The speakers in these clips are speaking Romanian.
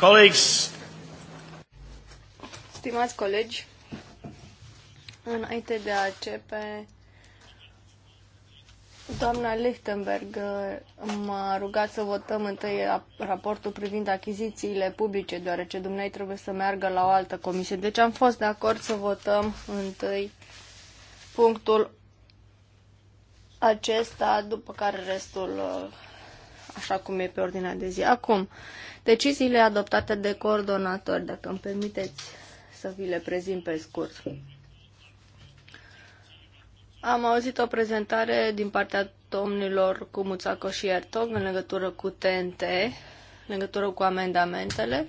Colleagues. Stimați colegi, înainte de a începe, doamna Lichtenberg uh, m-a rugat să votăm întâi raportul privind achizițiile publice, deoarece dumneai trebuie să meargă la o altă comisie. Deci am fost de acord să votăm întâi punctul acesta, după care restul uh, așa cum e pe ordinea de zi. Acum, deciziile adoptate de coordonatori, dacă îmi permiteți să vi le prezint pe scurt. Am auzit o prezentare din partea domnilor Muțaco și Ertog în legătură cu TNT, în legătură cu amendamentele.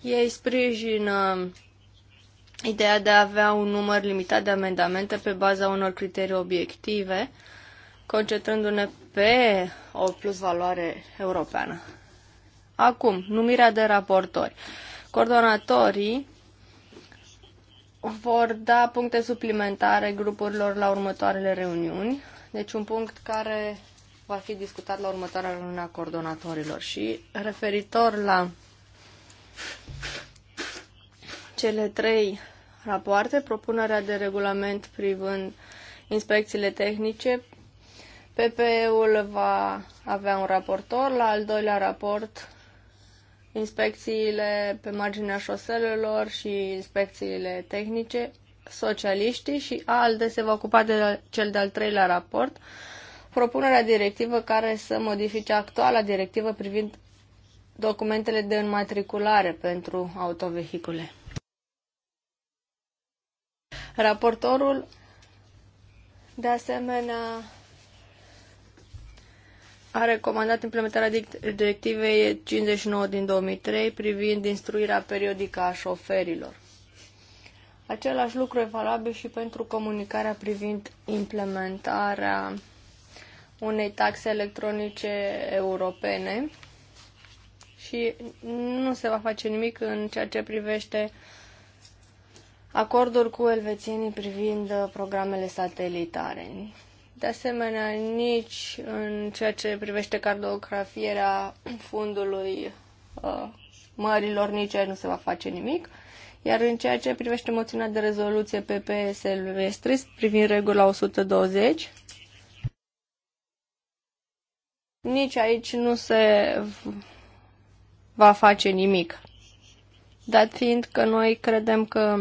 Ei sprijină ideea de a avea un număr limitat de amendamente pe baza unor criterii obiective, concentrându-ne pe o plusvaloare europeană. Acum, numirea de raportori. Coordonatorii vor da puncte suplimentare grupurilor la următoarele reuniuni, deci un punct care va fi discutat la următoarea reuniune a coordonatorilor și referitor la cele trei rapoarte, propunerea de regulament privind inspecțiile tehnice pp ul va avea un raportor la al doilea raport, inspecțiile pe marginea șoselelor și inspecțiile tehnice, socialiștii și ALDE se va ocupa de cel de-al treilea raport, propunerea directivă care să modifice actuala directivă privind documentele de înmatriculare pentru autovehicule. Raportorul, de asemenea, a recomandat implementarea directivei 59 din 2003 privind instruirea periodică a șoferilor. Același lucru e valabil și pentru comunicarea privind implementarea unei taxe electronice europene și nu se va face nimic în ceea ce privește acordul cu elvețienii privind programele satelitare. De asemenea, nici în ceea ce privește cardografierea fundului uh, mărilor, nici nu se va face nimic. Iar în ceea ce privește moțiunea de rezoluție PSL Vestris privind regula 120, nici aici nu se va face nimic. Dat fiind că noi credem că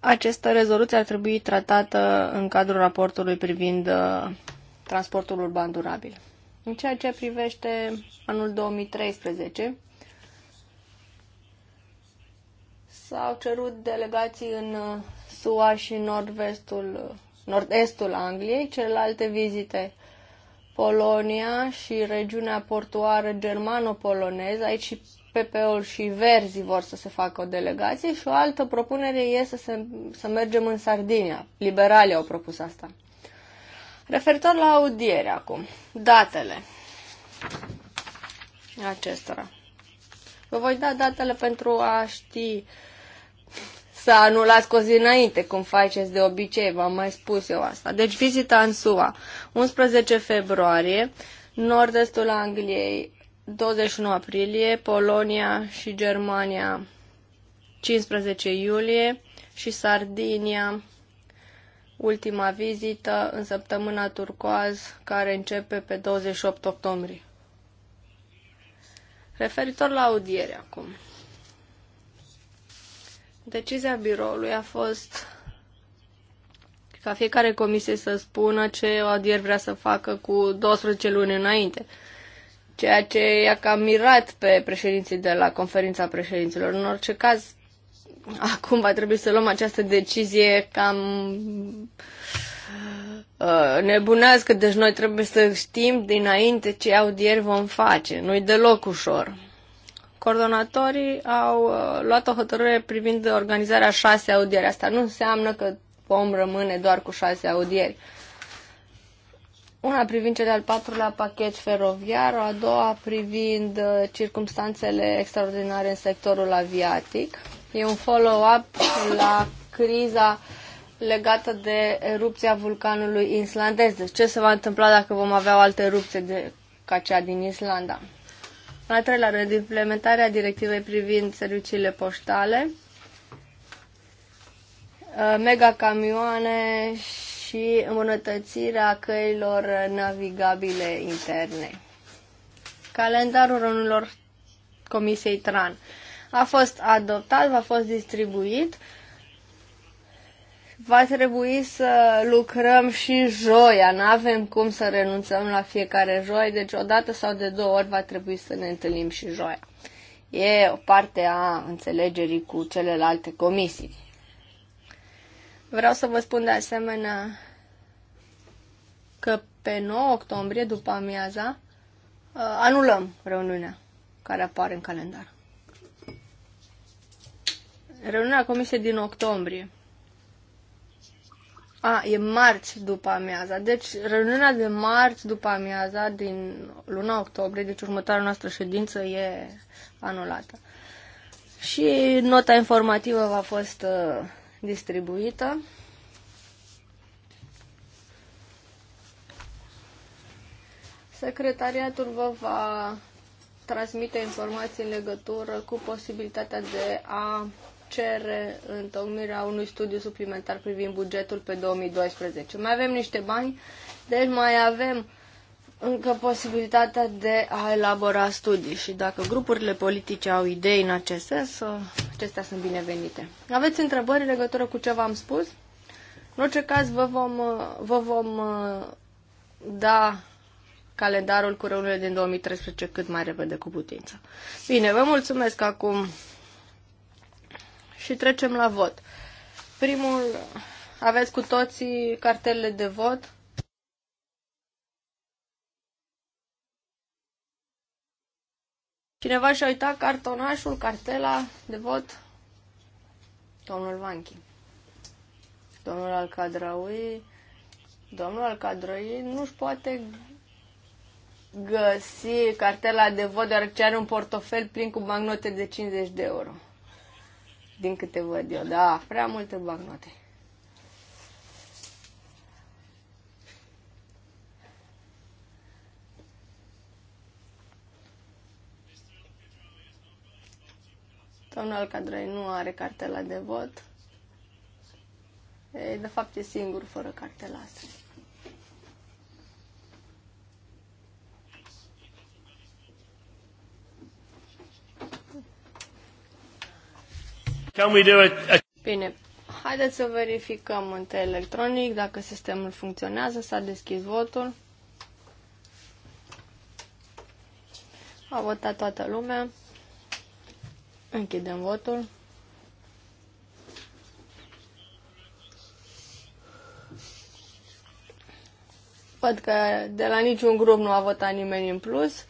această rezoluție ar trebui tratată în cadrul raportului privind uh, transportul urban durabil. În ceea ce privește anul 2013, s-au cerut delegații în uh, SUA și nord-vestul, uh, nord-estul Angliei, celelalte vizite Polonia și regiunea portoară germano-poloneză. Aici și PP-ul și Verzi vor să se facă o delegație și o altă propunere e să, se, să mergem în Sardinia. Liberalii au propus asta. Referitor la audiere acum, datele acestora. Vă voi da datele pentru a ști să anulați cu o zi înainte, cum faceți de obicei, v-am mai spus eu asta. Deci vizita în SUA, 11 februarie, nord-estul Angliei, 21 aprilie, Polonia și Germania 15 iulie și Sardinia ultima vizită în săptămâna turcoaz care începe pe 28 octombrie. Referitor la audiere acum. Decizia biroului a fost ca fiecare comisie să spună ce audier vrea să facă cu 12 luni înainte ceea ce i-a cam mirat pe președinții de la conferința președinților. În orice caz, acum va trebui să luăm această decizie cam uh, nebunească, deci noi trebuie să știm dinainte ce audieri vom face. Nu-i deloc ușor. Coordonatorii au uh, luat o hotărâre privind organizarea șase audieri. Asta nu înseamnă că vom rămâne doar cu șase audieri. Uh, una privind cel de-al patrulea pachet feroviar, a doua privind uh, circumstanțele extraordinare în sectorul aviatic. E un follow-up la criza legată de erupția vulcanului islandez. Deci ce se va întâmpla dacă vom avea o altă erupție de, ca cea din Islanda? La al treilea rând, implementarea directivei privind serviciile poștale, uh, camioane și și îmbunătățirea căilor navigabile interne. Calendarul rănilor Comisiei TRAN a fost adoptat, va fost distribuit. Va trebui să lucrăm și joia, nu avem cum să renunțăm la fiecare joi, deci o dată sau de două ori va trebui să ne întâlnim și joia. E o parte a înțelegerii cu celelalte comisii. Vreau să vă spun de asemenea că pe 9 octombrie, după amiaza, uh, anulăm reuniunea care apare în calendar. Reuniunea comisiei din octombrie. A, e marți după amiaza. Deci, reuniunea de marți după amiaza din luna octombrie, deci următoarea noastră ședință e anulată. Și nota informativă va a fost uh, distribuită. Secretariatul vă va transmite informații în legătură cu posibilitatea de a cere întocmirea unui studiu suplimentar privind bugetul pe 2012. Mai avem niște bani, deci mai avem încă posibilitatea de a elabora studii și dacă grupurile politice au idei în acest sens, acestea sunt binevenite. Aveți întrebări în legătură cu ce v-am spus? În orice caz, vă vom, uh, vă vom uh, da calendarul cu reuniunile din 2013 cât mai repede cu putință. Bine, vă mulțumesc acum și trecem la vot. Primul, aveți cu toții cartelele de vot. Cineva și-a uitat cartonașul, cartela de vot? Domnul Vanchi. Domnul Alcadraui. Domnul Alcadraui nu-și poate găsi cartela de vot, deoarece are un portofel plin cu bagnote de 50 de euro. Din câte văd eu, da, prea multe bagnote. Doamna Alcadrei nu are cartela de vot. Ei, de fapt, e singur fără cartela asta. Can we do a... Bine, haideți să verificăm în electronic dacă sistemul funcționează, s-a deschis votul. A votat toată lumea. Închidem votul. Văd că de la niciun grup nu a votat nimeni în plus.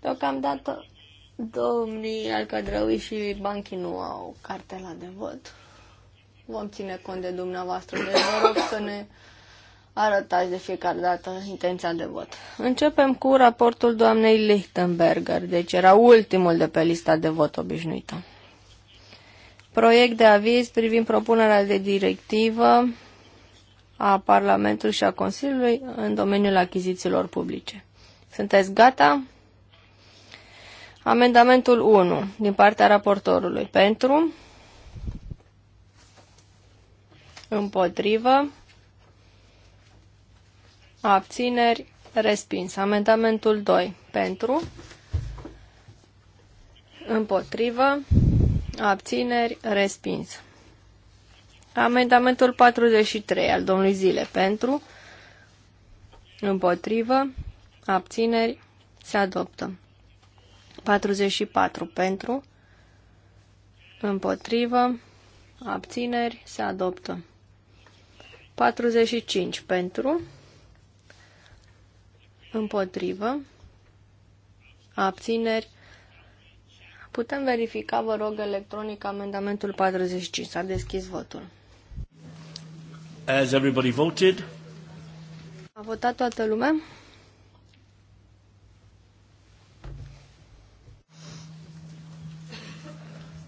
Deocamdată domnii Alcadrăui și banchii nu au cartela de vot. Vom ține cont de dumneavoastră. Deci vă rog să ne arătați de fiecare dată intenția de vot. Începem cu raportul doamnei Lichtenberger, deci era ultimul de pe lista de vot obișnuită. Proiect de aviz privind propunerea de directivă a Parlamentului și a Consiliului în domeniul achizițiilor publice. Sunteți gata? Amendamentul 1 din partea raportorului. Pentru? Împotrivă? abțineri, respins. Amendamentul 2 pentru, împotrivă, abțineri, respins. Amendamentul 43 al domnului Zile pentru, împotrivă, abțineri, se adoptă. 44 pentru, împotrivă, abțineri, se adoptă. 45 pentru, Împotrivă. Abțineri. Putem verifica, vă rog, electronic amendamentul 45. S-a deschis votul. As everybody voted? A votat toată lumea?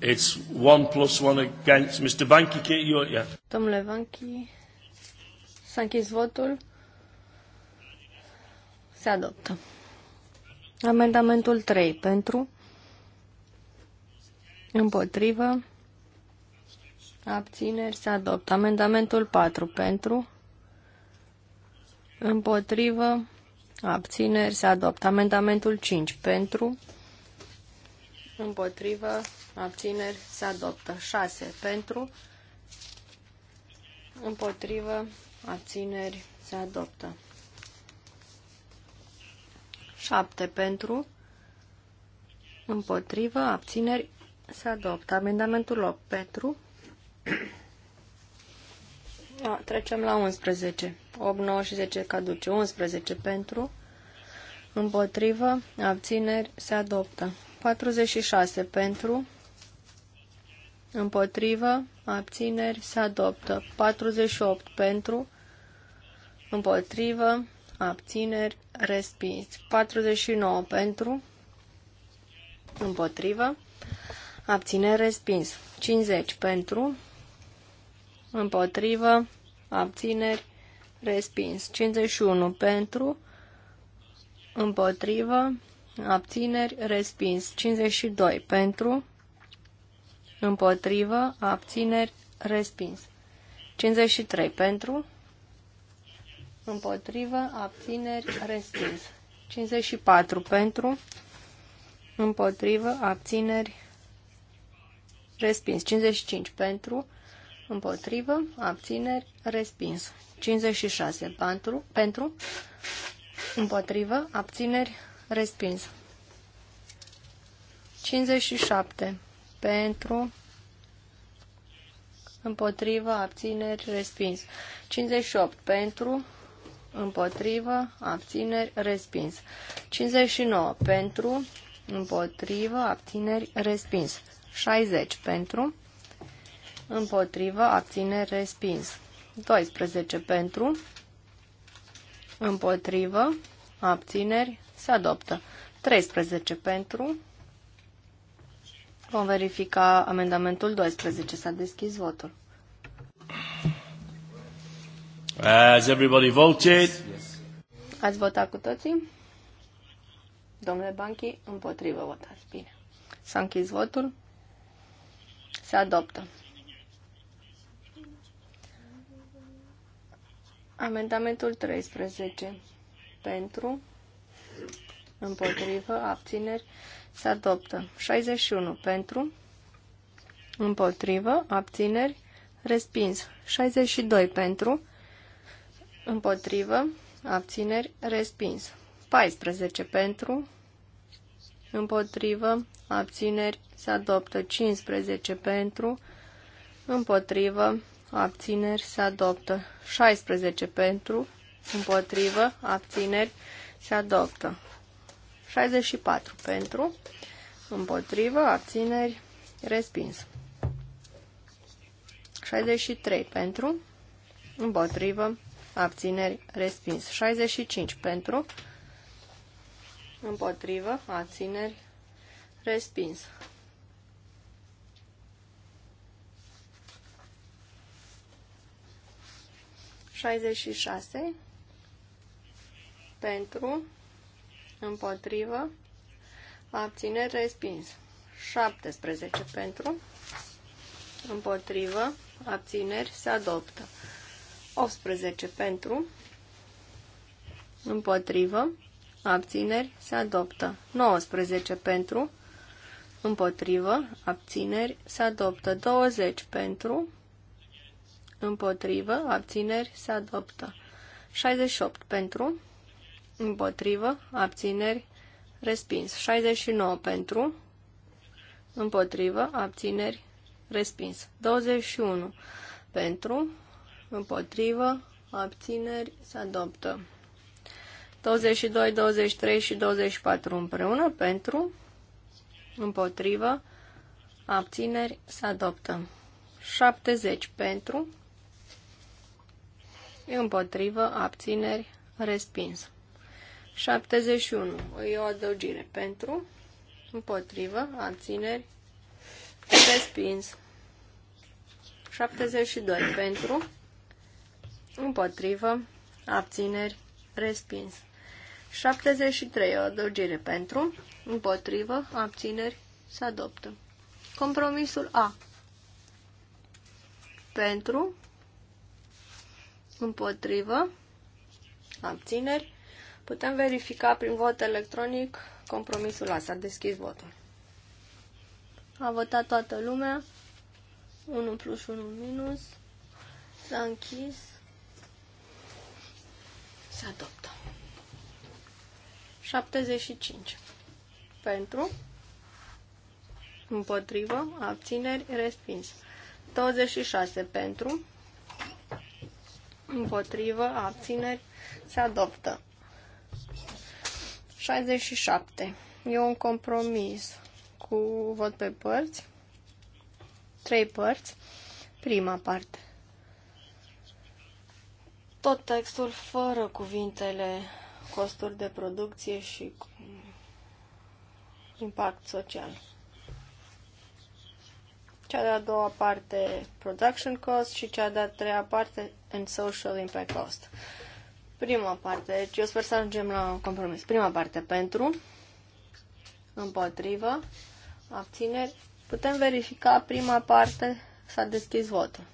It's one plus one against Mr. Banky. yeah. Domnule Banky, s-a închis votul. Se adoptă. Amendamentul 3 pentru, împotrivă, abțineri, se adoptă. Amendamentul 4 pentru, împotrivă, abțineri, se adoptă. Amendamentul 5 pentru, împotrivă, abțineri, se adoptă. 6 pentru, împotrivă, abțineri, se adoptă. 7 pentru, împotrivă, abțineri, se adoptă. Amendamentul 8 pentru. A, trecem la 11. 8, 9 și 10 caduce. 11 pentru, împotrivă, abțineri, se adoptă. 46 pentru, împotrivă, abțineri, se adoptă. 48 pentru, împotrivă, abțineri, respins. 49 pentru, împotrivă, abțineri, respins. 50 pentru, împotrivă, abțineri, respins. 51 pentru, împotrivă, abțineri, respins. 52 pentru, împotrivă, abțineri, respins. 53 pentru, împotrivă, abțineri, respins. 54 pentru, împotrivă, abțineri, respins. 55 pentru, împotrivă, abțineri, respins. 56 pentru, pentru împotrivă, abțineri, respins. 57 pentru, împotrivă, abțineri, respins. 58 pentru, împotrivă, abțineri, respins. 59 pentru, împotrivă, abțineri, respins. 60 pentru, împotrivă, abțineri, respins. 12 pentru, împotrivă, abțineri, se adoptă. 13 pentru, vom verifica amendamentul 12, s-a deschis votul. Has everybody voted? Ați votat cu toții? Domnule Banchi, împotrivă votați. Bine. S-a închis votul. Se adoptă. Amendamentul 13. Pentru, împotrivă, abțineri, se adoptă. 61. Pentru, împotrivă, abțineri, respins. 62. Pentru, Împotrivă. Abțineri. Respins. 14 pentru. Împotrivă. Abțineri. Se adoptă 15 pentru. Împotrivă. Abțineri. Se adoptă 16 pentru. Împotrivă. Abțineri. Se adoptă 64 pentru. Împotrivă. Abțineri. Respins. 63 pentru. Împotrivă abțineri, respins. 65 pentru, împotrivă, abțineri, respins. Șaizeci și șase pentru, împotrivă, abțineri, respins. Șaptesprezece pentru, împotrivă, abțineri, se adoptă. 18 pentru, împotrivă, abțineri, se adoptă. 19 pentru, împotrivă, abțineri, se adoptă. 20 pentru, împotrivă, abțineri, se adoptă. 68 pentru, împotrivă, abțineri, respins. 69 pentru, împotrivă, abțineri, respins. 21 pentru, împotrivă, abțineri, se adoptă. 22, 23 și 24 împreună, pentru, împotrivă, abțineri, se adoptă. 70 pentru, împotrivă, abțineri, respins. 71, e o adăugire pentru, împotrivă, abțineri, respins. 72 pentru, împotrivă, abțineri, respins. 73. O adăugire pentru, împotrivă, abțineri, se adoptă. Compromisul A. Pentru, împotrivă, abțineri. Putem verifica prin vot electronic compromisul A. S-a deschis votul. A votat toată lumea. 1 plus 1 minus. S-a închis. Se adoptă. 75. Pentru. Împotrivă. Abțineri. Respins. 26. Pentru. Împotrivă. Abțineri. Se adoptă. 67. E un compromis cu vot pe părți. Trei părți. Prima parte tot textul fără cuvintele costuri de producție și impact social. Cea de-a doua parte production cost și cea de-a treia parte în social impact cost. Prima parte, deci eu sper să ajungem la un compromis. Prima parte pentru, împotrivă, abțineri. Putem verifica prima parte, s-a deschis votul.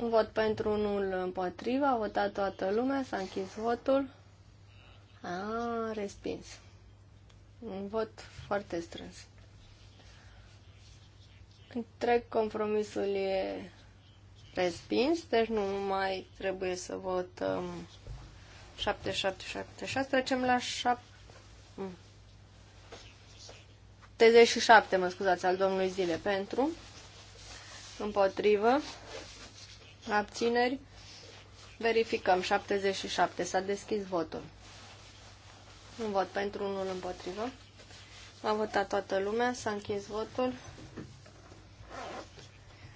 Un vot pentru unul împotriva, a votat toată lumea, s-a închis votul. A, respins. Un vot foarte strâns. Întreg compromisul e respins, deci nu mai trebuie să votăm 7, 7, 7, 6. Trecem la 7... 77, mm. mă scuzați, al domnului Zile pentru, împotrivă, Abțineri? Verificăm. 77. S-a deschis votul. Un vot pentru, unul împotrivă. A votat toată lumea. S-a închis votul.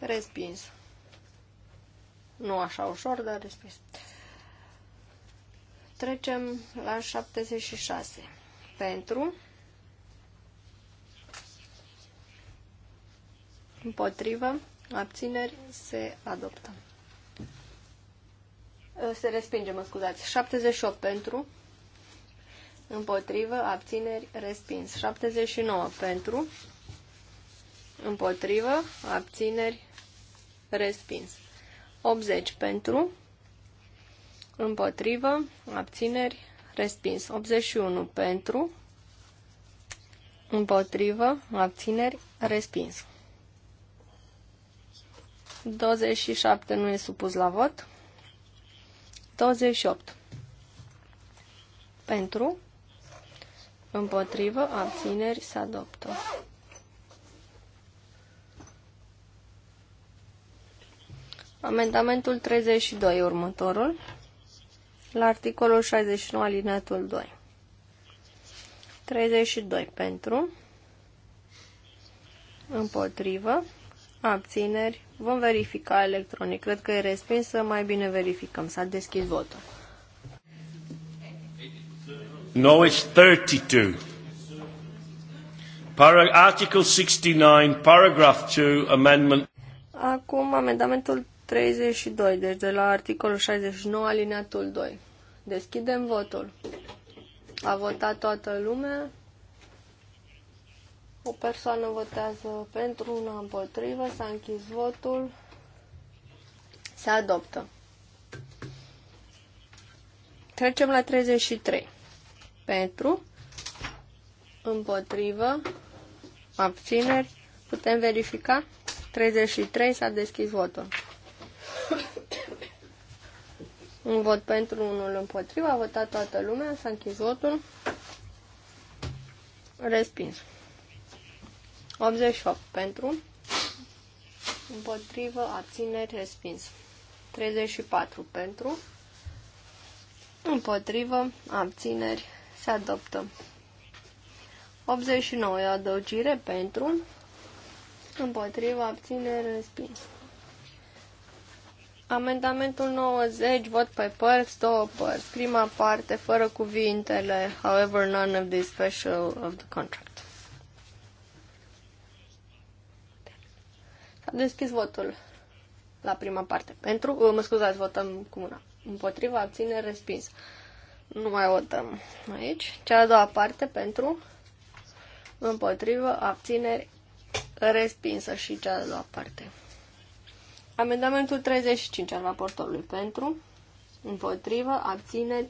Respins. Nu așa ușor, dar respins. Trecem la 76. Pentru. Împotrivă. Abțineri. Se adoptă. Uh, se respinge, mă scuzați. 78 pentru. Împotrivă, abțineri, respins. 79 pentru. Împotrivă, abțineri, respins. 80 pentru. Împotrivă, abțineri, respins. 81 pentru. Împotrivă, abțineri, respins. 27 nu e supus la vot. 28. Pentru, împotrivă, abțineri, se adoptă. Amendamentul 32, următorul, la articolul 69, alineatul 2. 32 pentru, împotrivă, Abțineri. Vom verifica electronic. Cred că e respinsă. Mai bine verificăm. S-a deschis votul. No, it's 32. Article 69, paragraph 2, amendment. Acum amendamentul 32, deci de la articolul 69, alineatul 2. Deschidem votul. A votat toată lumea. O persoană votează pentru, una împotrivă, s-a închis votul, se adoptă. Trecem la 33. Pentru, împotrivă, abțineri, putem verifica? 33 s-a deschis votul. Un vot pentru, unul împotriva, a votat toată lumea, s-a închis votul. Respins. 88 pentru, împotrivă, abțineri, respins. 34 pentru, împotrivă, abțineri, se adoptă. 89 adăugire pentru, împotrivă, abțineri, respins. Amendamentul 90, vot pe părți, două părți. Prima parte, fără cuvintele, however, none of the special of the contract. S-a deschis votul la prima parte. Pentru, uh, mă scuzați, votăm cu mâna. Împotriva, abține, respins. Nu mai votăm aici. Cea a doua parte pentru, împotrivă, abțineri, respinsă și cea a doua parte. Amendamentul 35 al raportorului pentru, împotrivă, abțineri,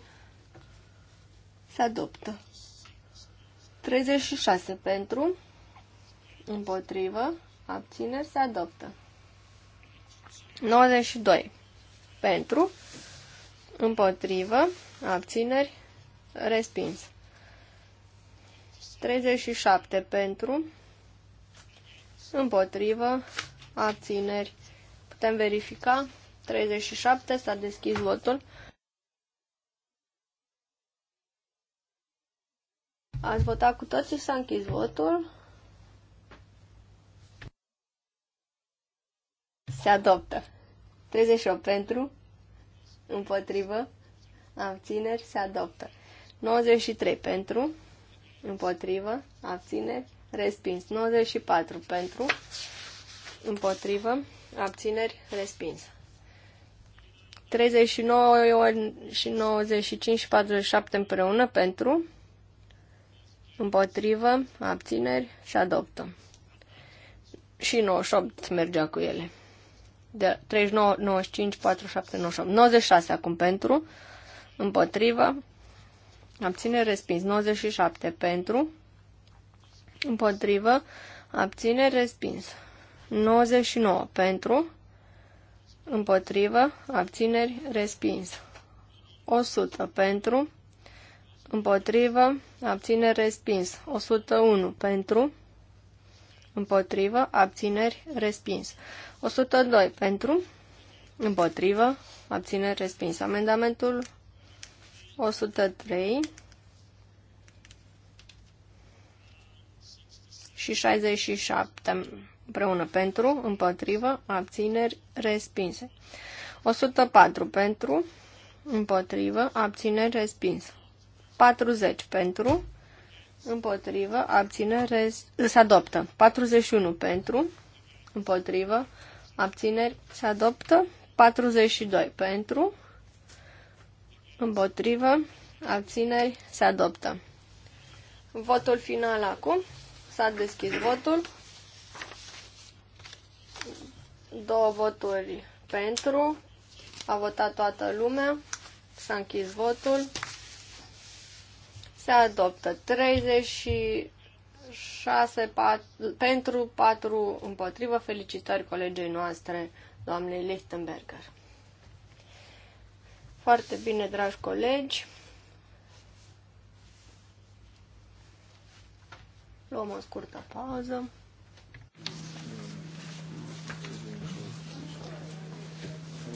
se adoptă. 36 pentru, împotrivă, Abțineri se adoptă. 92. Pentru. Împotrivă. Abțineri. Respins. 37. Pentru. Împotrivă. Abțineri. Putem verifica. 37. S-a deschis votul. Ați votat cu toții, s-a închis votul. Se adoptă. 38 pentru, împotrivă, abțineri, se adoptă. 93 pentru, împotrivă, abțineri, respins. 94 pentru, împotrivă, abțineri, respins. 39 și 95 și 47 împreună pentru, împotrivă, abțineri se adoptă. Și 98 mergea cu ele de 39, 95, 47, 98, 96 acum pentru, împotrivă, abține respins, 97 pentru, împotrivă, abține respins, 99 pentru, împotrivă, abțineri respins, 100 pentru, împotrivă, abține respins, 101 pentru, Împotrivă. Abțineri. Respins. 102. Pentru. Împotrivă. Abțineri. Respins. Amendamentul 103 și 67 împreună pentru, împotrivă, abțineri, respinse. 104 pentru, împotrivă, abțineri, respins. 40 pentru, împotrivă, abținere, se adoptă. 41 pentru, împotrivă, abțineri, se adoptă. 42 pentru, împotrivă, abțineri, se adoptă. Votul final acum. S-a deschis votul. Două voturi pentru. A votat toată lumea. S-a închis votul se adoptă 36 4, pentru 4 împotrivă. Felicitări colegei noastre, doamnei Lichtenberger. Foarte bine, dragi colegi. Luăm o scurtă pauză.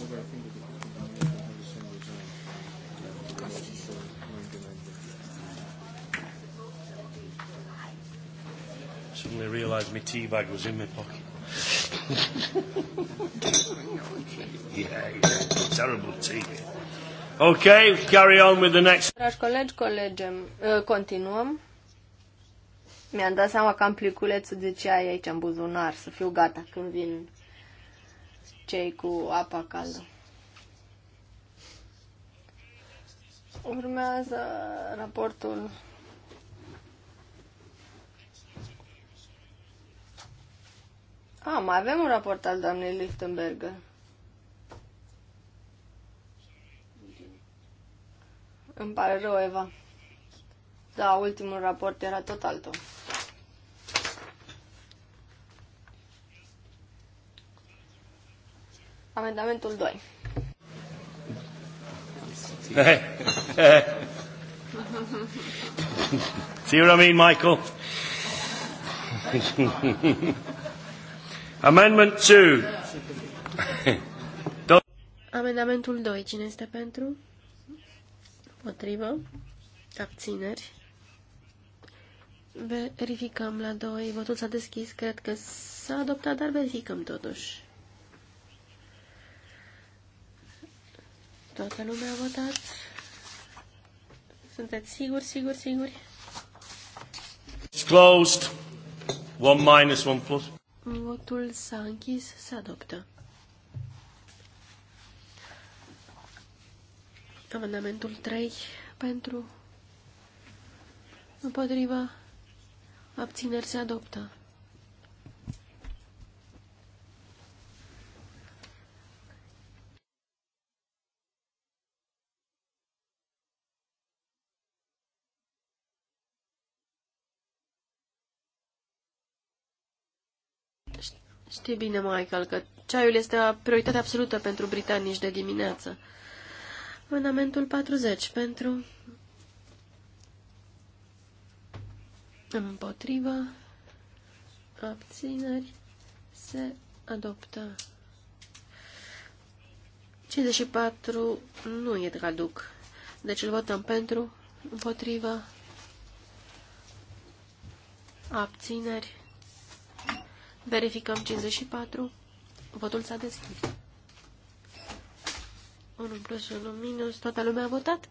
Thank you. Suddenly realised my tea bag was in my pocket. yeah, yeah, terrible tea. Okay, carry on with the next. Dragi colegi, colegem, uh, continuăm. Mi-am dat seama că am pliculețul de ce ai aici în buzunar, să fiu gata când vin cei cu apa caldă. Urmează raportul A, mai avem un raport al doamnei Lichtenberger. Îmi pare rău, Eva. Da, ultimul raport era tot altul. Amendamentul 2. See what I mean, Michael? Amendment 2. Amendamentul 2. Cine este pentru? Potrivă. Abțineri. Verificăm la 2. Votul s-a deschis. Cred că s-a adoptat, dar verificăm totuși. Toată lumea a votat. Sunteți siguri, siguri, siguri? It's closed. One minus, one plus. Votul s-a închis, se adoptă. Amendamentul 3 pentru împotriva abțineri se adoptă. Știi bine, Michael, că ceaiul este o prioritate absolută pentru britanici de dimineață. Amendamentul 40 pentru... Împotriva abțineri se adoptă. 54 nu e traduc. Deci îl votăm pentru, împotriva, abțineri. Verificăm 54. Votul s-a deschis. 1 plus 1 minus. Toată lumea a votat?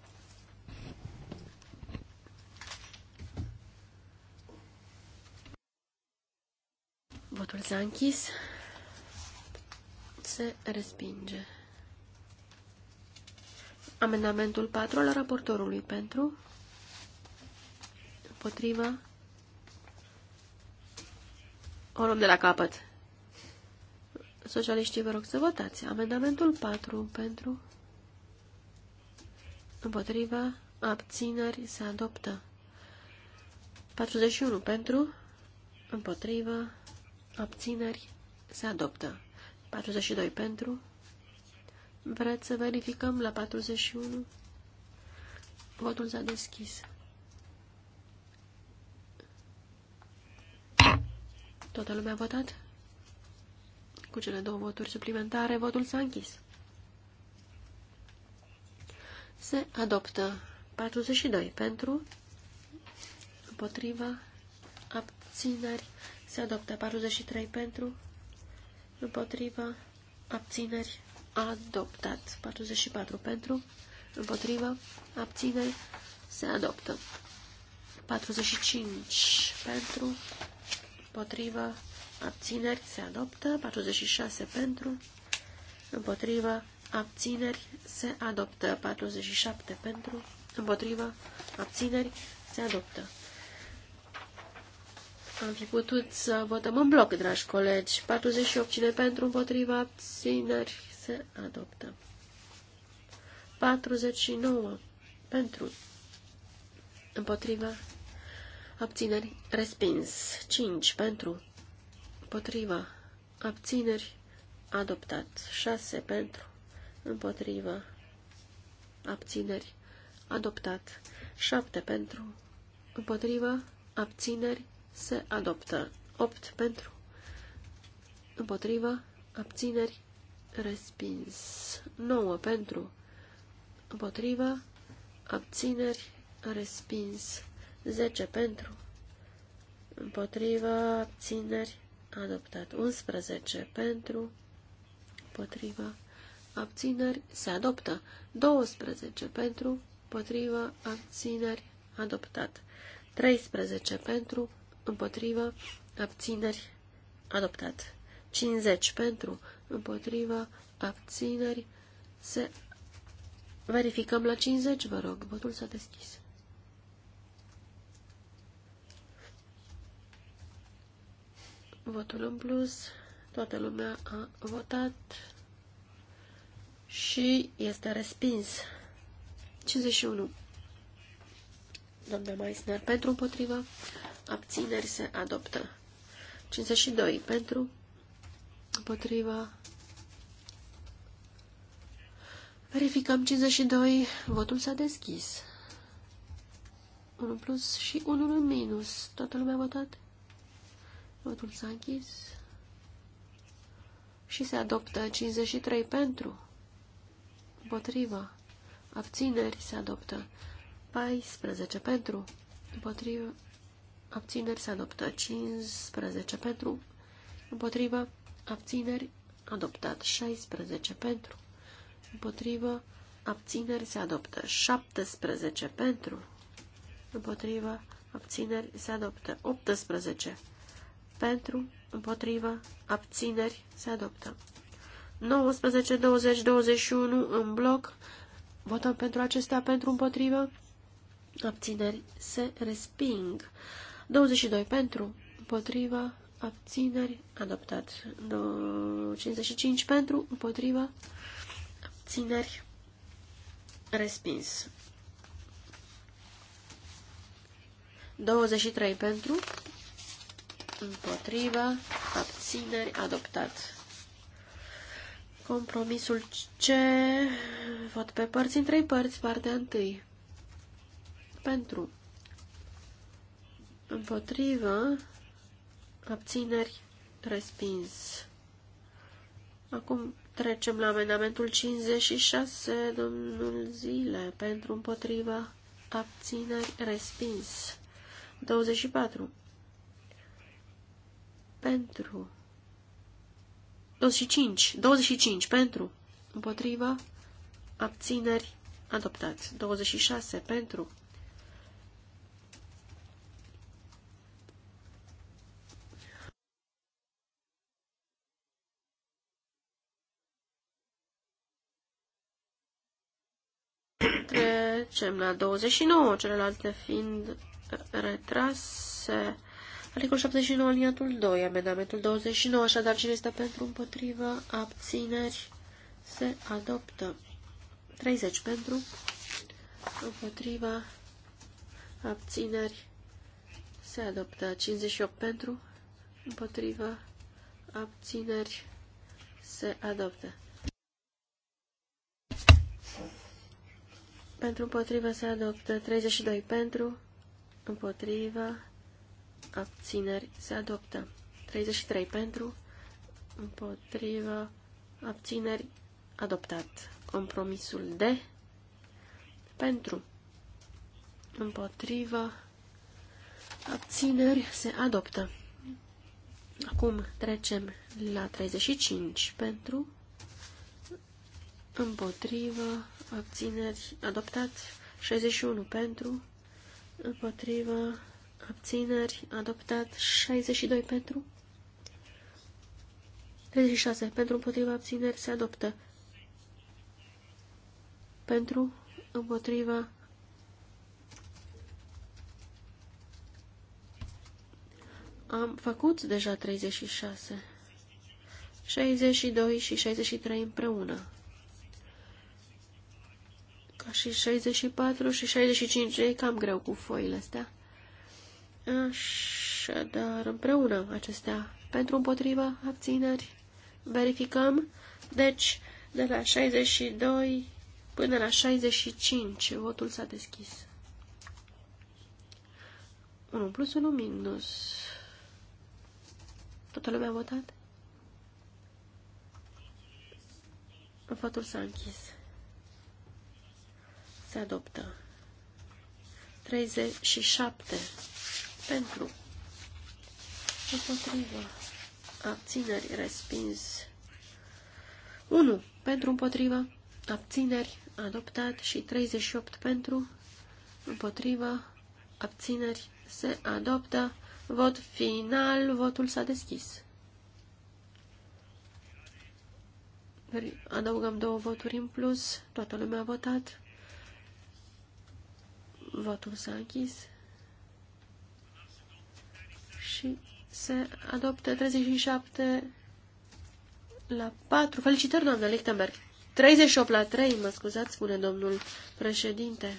Votul s-a închis. Se respinge. Amendamentul 4 al raportorului pentru, împotriva, o luăm de la capăt. Socialiștii, vă rog să votați. Amendamentul 4 pentru. Împotriva. Abțineri. Se adoptă. 41 pentru. Împotriva. Abțineri. Se adoptă. 42 pentru. Vreți să verificăm la 41? Votul s-a deschis. Toată lumea a votat? Cu cele două voturi suplimentare, votul s-a închis. Se adoptă 42 pentru, împotriva, abțineri. Se adoptă 43 pentru, împotriva, abțineri. Adoptat 44 pentru, împotriva, abțineri. Se adoptă 45 pentru, împotrivă, abțineri, se adoptă. 46 pentru, împotrivă, abțineri, se adoptă. 47 pentru, împotrivă, abțineri, se adoptă. Am fi putut să votăm în bloc, dragi colegi. 48 cine pentru, împotriva, abțineri, se adoptă. 49 pentru, împotriva, Abțineri. Respins. 5. Pentru. Împotriva. Abțineri. Adoptat. 6. Pentru. Împotriva. Abțineri. Adoptat. 7. Pentru. Împotriva. Abțineri. Se adoptă. 8. Pentru. Împotriva. Abțineri. Respins. 9. Pentru. Împotriva. Abțineri. Respins. 10 pentru, Împotrivă, abțineri adoptat. 11 pentru, Împotrivă, abțineri se adoptă. 12 pentru, Împotrivă, abțineri adoptat. 13 pentru, Împotrivă, abțineri adoptat. 50 pentru, Împotrivă, abțineri se Verificăm la 50, vă rog, votul s-a deschis. Votul în plus. Toată lumea a votat și este respins. 51. Doamna Meissner, pentru împotriva, abțineri se adoptă. 52. Pentru împotriva. Verificăm 52. Votul s-a deschis. 1 plus și 1 în minus. Toată lumea a votat? Votul s-a închis. Și se adoptă 53 pentru. Împotriva. Abțineri se adoptă. 14 pentru. Împotriva. Abțineri se adoptă. 15 pentru. Împotriva. Abțineri adoptat. 16 pentru. Împotriva. Abțineri se adoptă. 17 pentru. Împotriva. Abțineri se adoptă. 18 pentru, împotrivă, abțineri, se adoptă. 19, 20, 21 în bloc, votăm pentru acestea, pentru, împotrivă, abțineri, se resping. 22 pentru, împotrivă, abțineri, adoptat. 55 pentru, împotrivă, abțineri, respins. 23 pentru, împotriva, abțineri, adoptat. Compromisul C, vot pe părți în trei părți, partea întâi. Pentru, împotriva, abțineri, respins. Acum trecem la amendamentul 56, domnul Zile, pentru împotriva, abțineri, respins. 24 pentru 25, 25 pentru împotriva abțineri adoptat 26 pentru trecem la 29, celelalte fiind retrase. Articol 79, aliniatul 2, amendamentul 29, așadar cine este pentru împotrivă, abțineri, se adoptă. 30 pentru, împotrivă, abțineri, se adoptă. 58 pentru, împotrivă, abțineri, se adoptă. Pentru împotrivă se adoptă 32 pentru, împotrivă abțineri se adoptă. 33 pentru, împotrivă, abțineri, adoptat. Compromisul D, pentru, împotrivă, abțineri, se adoptă. Acum trecem la 35, pentru, împotrivă, abțineri, adoptat. 61 pentru, împotrivă, abțineri, adoptat 62 pentru, 36 pentru, împotriva abțineri, se adoptă pentru, împotriva Am făcut deja 36. 62 și 63 împreună. Ca și 64 și 65 e cam greu cu foile astea. Așadar, împreună acestea pentru împotriva abțineri. Verificăm. Deci, de la 62 până la 65, votul s-a deschis. 1 plus 1 minus. Toată lumea a votat? Votul s-a închis. Se adoptă. 37 pentru, împotriva abțineri, respins. 1. Pentru, împotriva abțineri, adoptat și 38 pentru, împotriva abțineri, se adoptă. Vot final, votul s-a deschis. Adăugăm două voturi în plus, toată lumea a votat. Votul s-a închis și se adoptă 37 la 4. Felicitări, doamnă Lichtenberg. 38 la 3, mă scuzați, spune domnul președinte.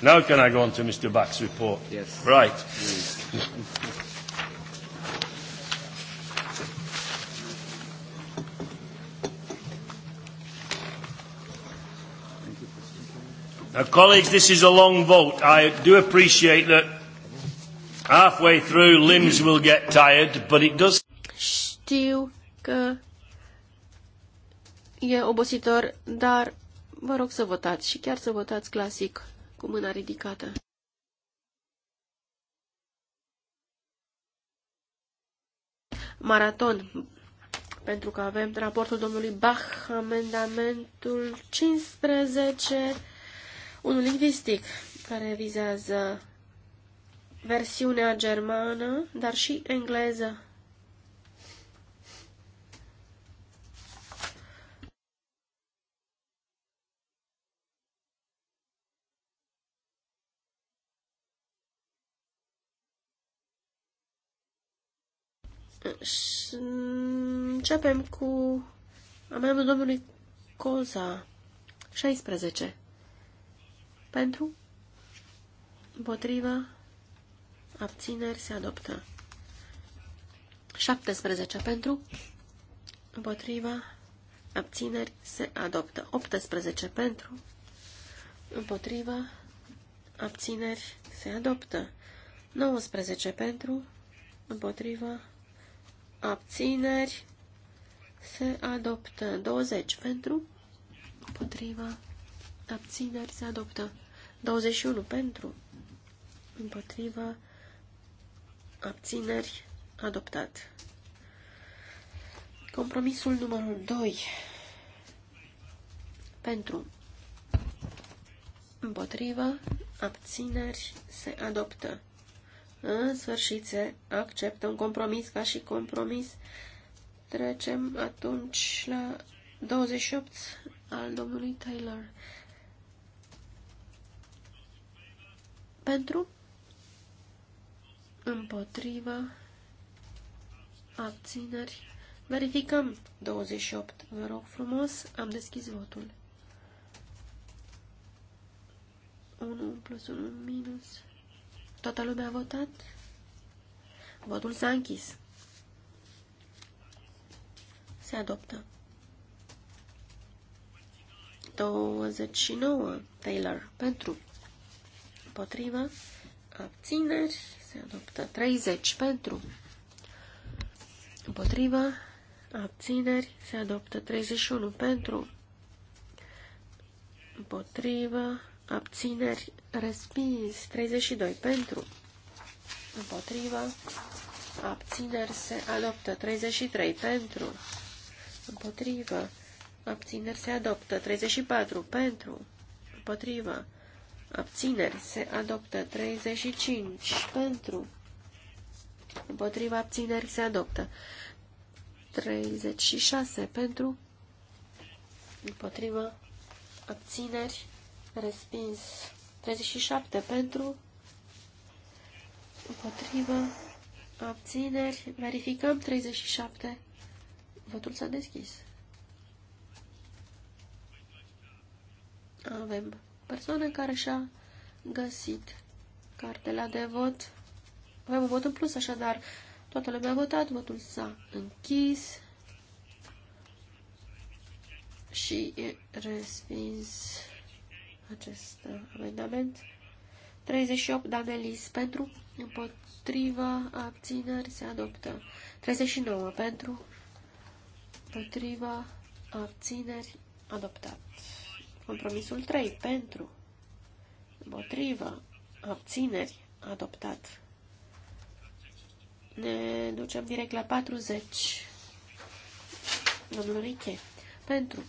Now can I go on to Mr. Bach's report? Yes. Right. Now, uh, colleagues, this is a long vote. I do appreciate that halfway through limbs will get tired, but it does... Știu că e obositor, dar vă rog să votați și chiar să votați clasic cu mâna ridicată. Maraton, pentru că avem raportul domnului Bach, amendamentul 15 un lingvistic, care vizează versiunea germană, dar și engleză. Și începem cu amendamentul domnului Coza, 16. Pentru, Împotrivă? abțineri se adoptă. 17 pentru, Împotrivă? abțineri se adoptă. 18 pentru, Împotrivă? abțineri se adoptă. 19 pentru, Împotrivă? abțineri se adoptă. 20 pentru, Împotrivă? abțineri se adoptă. 21 pentru, împotriva, abțineri, adoptat. Compromisul numărul 2 pentru, împotriva, abțineri, se adoptă. În sfârșit se acceptă un compromis ca și compromis. Trecem atunci la 28 al domnului Taylor Pentru, împotrivă, abțineri. Verificăm 28. Vă rog frumos, am deschis votul. 1 plus 1 minus. Toată lumea a votat? Votul s-a închis. Se adoptă. 29. Taylor. Pentru împotrivă, abțineri, se adoptă 30 pentru, împotrivă, abțineri, se adoptă 31 pentru, împotrivă, abțineri, respins 32 pentru, împotrivă, abțineri, se adoptă 33 pentru, împotrivă, abțineri, se adoptă 34 pentru, împotrivă, Abțineri. Se adoptă. 35. Pentru. Împotriva abțineri. Se adoptă. 36. Pentru. Împotriva abțineri. Respins. 37. Pentru. Împotriva abțineri. Verificăm. 37. Votul s-a deschis. Avem persoană care și-a găsit cartela de vot. Avem un vot în plus, așadar, toată lumea a votat, votul s-a închis și e respins acest amendament. 38 Danelis pentru, împotriva, abțineri, se adoptă. 39 pentru, împotriva, abțineri, adoptat. Compromisul 3. Pentru. Împotrivă. Abțineri. Adoptat. Ne ducem direct la 40. Domnul Riche. Pentru.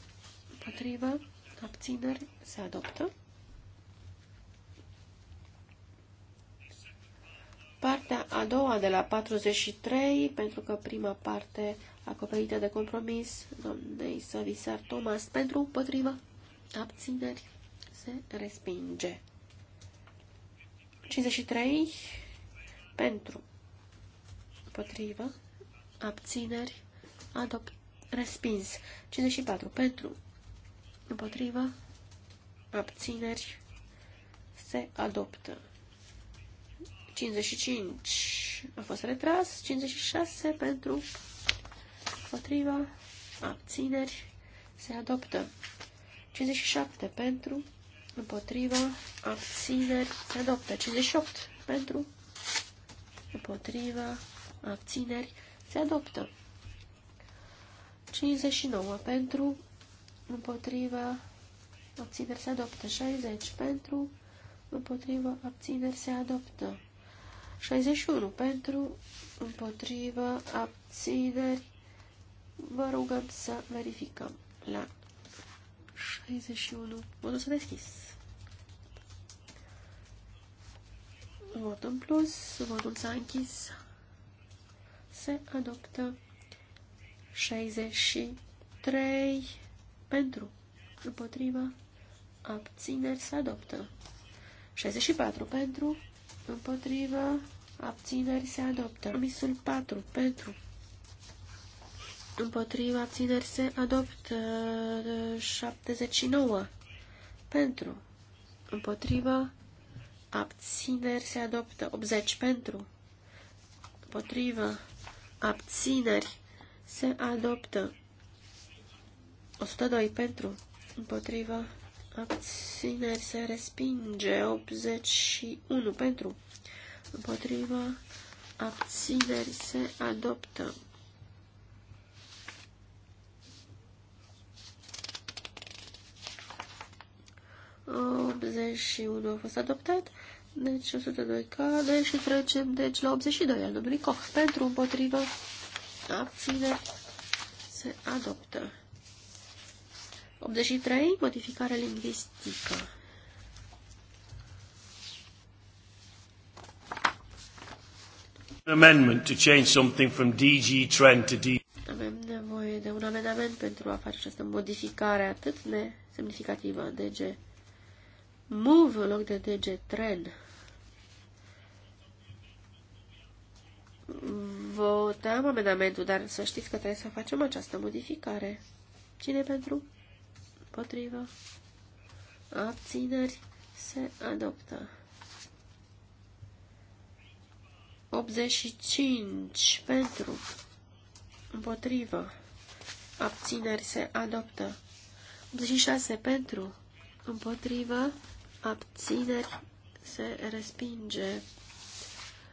Împotrivă. Abțineri. Se adoptă. Partea a doua de la 43, pentru că prima parte acoperită de compromis, domnei Savisar Thomas, pentru împotrivă abțineri, se respinge. 53 pentru, împotrivă, abțineri, adopt, respins. 54 pentru, împotrivă, abțineri, se adoptă. 55 a fost retras, 56 pentru, Împotrivă. abțineri, se adoptă. 57 pentru, împotriva, abțineri, se adoptă. 58 pentru, împotriva, abțineri, se adoptă. 59 pentru, împotriva, abțineri, se adoptă. 60 pentru, împotriva, abțineri, se adoptă. 61 pentru, împotriva, abțineri, vă rugăm să verificăm la 61. Votul s-a deschis. Vot în plus. Votul s-a închis. Se adoptă 63 pentru. Împotriva. Abțineri se adoptă. 64 pentru. Împotriva. Abțineri se adoptă. Comisul 4 pentru. Împotriva abțineri se adoptă 79. Uh, Pentru. Împotriva abțineri se adoptă 80. Pentru. Împotriva abțineri se adoptă 102. Pentru. Împotriva abțineri se respinge 81. Pentru. Împotriva abțineri se adoptă 81 a fost adoptat. Deci 102 cade și trecem deci la 82 al domnului Koch. Pentru împotrivă abține se adoptă. 83. Modificare lingvistică. Amendment to change something from DG trend to DG. Avem nevoie de un amendament pentru a face această modificare atât de semnificativă. DG MOVE în loc de DG TREN. Votăm amendamentul, dar să știți că trebuie să facem această modificare. Cine pentru? Potrivă. Abțineri. Se adoptă. 85 pentru. Împotrivă. Abțineri se adoptă. 86 pentru. Împotrivă abțineri, se respinge.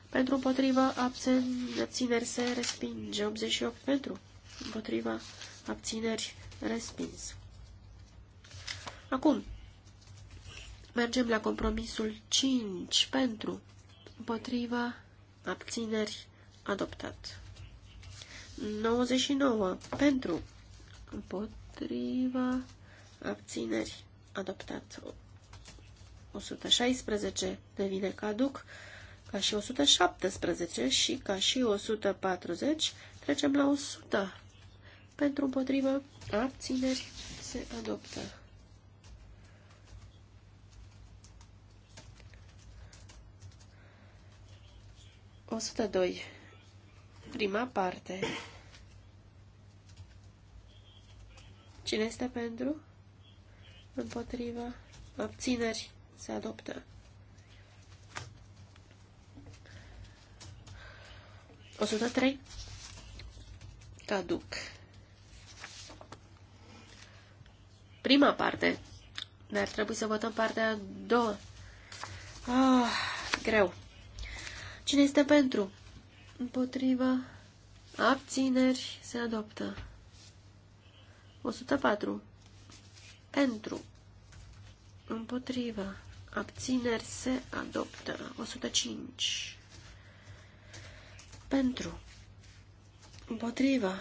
Pentru împotriva abțineri, se respinge. 88 pentru împotriva, abțineri, respins. Acum, mergem la compromisul 5 pentru împotriva, abțineri, adoptat. 99 pentru împotriva, abțineri, adoptat. 116 devine caduc, ca și 117 și ca și 140 trecem la 100. Pentru împotrivă, abțineri se adoptă. O doi. Prima parte. Cine este pentru? Împotriva. Abțineri se adoptă. O trei. caduc. Prima parte. Dar trebuie să votăm partea a doua. Ah, greu. Cine este pentru? Împotriva. Abțineri. Se adoptă. 104. Pentru. Împotriva abțineri se adoptă. 105 pentru, împotriva,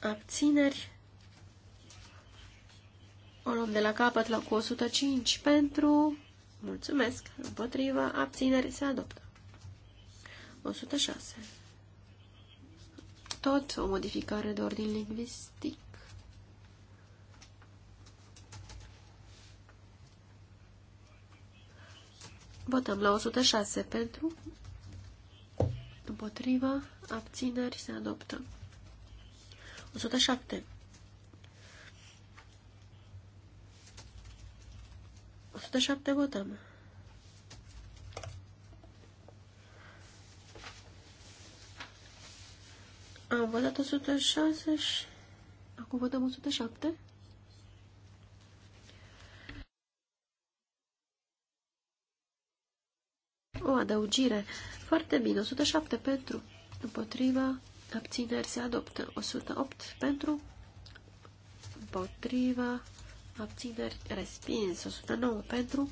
abțineri, o luăm de la capăt la cu 105 pentru, mulțumesc, împotriva, abțineri, se adoptă. 106. Tot o modificare de ordin lingvistic. Votăm la 106 pentru, împotriva, abțineri, se adoptă. 107. 107 votăm. Am votat 106 și acum votăm 107. adăugire. Foarte bine. 107 pentru. Împotriva. Abțineri se adoptă. 108 pentru. Împotriva. Abțineri respins. 109 pentru.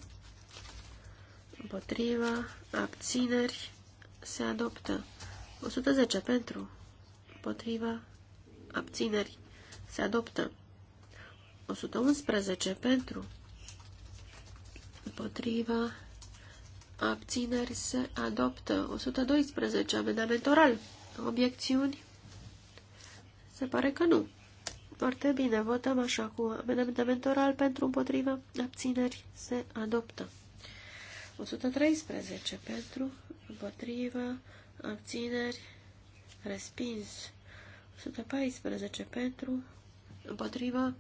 Împotriva. Abțineri se adoptă. 110 pentru. Împotriva. Abțineri se adoptă. 111 pentru. Împotriva abțineri se adoptă. 112, amendament oral. Obiecțiuni? Se pare că nu. Foarte bine, votăm așa cu amendament oral pentru împotrivă, abțineri se adoptă. 113 pentru, împotrivă, abțineri, respins. 114 pentru, împotrivă,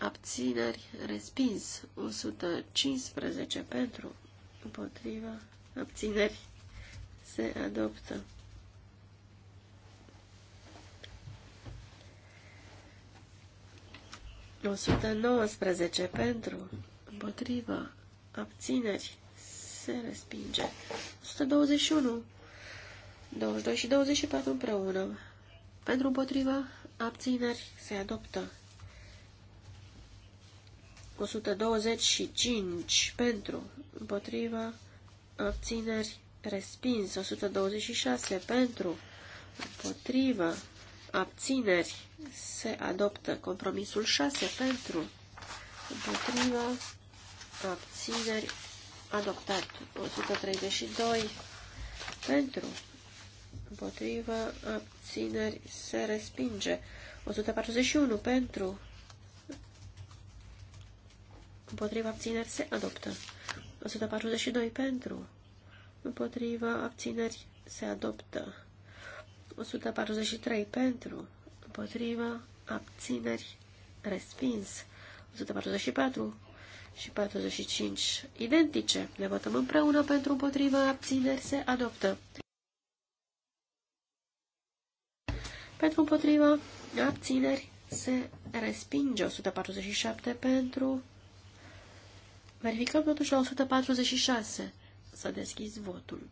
abțineri, respins. 115 pentru, împotriva, abținerii se adoptă. O 119 pentru, împotriva, abțineri, se respinge. 121, 22 și 24 împreună. Pentru împotriva, abțineri, se adoptă. 125 pentru, împotriva, abțineri, respins. 126 pentru, împotriva, abțineri, se adoptă. Compromisul 6 pentru, împotriva, abțineri, adoptat. 132 pentru, împotriva, abțineri, se respinge. 141 pentru, Împotriva abțineri se adoptă. 142 pentru. Împotriva abțineri se adoptă. 143 pentru. Împotriva abțineri respins. 144 și 45 identice. Le votăm împreună pentru împotriva abțineri se adoptă. Pentru împotriva abțineri se respinge 147 pentru Verificăm totuși la 146. Să deschizi votul.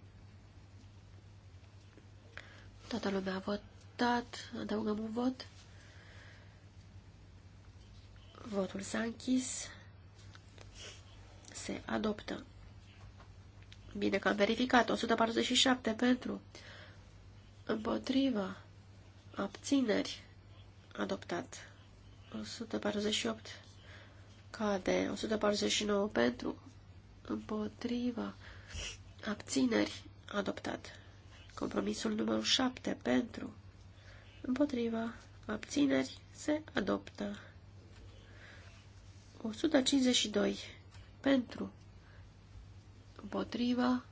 Toată lumea a votat. Adăugăm un vot. Votul s-a închis. Se adoptă. Bine că am verificat. 147 pentru. Împotriva. Abțineri. Adoptat. 148 cade 149 pentru, împotriva, abțineri, adoptat. Compromisul numărul 7 pentru, împotriva, abțineri, se adoptă. 152 pentru, împotriva,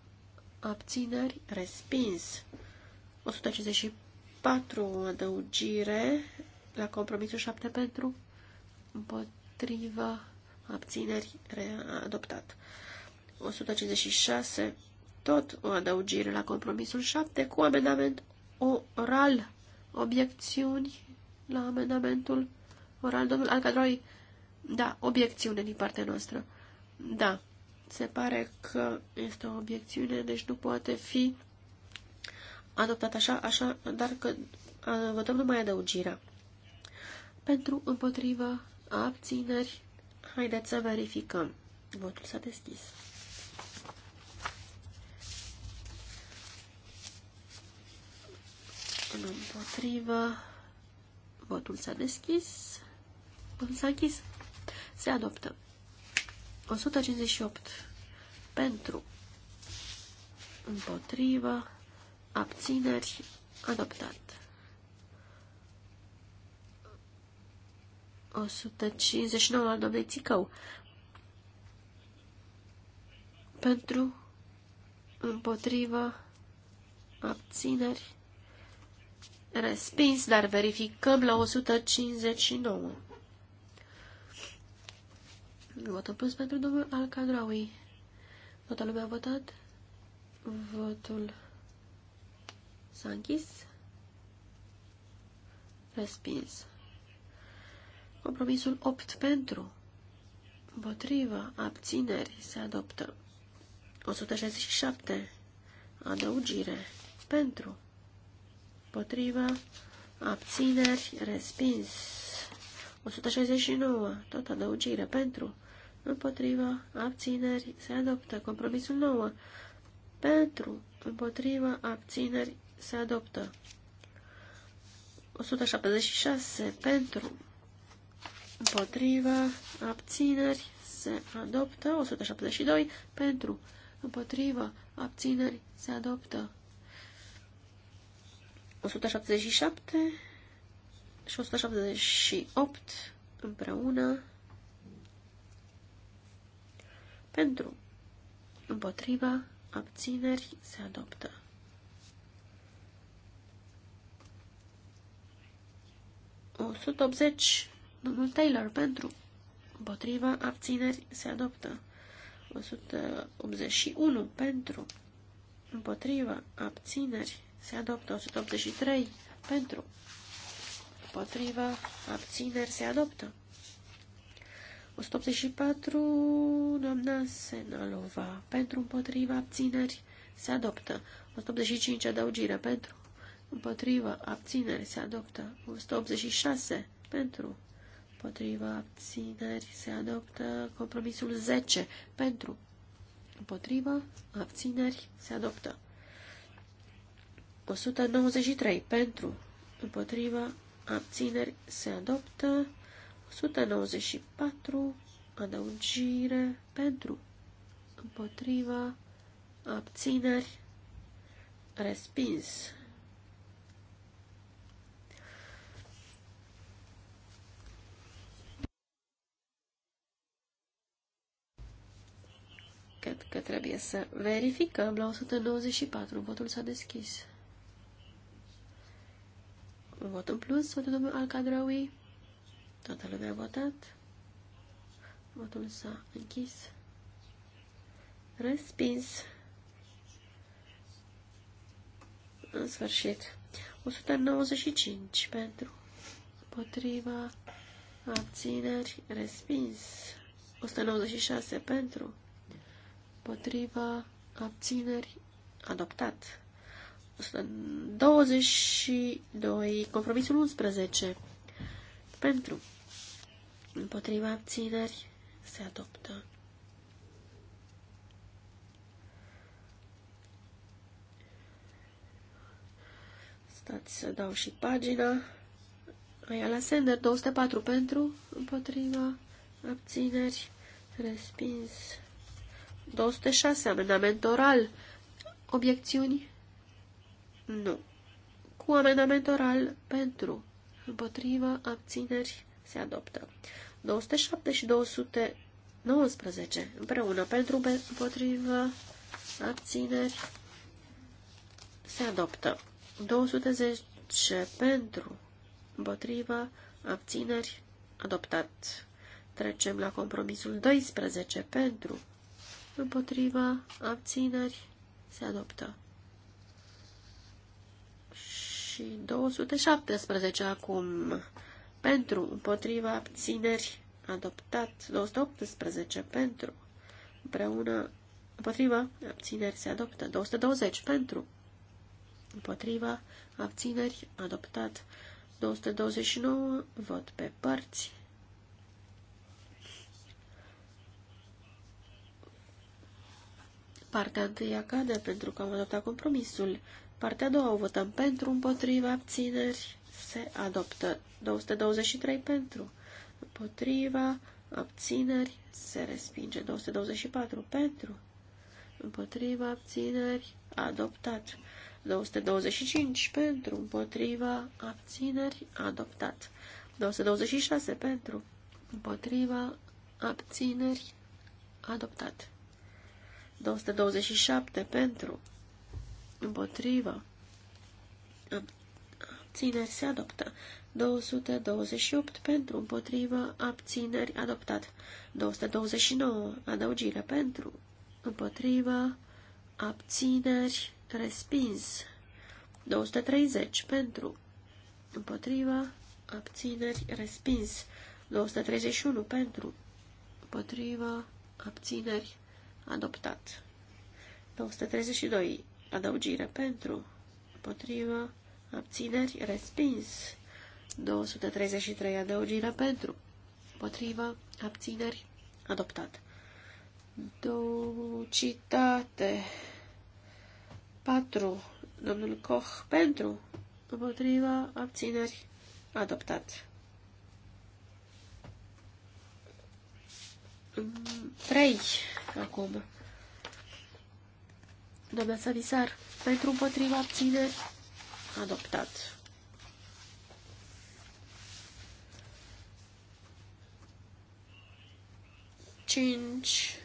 abțineri, respins. 154 adăugire la compromisul 7 pentru, împotriva, abțineri, adoptat. 156, tot o adăugire la compromisul 7 cu amendament oral. Obiecțiuni la amendamentul oral. Domnul Alcadroi, da, obiecțiune din partea noastră. Da, se pare că este o obiecțiune, deci nu poate fi adoptat așa, așa, dar că votăm numai adăugirea. Pentru, împotrivă, abțineri, Haideți să verificăm. Votul s-a deschis. În împotrivă, votul s-a deschis, votul s-a închis, se adoptă. 158 pentru, împotrivă, abțineri, adoptat. 159 al doamnei Țicău. Pentru, împotrivă, abțineri, respins, dar verificăm la 159. Votul plus pentru domnul Alcadraui. Toată lumea a votat. Votul s-a închis. Respins. Compromisul 8 pentru. Împotrivă. Abțineri. Se adoptă. 167. Adăugire. Pentru. Împotrivă. Abțineri. Respins. 169. Tot adăugire. Pentru. Împotrivă. Abțineri. Se adoptă. Compromisul 9. Pentru. Împotrivă. Abțineri. Se adoptă. 176. Pentru Împotrivă, abțineri, se adoptă, 172, pentru, împotrivă, abțineri, se adoptă, 177 și 178 împreună, pentru, împotrivă, abțineri, se adoptă. O 180 Domnul Taylor, pentru. Împotriva abțineri se adoptă. 181 pentru. Împotriva abțineri se adoptă. 183 pentru. Împotriva abțineri se adoptă. 184 doamna Senalova pentru. Împotriva abțineri se adoptă. 185 adăugire pentru. Împotriva abțineri se adoptă. 186 pentru împotriva abținerii se adoptă. Compromisul 10 pentru împotriva abțineri se adoptă. 193 pentru împotriva abțineri se adoptă. 194 adăugire pentru împotriva abțineri respins. cred că trebuie să verificăm la 194. Votul s-a deschis. Vot în plus, votul domnul Alcadraui. Toată lumea a votat. Votul s-a închis. Respins. În sfârșit. 195 pentru. Potriva. Abțineri. Respins. 196 pentru împotriva, abțineri, adoptat. 122, compromisul 11, pentru, împotriva, abțineri, se adoptă. Stați să dau și pagina. la Sender, 204 pentru, împotriva, abțineri, respins. 206, amendament oral. Obiecțiuni? Nu. Cu amendament oral pentru. Împotrivă, abțineri, se adoptă. 207 și 219 împreună pentru, împotrivă, abțineri, se adoptă. 210 pentru, împotrivă, abțineri, adoptat. Trecem la compromisul 12 pentru, împotriva, abțineri, se adoptă. Și 217 acum, pentru, împotriva, abțineri, adoptat. 218 pentru, împreună, împotriva, abțineri, se adoptă. 220 pentru, împotriva, abțineri, adoptat. 229, vot pe părți, Partea întâia cade pentru că am adoptat compromisul. Partea a doua o votăm pentru, împotriva, abțineri, se adoptă. 223 pentru, împotriva, abțineri, se respinge. 224 pentru, împotriva, abțineri, adoptat. 225 pentru, împotriva, abțineri, adoptat. 226 pentru, împotriva, abțineri, adoptat. 227 pentru, împotrivă, abțineri se adoptă. 228 pentru, împotrivă, abțineri adoptat. 229 adăugire pentru, împotrivă, abțineri respins. 230 pentru, împotrivă, abțineri respins. 231 pentru, împotrivă, abțineri adoptat. 232. Adăugire pentru, împotrivă, abțineri, respins. 233. Adăugire pentru, împotrivă, abțineri, adoptat. Ducitate. 4. Domnul Koch pentru, împotrivă, abțineri, adoptat. trei acum. Doamna Savisar, pentru împotriva abțineri, adoptat. Cinci.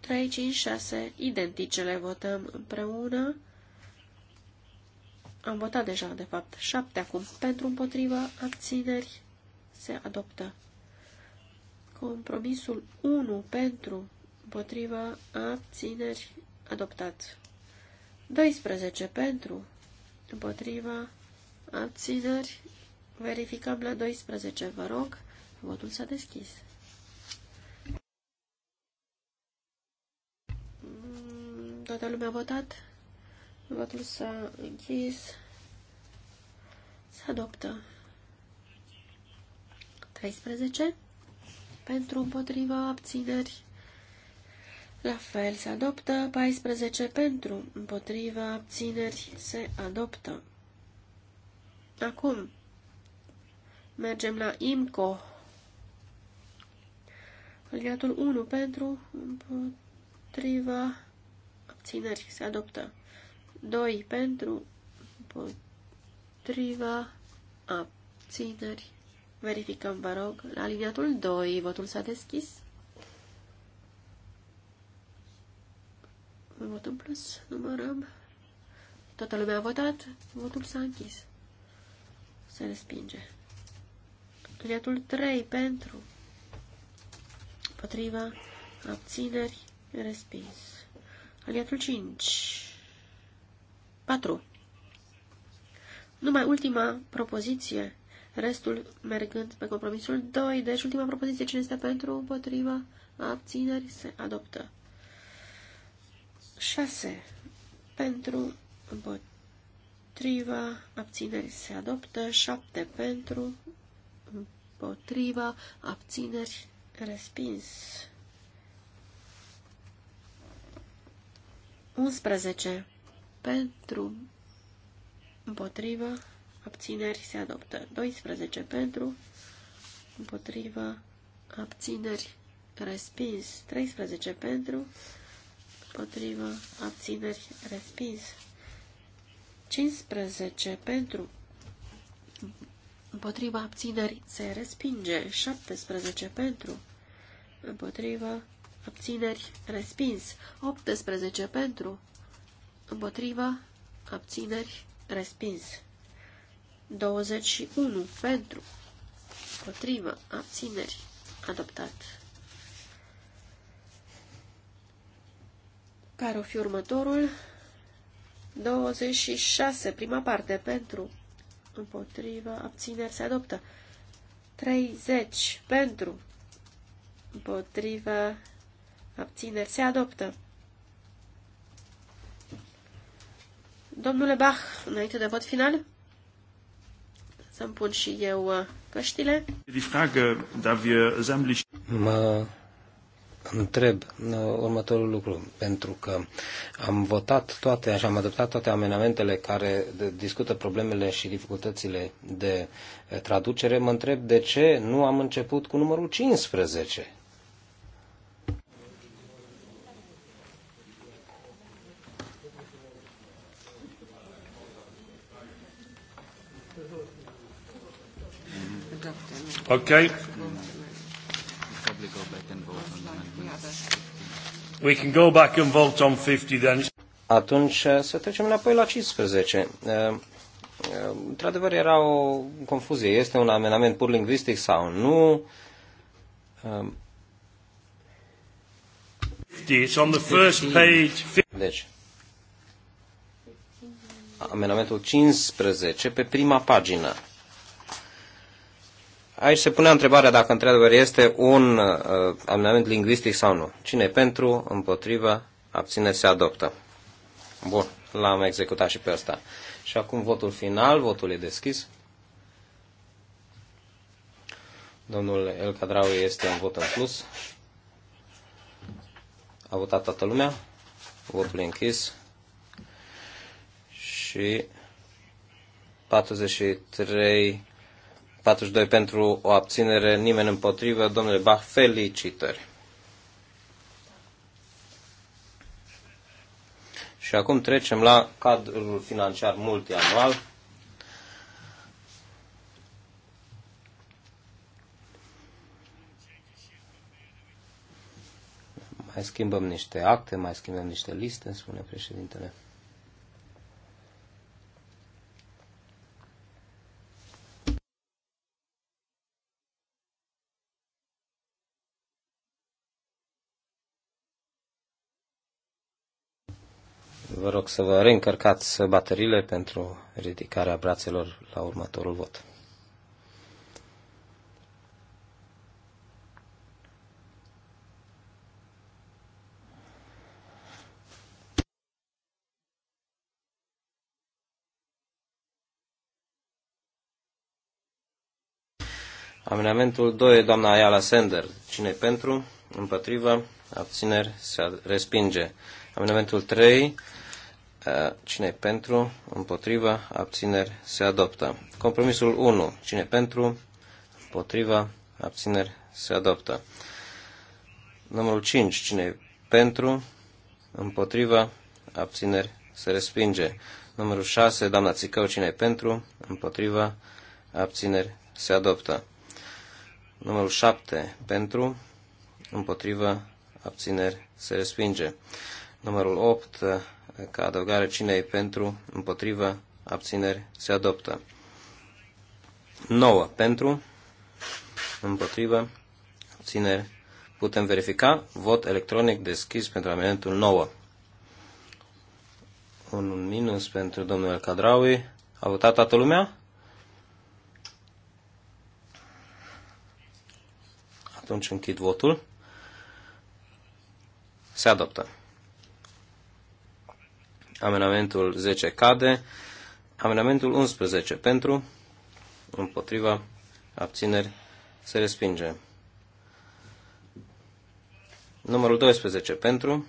Trei, cinci, șase, identice le votăm împreună. Am votat deja, de fapt, șapte acum pentru împotriva abțineri se adoptă. Compromisul 1 pentru, împotriva, abțineri, adoptat. 12 pentru, împotriva, abțineri, verificăm la 12, vă rog, votul s-a deschis. Mm, toată lumea a votat, votul s-a închis, se adoptă. 13 pentru împotriva abțineri. La fel se adoptă 14 pentru împotriva abțineri se adoptă. Acum mergem la IMCO. Aliatul 1 pentru împotriva abțineri se adoptă. 2 pentru împotriva abțineri Verificăm, vă rog, la aliniatul 2. Votul s-a deschis. Votul plus, numărăm. Toată lumea a votat, votul s-a închis. Se respinge. Aliniatul 3 pentru. Potriva abțineri, respins. Aliniatul 5. 4. Numai ultima propoziție restul mergând pe compromisul 2. Deci ultima propoziție, cine este pentru, împotriva, abțineri, se adoptă. 6. Pentru, împotriva, abțineri, se adoptă. 7. Pentru, împotriva, abțineri, respins. 11. Pentru, împotriva, abțineri se adoptă. 12 pentru, împotriva, abțineri respins. 13 pentru, împotriva, abțineri respins. 15 pentru, împotriva, abțineri se respinge. 17 pentru, împotriva, abțineri respins. 18 pentru, împotriva, abțineri respins. 21 pentru, potrivă, abțineri, adoptat. Care o fi următorul? 26, prima parte, pentru, împotrivă, abțineri, se adoptă. 30, pentru, împotrivă, abțineri, se adoptă. Domnule Bach, înainte de vot final? să-mi pun și eu uh, căștile. Uh, mă întreb uh, următorul lucru, pentru că am votat toate și am adoptat toate amendamentele care discută problemele și dificultățile de traducere, mă întreb de ce nu am început cu numărul 15. Okay. We can go back and vote on 50 then. Atunci uh, să trecem înapoi la 15. Uh, uh, într-adevăr era o confuzie. Este un amenament pur lingvistic sau nu? It's on the first page. Deci, amenamentul 15 pe prima pagină. Aici se punea întrebarea dacă într-adevăr este un uh, amendament lingvistic sau nu. Cine e pentru, împotriva, abține, se adoptă. Bun, l-am executat și pe ăsta. Și acum votul final, votul e deschis. Domnul El Cadrau este un vot în plus. A votat toată lumea. Votul e închis. Și 43 42 pentru o abținere, nimeni împotrivă. Domnule Bach, felicitări! Și acum trecem la cadrul financiar multianual. Mai schimbăm niște acte, mai schimbăm niște liste, spune președintele. vă rog să vă reîncărcați bateriile pentru ridicarea brațelor la următorul vot. Amendamentul 2, doamna Ayala Sender. Cine pentru? Împotriva? Abțineri? Se respinge. Amendamentul 3, Cine pentru? Împotriva? Abțineri? Se adoptă. Compromisul 1. Cine pentru? Împotriva? Abțineri? Se adoptă. Numărul 5. Cine pentru? Împotriva? Abțineri? Se respinge. Numărul 6. Doamna Țicău. Cine pentru? Împotriva? Abțineri? Se adoptă. Numărul 7. Pentru? Împotriva? Abțineri? Se respinge. Numărul 8 ca adăugare cinei pentru, împotrivă, abțineri, se adoptă. 9 pentru, împotrivă, abțineri, putem verifica, vot electronic deschis pentru amendamentul 9. Un minus pentru domnul El Cadraui. A votat toată lumea? Atunci închid votul. Se adoptă. Amenamentul 10 cade. Amenamentul 11 pentru, împotriva, abțineri, se respinge. Numărul 12 pentru,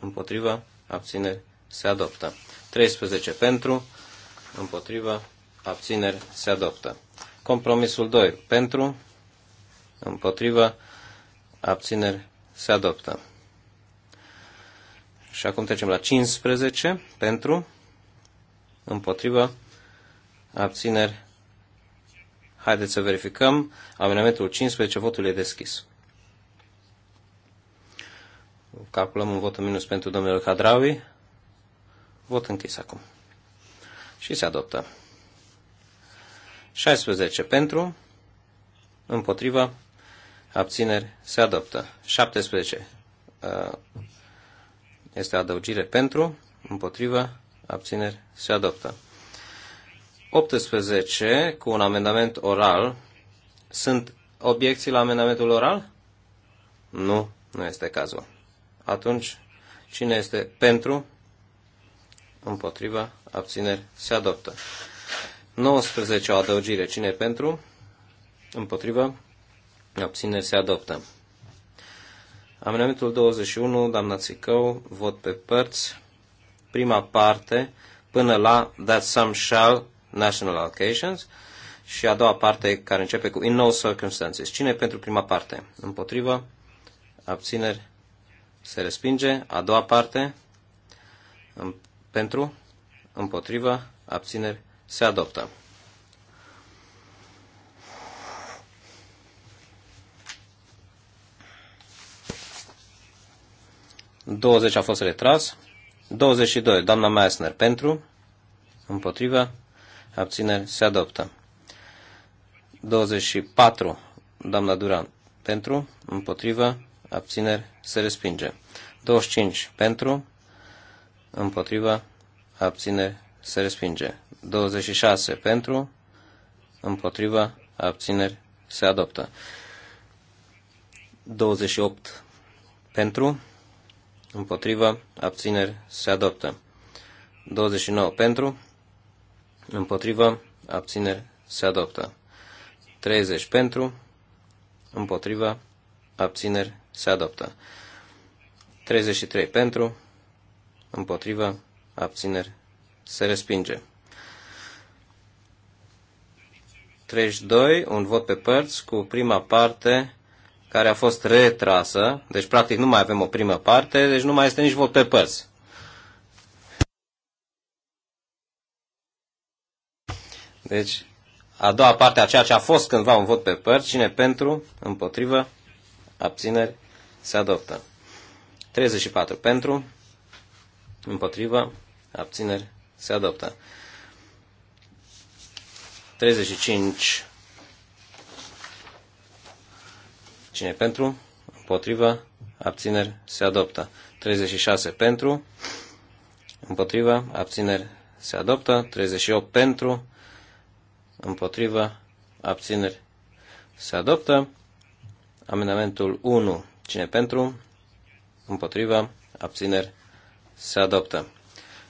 împotriva, abțineri, se adoptă. 13 pentru, împotriva, abțineri, se adoptă. Compromisul 2 pentru, împotriva, abțineri, se adoptă. Și acum trecem la 15 pentru, împotrivă, abțineri. Haideți să verificăm. Amendamentul 15, votul e deschis. Calculăm un vot în minus pentru domnul Cadravi. Vot închis acum. Și se adoptă. 16 pentru, împotrivă, abțineri, se adoptă. 17 este adăugire pentru, împotrivă, abțineri, se adoptă. 18 cu un amendament oral. Sunt obiecții la amendamentul oral? Nu, nu este cazul. Atunci, cine este pentru, împotriva, abțineri, se adoptă. 19 o adăugire. Cine pentru, împotriva, abțineri, se adoptă. Amendamentul 21, doamna Țicău, vot pe părți. Prima parte până la That Some Shall National Allocations și a doua parte care începe cu In No Circumstances. Cine pentru prima parte? Împotrivă? Abțineri? Se respinge. A doua parte? Pentru? Împotrivă? Abțineri? Se adoptă. 20 a fost retras. 22. Doamna Meissner pentru. Împotrivă. Abțineri. Se adoptă. 24. Doamna Duran pentru. Împotrivă. Abțineri. Se respinge. 25. Pentru. Împotrivă. Abțineri. Se respinge. 26. Pentru. Împotrivă. Abțineri. Se adoptă. 28. Pentru împotriva, abțineri, se adoptă. 29 pentru, împotriva, abțineri, se adoptă. 30 pentru, împotriva, abțineri, se adoptă. 33 pentru, împotriva, abțineri, se respinge. 32, un vot pe părți cu prima parte care a fost retrasă, deci practic nu mai avem o primă parte, deci nu mai este nici vot pe părți. Deci, a doua parte a ceea ce a fost cândva un vot pe părți, cine pentru, împotrivă, abțineri, se adoptă. 34 pentru, împotrivă, abțineri, se adoptă. 35 Cine pentru? Împotrivă. Abțineri. Se adoptă. 36 pentru. Împotrivă. Abțineri. Se adoptă. 38 pentru. Împotrivă. Abțineri. Se adoptă. Amendamentul 1. Cine pentru? Împotrivă. Abțineri. Se adoptă.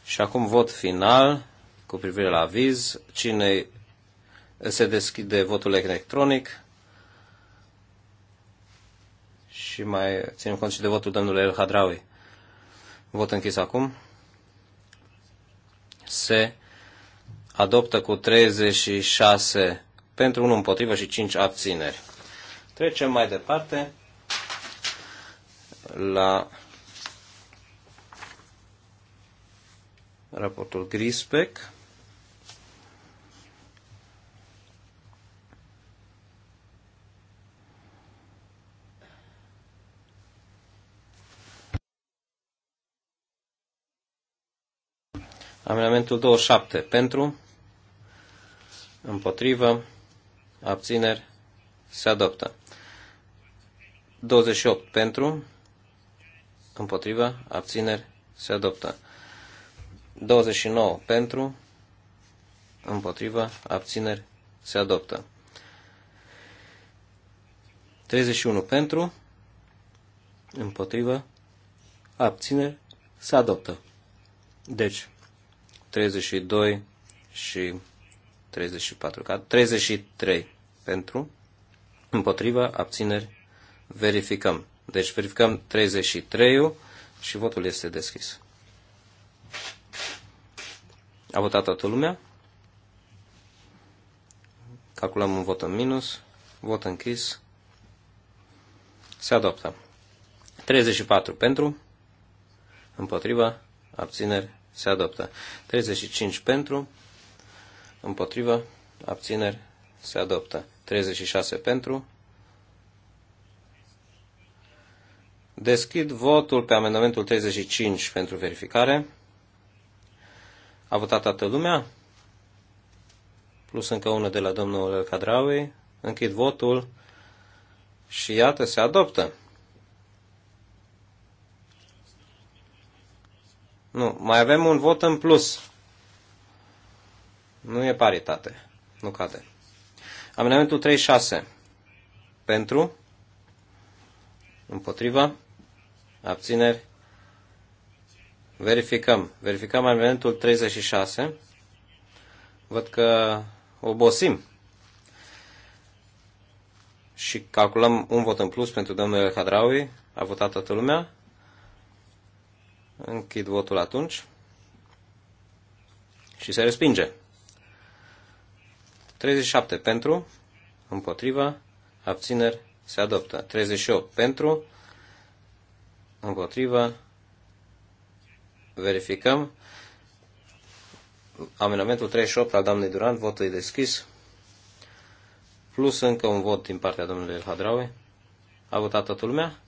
Și acum vot final cu privire la aviz. Cine se deschide votul electronic? și mai ținem cont și de votul domnului El Hadraui. Vot închis acum. Se adoptă cu 36 pentru 1 împotrivă și 5 abțineri. Trecem mai departe la raportul Grispec. Amendamentul 27 pentru, împotrivă, abțineri, se adoptă. 28 pentru, împotrivă, abțineri, se adoptă. 29 pentru, împotrivă, abțineri, se adoptă. 31 pentru, împotrivă, abțineri, se adoptă. Deci, 32 și 34, 33 pentru, împotriva, abțineri, verificăm. Deci verificăm 33-ul și votul este deschis. A votat toată lumea. Calculăm un vot în minus, vot închis. Se adoptă. 34 pentru, împotriva, abțineri, se adoptă. 35 pentru, împotrivă, abțineri, se adoptă. 36 pentru. Deschid votul pe amendamentul 35 pentru verificare. A votat toată lumea? Plus încă una de la domnul Cadraui. Închid votul și iată, se adoptă. Nu, mai avem un vot în plus. Nu e paritate. Nu cade. Amendamentul 36. Pentru. Împotriva. Abțineri. Verificăm. Verificăm amendamentul 36. Văd că obosim. Și calculăm un vot în plus pentru domnul Hadraui. A votat toată lumea. Închid votul atunci. Și se respinge. 37 pentru, împotriva, abțineri, se adoptă. 38 pentru, împotriva, verificăm. Amendamentul 38 al doamnei Durant, votul e deschis. Plus încă un vot din partea domnului El Hadraue. A votat toată lumea?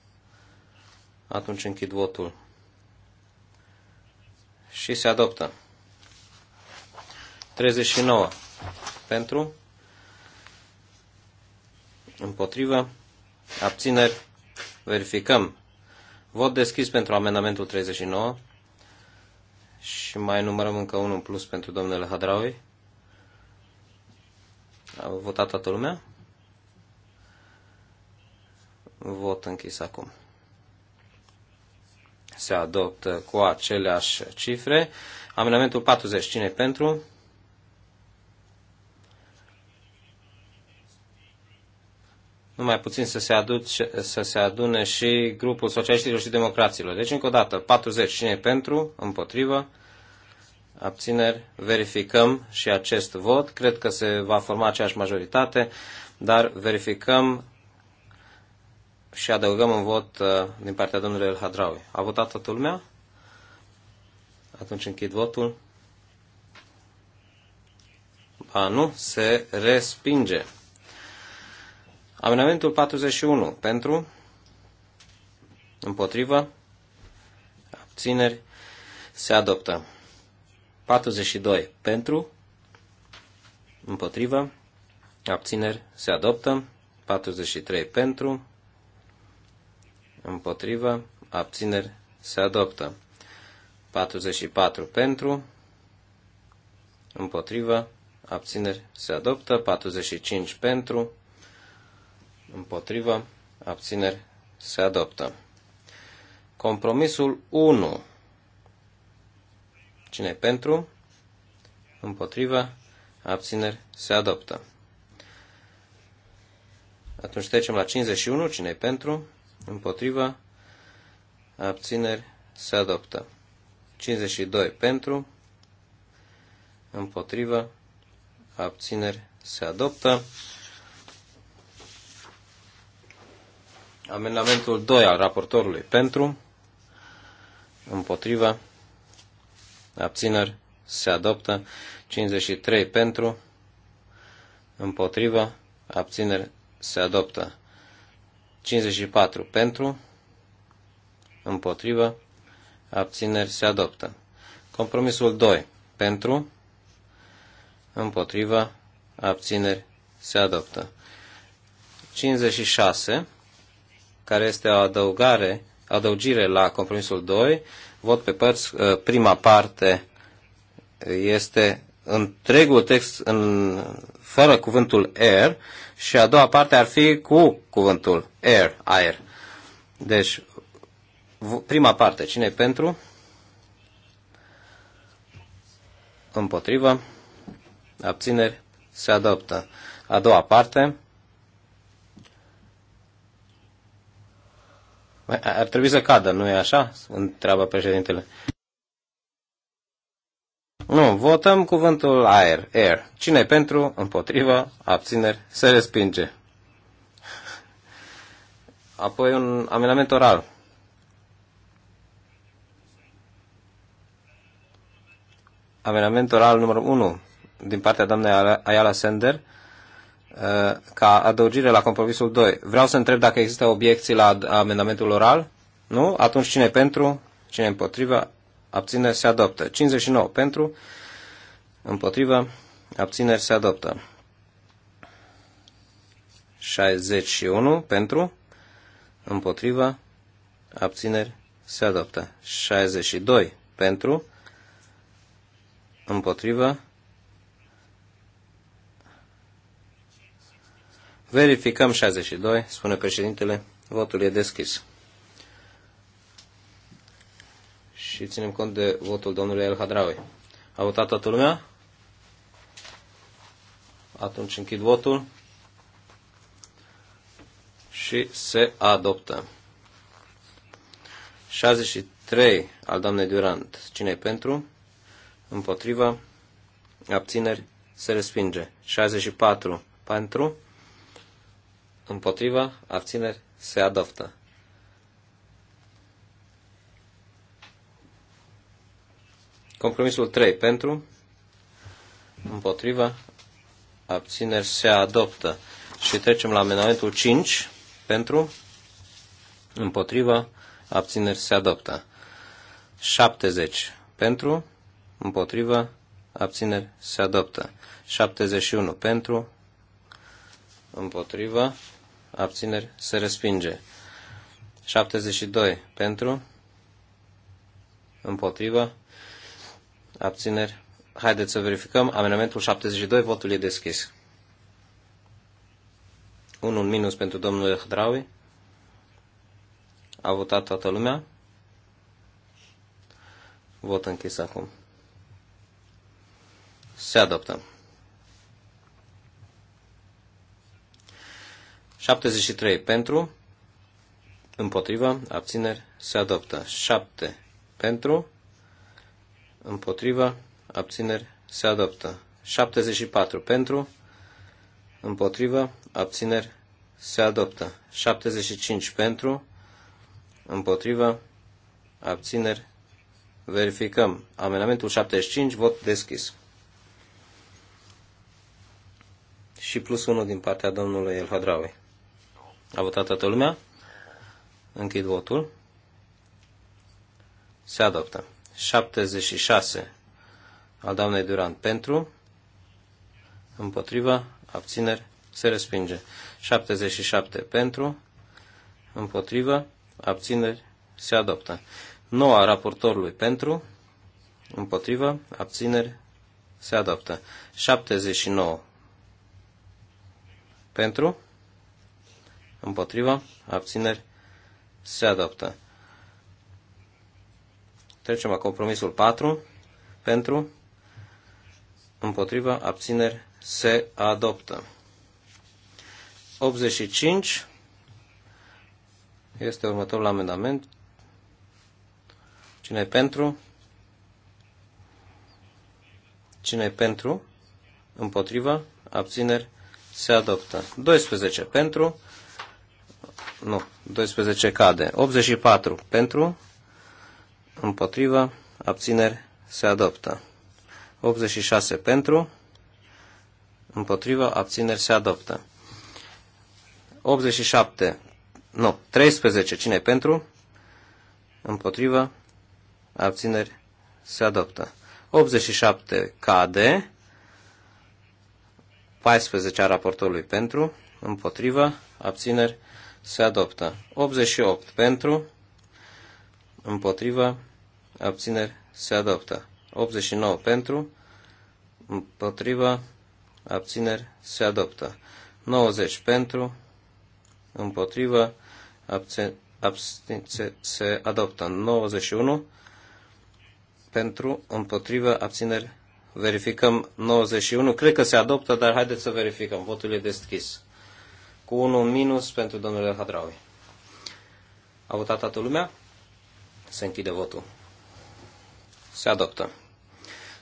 Atunci închid votul și se adoptă. 39 pentru, împotrivă, abțineri, verificăm. Vot deschis pentru amendamentul 39 și mai numărăm încă unul în plus pentru domnule Hadraui. A votat toată lumea? Vot închis acum se adoptă cu aceleași cifre. Amendamentul 40, cine pentru? Numai puțin să se, aduce, să se adune și grupul socialiștilor și democraților. Deci, încă o dată, 40, cine pentru? Împotrivă? Abțineri? Verificăm și acest vot. Cred că se va forma aceeași majoritate, dar verificăm și adăugăm un vot uh, din partea domnului El Hadraui. A votat toată lumea? Atunci închid votul. A, nu, se respinge. Amendamentul 41 pentru, împotrivă, abțineri, se adoptă. 42 pentru, împotrivă, abțineri, se adoptă. 43 pentru, împotrivă, abțineri, se adoptă. 44 pentru, împotrivă, abțineri, se adoptă. 45 pentru, împotrivă, abțineri, se adoptă. Compromisul 1. Cine pentru? Împotrivă, abțineri, se adoptă. Atunci trecem la 51. Cine pentru? împotriva, abțineri, se adoptă. 52 pentru, împotriva, abțineri, se adoptă. Amendamentul 2 al raportorului pentru, împotriva, abțineri, se adoptă. 53 pentru, împotriva, abțineri, se adoptă. 54 pentru, împotrivă, abțineri se adoptă. Compromisul 2 pentru, împotrivă, abțineri se adoptă. 56, care este o adăugare, adăugire la compromisul 2, vot pe părți, uh, prima parte este întregul text în, fără cuvântul air și a doua parte ar fi cu cuvântul air, aer. Deci, prima parte, cine e pentru? Împotrivă. Abțineri. Se adoptă. A doua parte. Ar trebui să cadă, nu e așa? Întreabă președintele. Nu, votăm cuvântul aer, air. Cine pentru, împotriva, abțineri, se respinge. Apoi un amendament oral. Amendament oral numărul 1 din partea doamnei Ayala Sender uh, ca adăugire la compromisul 2. Vreau să întreb dacă există obiecții la amendamentul oral? Nu? Atunci cine pentru? Cine împotriva? abțineri se adoptă. 59 pentru, împotrivă, abțineri se adoptă. 61 pentru, împotrivă, abțineri se adoptă. 62 pentru, împotrivă, verificăm 62, spune președintele, votul e deschis. și ținem cont de votul domnului El Hadraui. A votat toată lumea? Atunci închid votul și se adoptă. 63 al doamnei Durant. Cine e pentru? Împotriva? Abțineri? Se respinge. 64 pentru? Împotriva? Abțineri? Se adoptă. Compromisul 3 pentru, împotriva, abțineri se adoptă. Și trecem la amendamentul 5 pentru, împotriva, abțineri se adoptă. 70 pentru, împotriva, abțineri se adoptă. 71 pentru, împotriva, abțineri se respinge. 72 pentru, împotriva, abțineri. Haideți să verificăm. Amendamentul 72, votul e deschis. Unul minus pentru domnul Hdraui. A votat toată lumea. Vot închis acum. Se adoptă. 73 pentru, împotriva, abțineri, se adoptă. 7 pentru, împotriva, abțineri, se adoptă. 74 pentru, împotriva, abțineri, se adoptă. 75 pentru, împotriva, abțineri, verificăm. Amendamentul 75, vot deschis. Și plus 1 din partea domnului El Hadraui. A votat toată lumea? Închid votul. Se adoptă. 76 al doamnei Durand pentru, împotriva, abțineri, se respinge. 77 pentru, împotriva, abțineri, se adoptă. 9 raportorului pentru, împotriva, abțineri, se adoptă. 79 pentru, împotriva, abțineri, se adoptă. Trecem la compromisul 4. Pentru, împotriva, abțineri, se adoptă. 85 este următorul amendament. Cine e pentru? Cine e pentru? Împotriva? Abțineri? Se adoptă. 12 pentru. Nu. 12 cade. 84 pentru împotrivă, abțineri, se adoptă. 86 pentru, împotrivă, abțineri, se adoptă. 87, nu, 13, cine pentru, împotrivă, abțineri, se adoptă. 87 cade, 14 a raportorului pentru, împotrivă, abțineri, se adoptă. 88 pentru, împotriva, abțineri, se adoptă. 89 pentru, împotriva, abțineri, se adoptă. 90 pentru, împotriva, abține, se, se adoptă. 91 pentru, împotriva, abțineri, verificăm 91. Cred că se adoptă, dar haideți să verificăm. Votul e deschis. Cu 1 minus pentru domnule Hadraui. A votat toată lumea? Se închide votul. Se adoptă.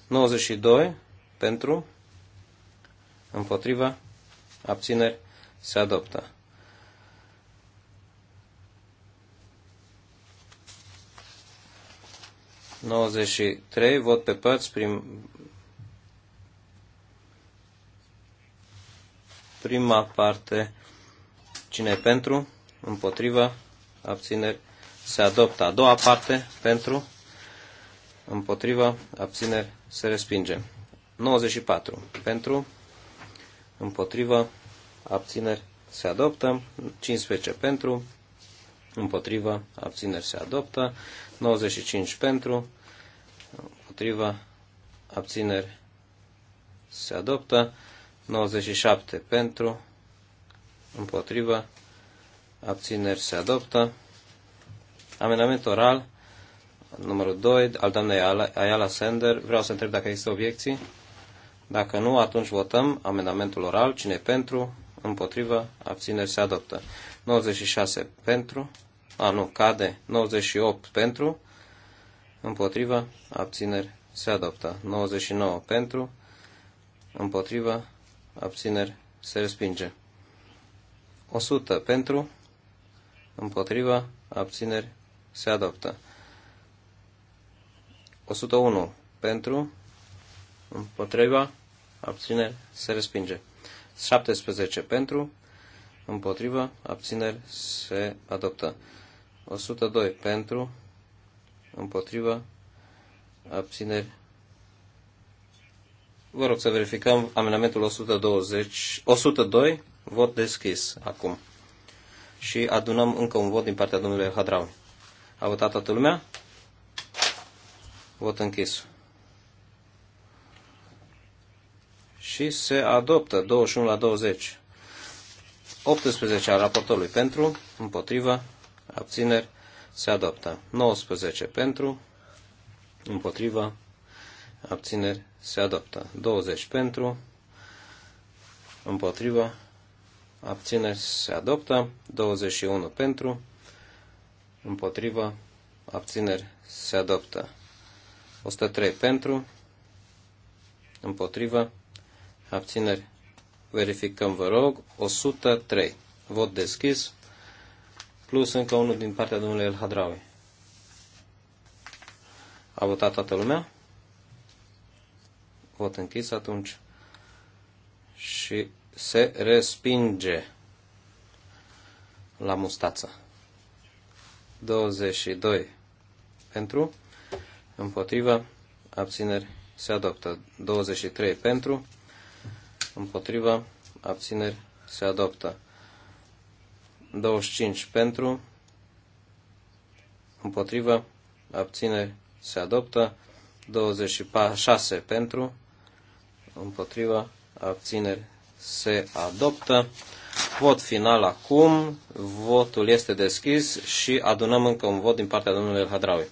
92 pentru, împotriva, abțineri, se adoptă. trei vot pe părți, prim, prima parte, cine pentru, împotriva, abțineri, se adoptă. A doua parte pentru, împotriva, abțineri, se respinge. 94 pentru, împotriva, abțineri, se adoptă. 15 pentru, împotriva, abțineri, se adoptă. 95 pentru, împotriva, abțineri, se adoptă. 97 pentru, împotriva, abțineri se adoptă, Amendament oral numărul 2 al doamnei Ayala Sender. Vreau să întreb dacă există obiecții. Dacă nu, atunci votăm amendamentul oral. Cine pentru? Împotrivă? Abțineri se adoptă. 96 pentru. A, nu, cade. 98 pentru. Împotrivă? Abțineri se adoptă. 99 pentru. Împotrivă? Abțineri se respinge. 100 pentru. Împotrivă? Abțineri se adoptă. 101 pentru, împotriva, abțineri, se respinge. 17 pentru, împotriva, abțineri, se adoptă. 102 pentru, împotriva, abțineri. Vă rog să verificăm amendamentul 120, 102, vot deschis acum. Și adunăm încă un vot din partea domnului Hadraui. A votat toată lumea? Vot închis. Și se adoptă 21 la 20. 18 a raportorului pentru, împotrivă, abțineri, se adoptă. 19 pentru, împotrivă, abțineri, se adoptă. 20 pentru, împotrivă, abțineri, se adoptă. 21 pentru, împotriva, abțineri se adoptă. 103 pentru, împotriva, abțineri verificăm, vă rog, 103. Vot deschis, plus încă unul din partea domnului El Hadraui. A votat toată lumea? Vot închis atunci și se respinge la mustață. 22 pentru, împotriva, abțineri se adoptă. 23 pentru, împotriva, abțineri se adoptă. 25 pentru, împotriva, abțineri se adoptă. 26 pentru, împotriva, abțineri se adoptă. Vot final acum. Votul este deschis și adunăm încă un vot din partea domnului Hadraui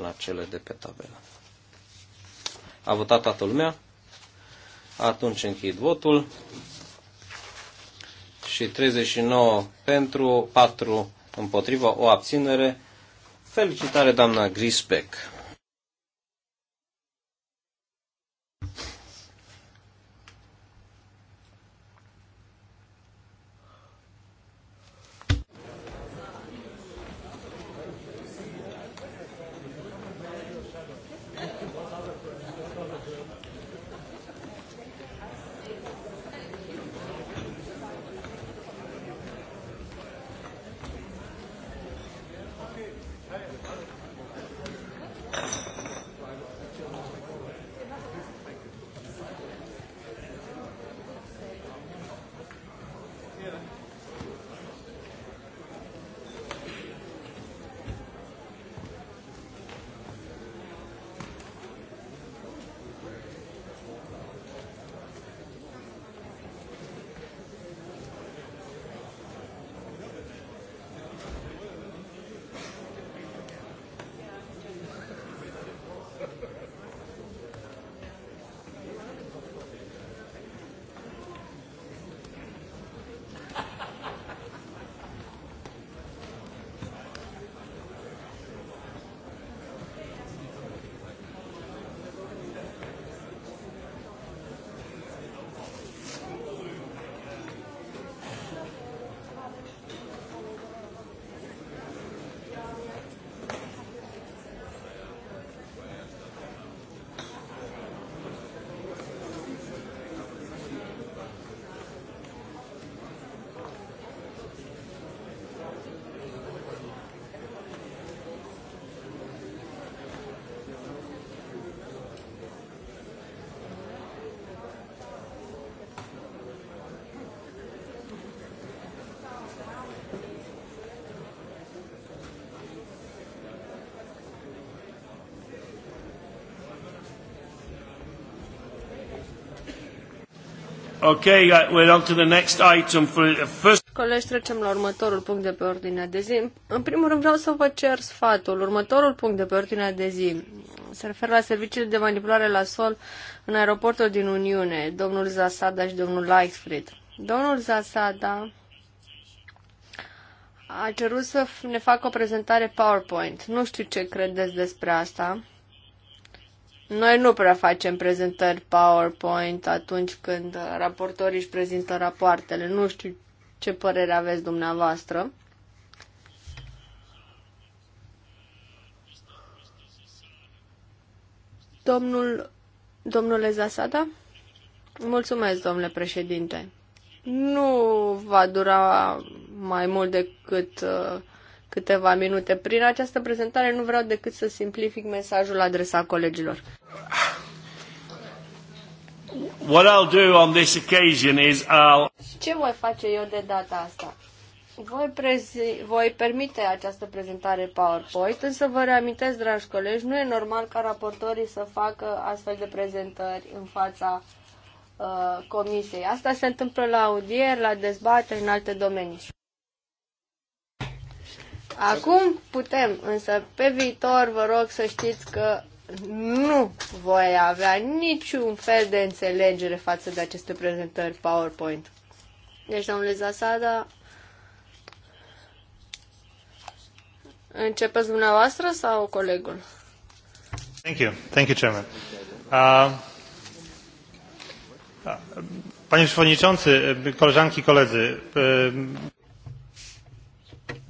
la cele de pe tabelă. A votat toată lumea? Atunci închid votul. Și 39 pentru, 4 împotriva, o abținere. Felicitare, doamna Grispec. Ok, uh, we're on to the next item for the uh, first... Colegi, trecem la următorul punct de pe ordinea de zi. În primul rând vreau să vă cer sfatul. Următorul punct de pe ordinea de zi se referă la serviciile de manipulare la sol în aeroportul din Uniune, domnul Zasada și domnul Lightfried. Domnul Zasada a cerut să ne facă o prezentare PowerPoint. Nu știu ce credeți despre asta. Noi nu prea facem prezentări PowerPoint atunci când raportorii își prezintă rapoartele. Nu știu ce părere aveți dumneavoastră. Domnul, domnule Zasada? Mulțumesc, domnule președinte. Nu va dura mai mult decât uh, câteva minute. Prin această prezentare nu vreau decât să simplific mesajul adresat colegilor. What I'll do on this occasion is I'll... Ce voi face eu de data asta? Voi, prezi... voi permite această prezentare PowerPoint, însă vă reamintesc, dragi colegi, nu e normal ca raportorii să facă astfel de prezentări în fața uh, comisiei. Asta se întâmplă la audieri, la dezbateri, în alte domenii. Acum putem, însă pe viitor vă rog să știți că nu voi avea niciun fel de înțelegere față de aceste prezentări PowerPoint. Deci, domnule Zasada, începeți dumneavoastră sau colegul? Thank you. Thank you, Chairman. Uh, Panie Przewodniczący, koleżanki i koledzy. Uh,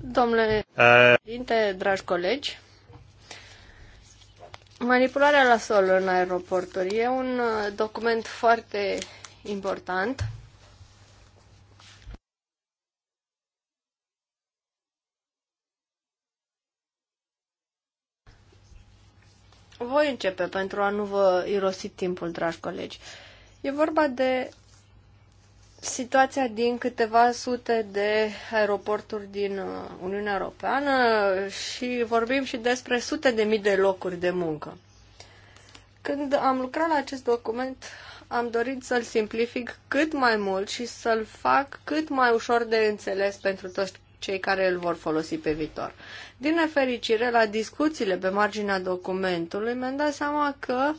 Domnule președinte, dragi colegi, manipularea la sol în aeroporturi e un uh, document foarte important. Voi începe pentru a nu vă irosi timpul, dragi colegi. E vorba de situația din câteva sute de aeroporturi din uh, Uniunea Europeană și vorbim și despre sute de mii de locuri de muncă. Când am lucrat la acest document, am dorit să-l simplific cât mai mult și să-l fac cât mai ușor de înțeles pentru toți cei care îl vor folosi pe viitor. Din nefericire, la discuțiile pe marginea documentului, mi-am dat seama că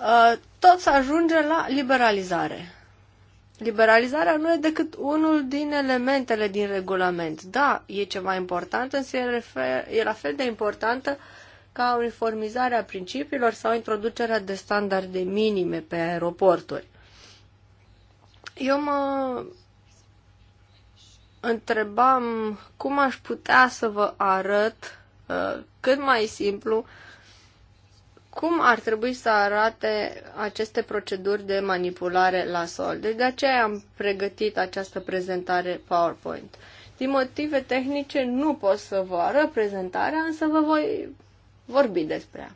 uh, tot se ajunge la liberalizare. Liberalizarea nu e decât unul din elementele din regulament. Da, e ceva important, însă e, refer, e la fel de importantă ca uniformizarea principiilor sau introducerea de standarde minime pe aeroporturi. Eu mă întrebam cum aș putea să vă arăt uh, cât mai simplu cum ar trebui să arate aceste proceduri de manipulare la sol. Deci de aceea am pregătit această prezentare PowerPoint. Din motive tehnice nu pot să vă arăt prezentarea, însă vă voi vorbi despre ea.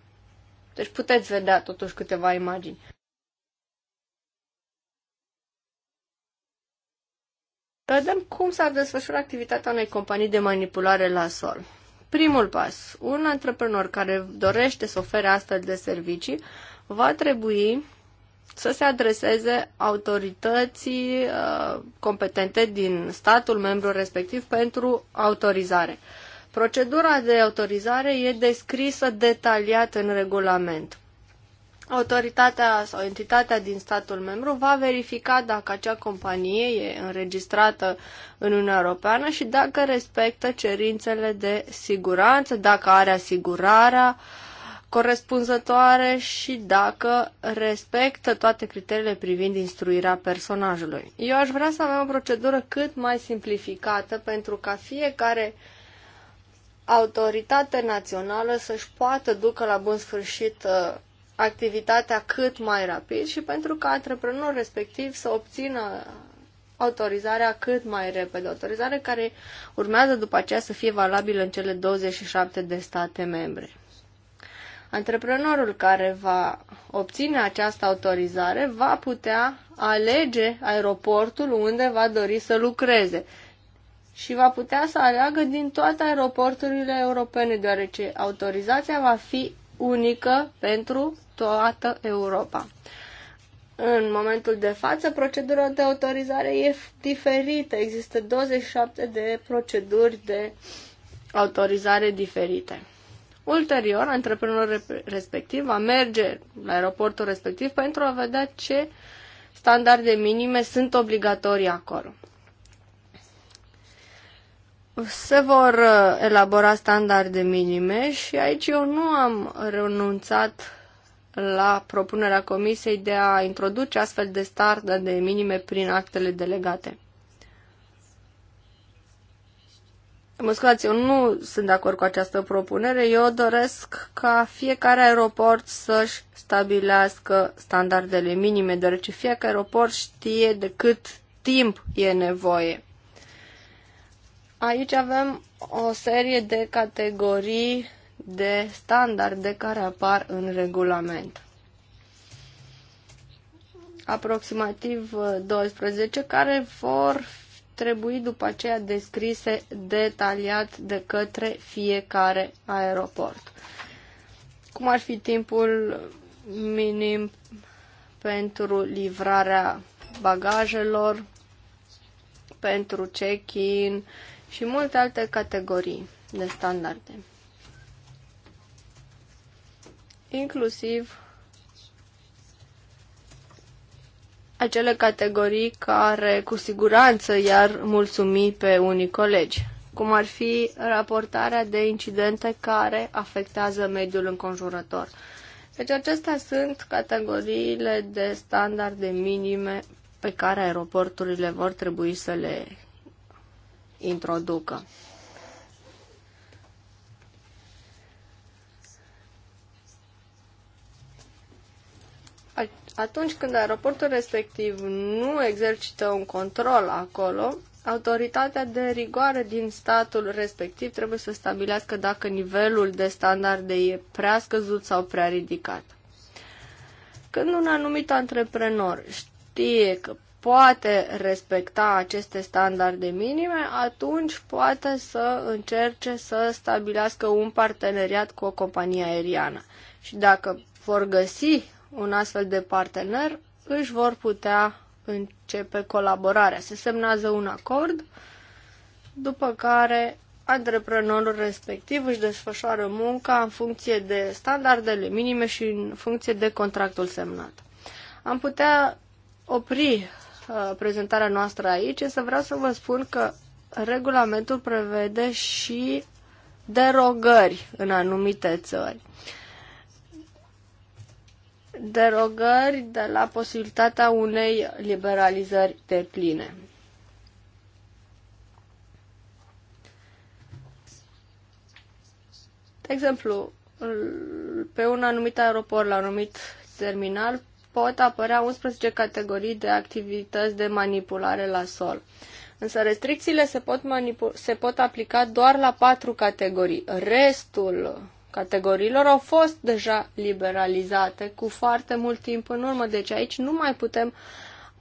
Deci puteți vedea totuși câteva imagini. Vedem cum s-ar desfășura activitatea unei companii de manipulare la sol. Primul pas. Un antreprenor care dorește să ofere astfel de servicii va trebui să se adreseze autorității uh, competente din statul membru respectiv pentru autorizare. Procedura de autorizare e descrisă detaliat în regulament autoritatea sau entitatea din statul membru va verifica dacă acea companie e înregistrată în Uniunea Europeană și dacă respectă cerințele de siguranță, dacă are asigurarea corespunzătoare și dacă respectă toate criteriile privind instruirea personajului. Eu aș vrea să avem o procedură cât mai simplificată pentru ca fiecare autoritate națională să-și poată ducă la bun sfârșit uh, activitatea cât mai rapid și pentru ca antreprenorul respectiv să obțină autorizarea cât mai repede, autorizare care urmează după aceea să fie valabilă în cele 27 de state membre. Antreprenorul care va obține această autorizare va putea alege aeroportul unde va dori să lucreze și va putea să aleagă din toate aeroporturile europene, deoarece autorizația va fi unică pentru toată Europa. În momentul de față, procedura de autorizare e diferită. Există 27 de proceduri de autorizare diferite. Ulterior, antreprenorul respectiv va merge la aeroportul respectiv pentru a vedea ce standarde minime sunt obligatorii acolo. Se vor uh, elabora standarde minime și aici eu nu am renunțat la propunerea Comisiei de a introduce astfel de standarde minime prin actele delegate. Mă scuzați, eu nu sunt de acord cu această propunere. Eu doresc ca fiecare aeroport să-și stabilească standardele minime, deoarece fiecare aeroport știe de cât timp e nevoie. Aici avem o serie de categorii de standarde care apar în regulament. Aproximativ 12 uh, care vor trebui după aceea descrise detaliat de către fiecare aeroport. Cum ar fi timpul minim pentru livrarea bagajelor, pentru check-in și multe alte categorii de standarde inclusiv acele categorii care cu siguranță i-ar mulțumi pe unii colegi, cum ar fi raportarea de incidente care afectează mediul înconjurător. Deci acestea sunt categoriile de standarde minime pe care aeroporturile vor trebui să le introducă. Atunci când aeroportul respectiv nu exercită un control acolo, autoritatea de rigoare din statul respectiv trebuie să stabilească dacă nivelul de standarde e prea scăzut sau prea ridicat. Când un anumit antreprenor știe că poate respecta aceste standarde minime, atunci poate să încerce să stabilească un parteneriat cu o companie aeriană. Și dacă vor găsi un astfel de partener își vor putea începe colaborarea. Se semnează un acord, după care antreprenorul respectiv își desfășoară munca în funcție de standardele minime și în funcție de contractul semnat. Am putea opri uh, prezentarea noastră aici, însă vreau să vă spun că regulamentul prevede și derogări în anumite țări. Uh, derogări de la posibilitatea unei liberalizări de pline. De exemplu, pe un anumit aeroport, la un anumit terminal, pot apărea 11 categorii de activități de manipulare la sol. Însă restricțiile se pot, se pot aplica doar la patru categorii. Restul categoriilor au fost deja liberalizate cu foarte mult timp în urmă, deci aici nu mai putem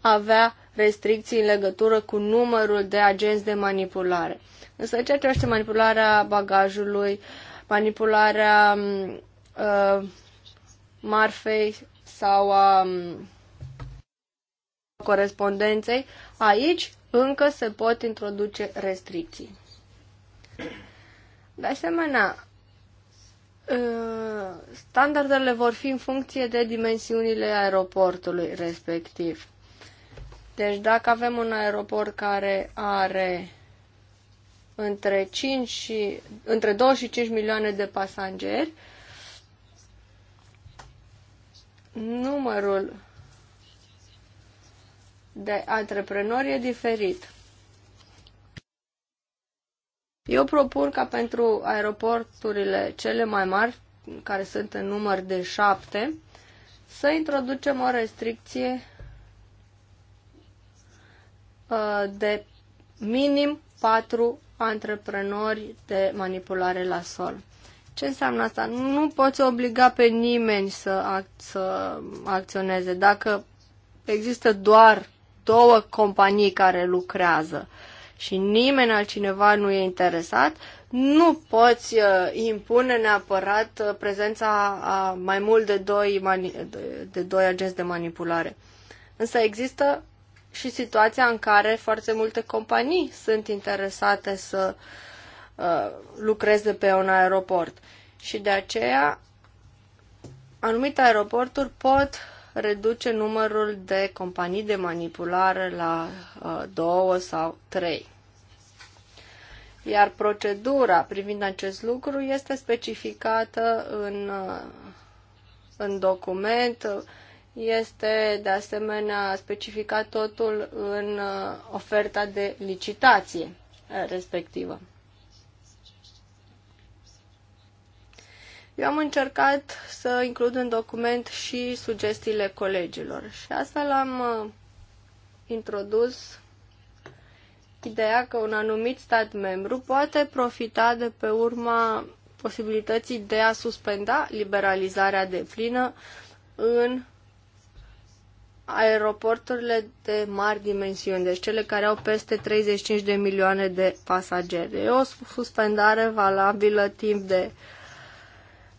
avea restricții în legătură cu numărul de agenți de manipulare. Însă ceea ce este manipularea bagajului, manipularea mm, uh, marfei sau a uh, corespondenței, aici încă se pot introduce restricții. De asemenea, Ă, standardele vor fi în funcție de dimensiunile aeroportului respectiv. Deci dacă avem un aeroport care are între, 5 și, între 2 și 5 milioane de pasageri, numărul de antreprenori e diferit. Eu propun ca pentru aeroporturile cele mai mari, care sunt în număr de șapte, să introducem o restricție uh, de minim patru antreprenori de manipulare la sol. Ce înseamnă asta? Nu poți obliga pe nimeni să, ac- să acționeze. Dacă există doar două companii care lucrează, și nimeni altcineva nu e interesat, nu poți uh, impune neapărat uh, prezența a mai mult de doi, de doi agenți de manipulare. Însă există și situația în care foarte multe companii sunt interesate să uh, lucreze pe un aeroport. Și de aceea anumite aeroporturi pot reduce numărul de companii de manipulare la uh, două sau trei. Iar procedura privind acest lucru este specificată în, uh, în document, este de asemenea specificat totul în uh, oferta de licitație uh, respectivă. Eu am încercat să includ în document și sugestiile colegilor și astfel am uh, introdus ideea că un anumit stat membru poate profita de pe urma posibilității de a suspenda liberalizarea de plină în aeroporturile de mari dimensiuni, deci cele care au peste 35 de milioane de pasageri. E o suspendare valabilă timp de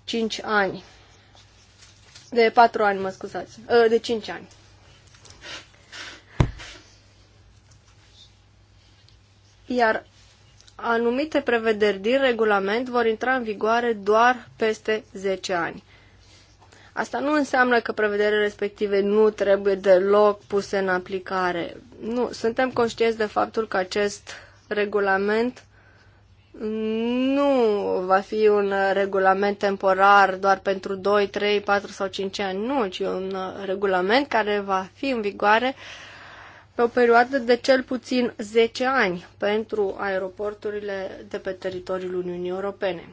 5 ani. De 4 ani, mă scuzați. Ă, de 5 ani. Iar anumite prevederi din regulament vor intra în vigoare doar peste 10 ani. Asta nu înseamnă că prevederile respective nu trebuie deloc puse în aplicare. Nu, suntem conștienți de faptul că acest regulament nu va fi un regulament temporar doar pentru 2, 3, 4 sau 5 ani, nu, ci un regulament care va fi în vigoare pe o perioadă de cel puțin 10 ani pentru aeroporturile de pe teritoriul Uniunii Europene.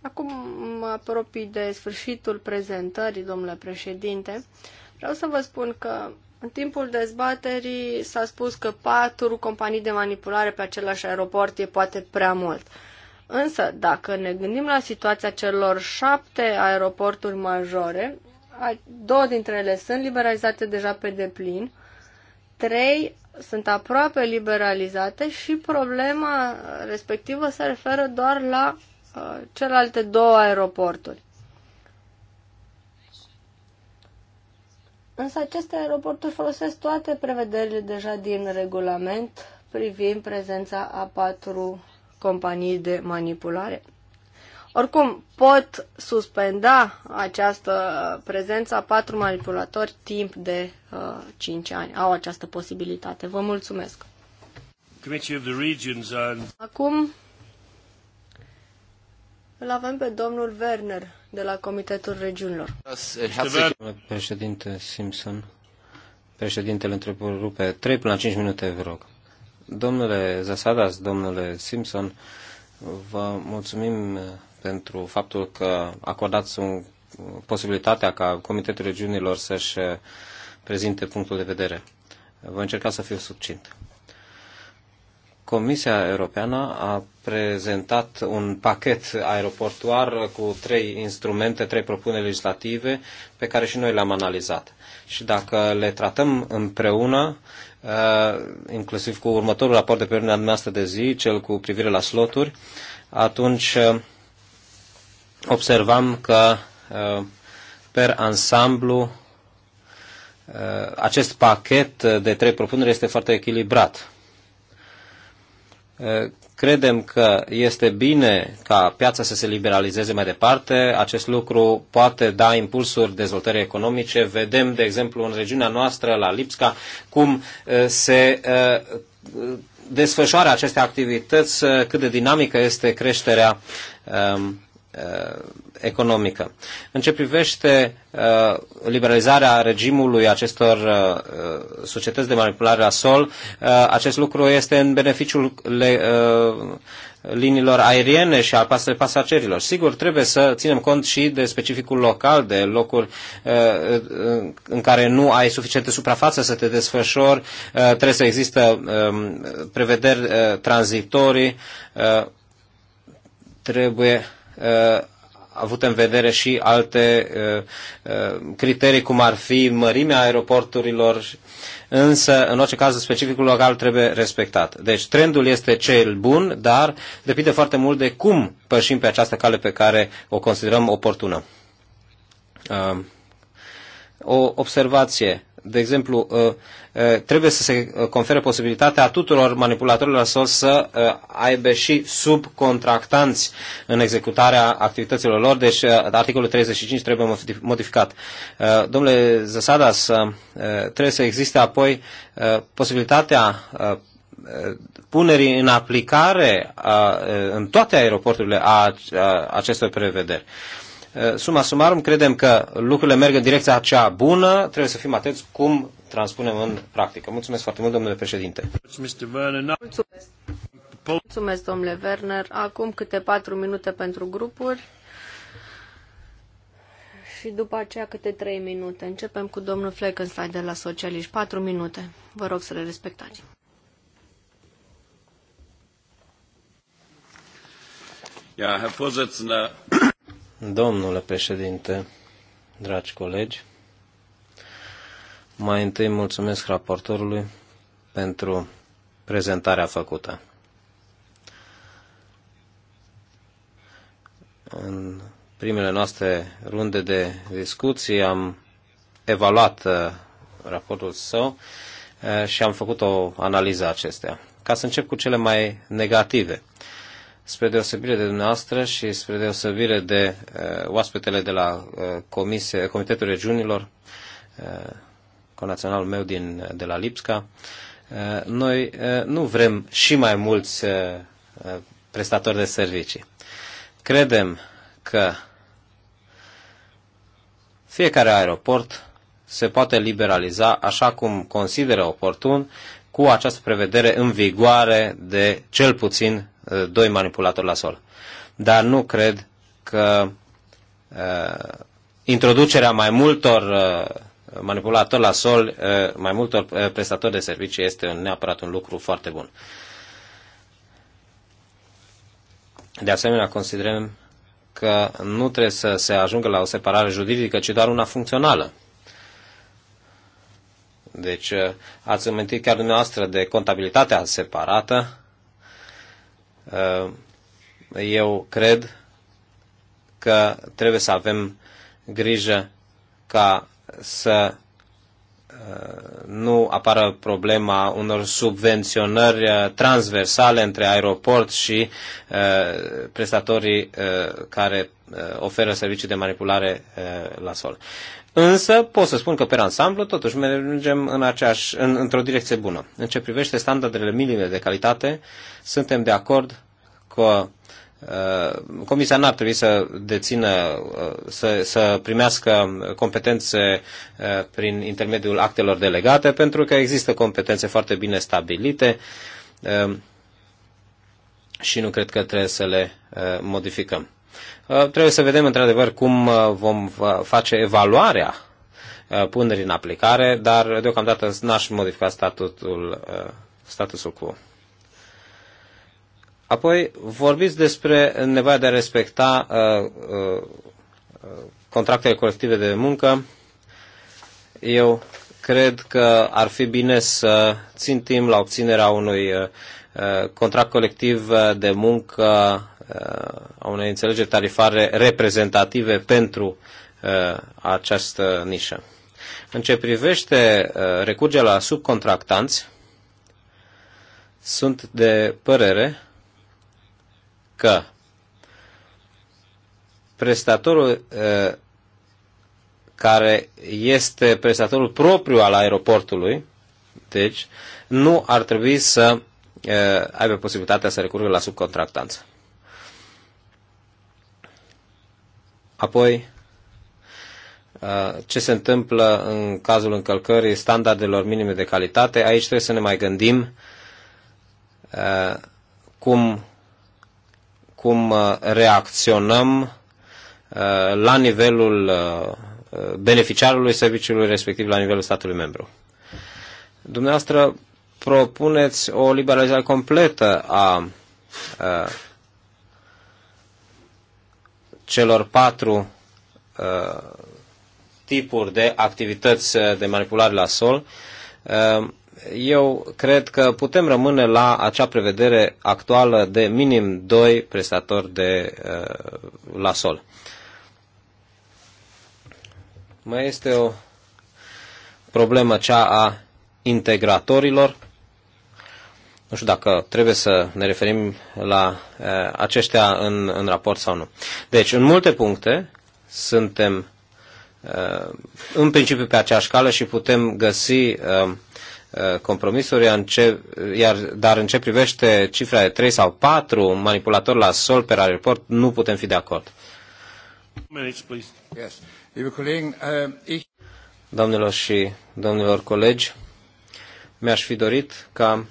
Acum mă apropii de sfârșitul prezentării, domnule președinte. Vreau să vă spun că în timpul dezbaterii s-a spus că patru companii de manipulare pe același aeroport e poate prea mult. Însă, dacă ne gândim la situația celor șapte aeroporturi majore, două dintre ele sunt liberalizate deja pe deplin, trei sunt aproape liberalizate și problema respectivă se referă doar la uh, celelalte două aeroporturi. Însă aceste aeroporturi folosesc toate prevederile deja din regulament privind prezența a patru companii de manipulare. Oricum, pot suspenda această prezență a patru manipulatori timp de uh, 5 ani. Au această posibilitate. Vă mulțumesc. Acum, îl avem pe domnul Werner de la Comitetul Regiunilor. președinte Simpson, președintele întrerupe 3 până la 5 minute, vă rog. Domnule Zasadas, domnule Simpson, vă mulțumim eh, pentru faptul că acordați un, posibilitatea ca Comitetul Regiunilor să-și eh, prezinte punctul de vedere. Vă încerca să fiu succint. Comisia Europeană a prezentat un pachet aeroportuar cu trei instrumente, trei propuneri legislative pe care și noi le-am analizat. Și dacă le tratăm împreună, uh, inclusiv cu următorul raport de pe urmă noastră de zi, cel cu privire la sloturi, atunci uh, observam că uh, per ansamblu acest pachet de trei propuneri este foarte echilibrat Eh, credem că este bine ca piața să se liberalizeze mai departe. Acest lucru poate da impulsuri dezvoltării economice. Vedem, de exemplu, în regiunea noastră, la Lipsca, cum eh, se eh, desfășoară aceste activități, cât de dinamică este creșterea ehm, Uh, economică. În ce privește uh, liberalizarea regimului acestor uh, societăți de manipulare a sol, acest lucru este în beneficiul le, liniilor aeriene și al pasagerilor. Sigur, trebuie să ținem cont și de specificul local, de locuri în care nu ai suficientă suprafață să te desfășori, trebuie să există um, prevederi tranzitorii, trebuie Uh, avut în vedere și alte uh, uh, criterii, cum ar fi mărimea aeroporturilor, însă, în orice caz, specificul local trebuie respectat. Deci, trendul este cel bun, dar depinde foarte mult de cum pășim pe această cale pe care o considerăm oportună. O observație de exemplu, uh, uh, trebuie să se uh, confere posibilitatea tuturor manipulatorilor SOS să aibă și subcontractanți în executarea activităților lor, deci articolul 35 trebuie modificat. Domnule Zăsadas, trebuie să existe apoi posibilitatea punerii în aplicare în toate aeroporturile a, acestor prevederi. Eh, Suma sumarum, credem că lucrurile merg în direcția cea bună, trebuie să fim atenți cum transpunem în practică. Mulțumesc foarte mult, domnule președinte. Mulțumesc, Mulțumesc domnule Werner. Acum câte patru minute pentru grupuri și după aceea câte trei minute. Începem cu domnul Fleckenstein de la Socialiști. Patru minute. Vă rog să le respectați. Ja, Herr Vorsitzender, Domnule președinte, dragi colegi, mai întâi mulțumesc raportorului pentru prezentarea făcută. În primele noastre runde de discuții am evaluat uh, raportul său uh, și am făcut o analiză acestea. Ca să încep cu cele mai negative spre deosebire de dumneavoastră și spre deosebire de uh, oaspetele de la uh, comisie, Comitetul Regiunilor, uh, conaționalul meu din, de la Lipsca, uh, noi uh, nu vrem și mai mulți uh, uh, prestatori de servicii. Credem că fiecare aeroport se poate liberaliza așa cum consideră oportun cu această prevedere în vigoare de cel puțin Eh, doi manipulatori la sol. Dar nu cred că uh, introducerea mai multor uh, manipulatori la sol, uh, mai multor uh, prestatori de servicii este neapărat un lucru foarte bun. De asemenea, considerăm că nu trebuie să se ajungă la o separare juridică, ci doar una funcțională. Deci, ați amintit chiar dumneavoastră de contabilitatea separată, Uh, eu cred că trebuie să avem grijă ca să uh, nu apară problema unor subvenționări uh, transversale între aeroport și prestatorii care oferă servicii de manipulare la sol. Însă pot să spun că pe ansamblu totuși mergem în aceeași, în, într-o direcție bună. În ce privește standardele minime de calitate, suntem de acord că uh, Comisia n-ar trebui să dețină, uh, să, să primească competențe uh, prin intermediul actelor delegate, pentru că există competențe foarte bine stabilite uh, și nu cred că trebuie să le uh, modificăm. Uh, trebuie să vedem într-adevăr cum uh, vom uh, face evaluarea punerii în aplicare, dar deocamdată n-aș modifica statutul, statusul quo. Apoi vorbiți despre nevoia de a respecta contractele colective de muncă. Eu cred că ar fi bine să timp la obținerea unui contract colectiv de muncă a unei înțelegeri tarifare reprezentative pentru uh, această nișă. În ce privește uh, recurgerea la subcontractanți, sunt de părere că prestatorul uh, care este prestatorul propriu al aeroportului, deci nu ar trebui să aibă posibilitatea să recurgă la subcontractanță. Apoi, uh, ce se întâmplă în cazul încălcării standardelor minime de calitate. Aici trebuie să ne mai gândim uh, cum, cum uh, reacționăm la nivelul beneficiarului serviciului, respectiv la nivelul statului membru. Dumneavoastră propuneți o liberalizare completă a celor patru uh, tipuri de activități uh, de manipulare la sol, uh, eu cred că putem rămâne la acea prevedere actuală de minim 2 prestatori de uh, la sol. Mai este o problemă cea a integratorilor nu știu dacă trebuie să ne referim la aceștia în, în raport sau nu. Deci, în multe puncte, suntem în principiu pe aceeași cală și putem găsi compromisuri, în ce, iar, dar în ce privește cifra de 3 sau 4 manipulatori la sol pe aeroport, nu putem fi de acord. Äh, Doamnelor și domnilor colegi, mi-aș fi dorit ca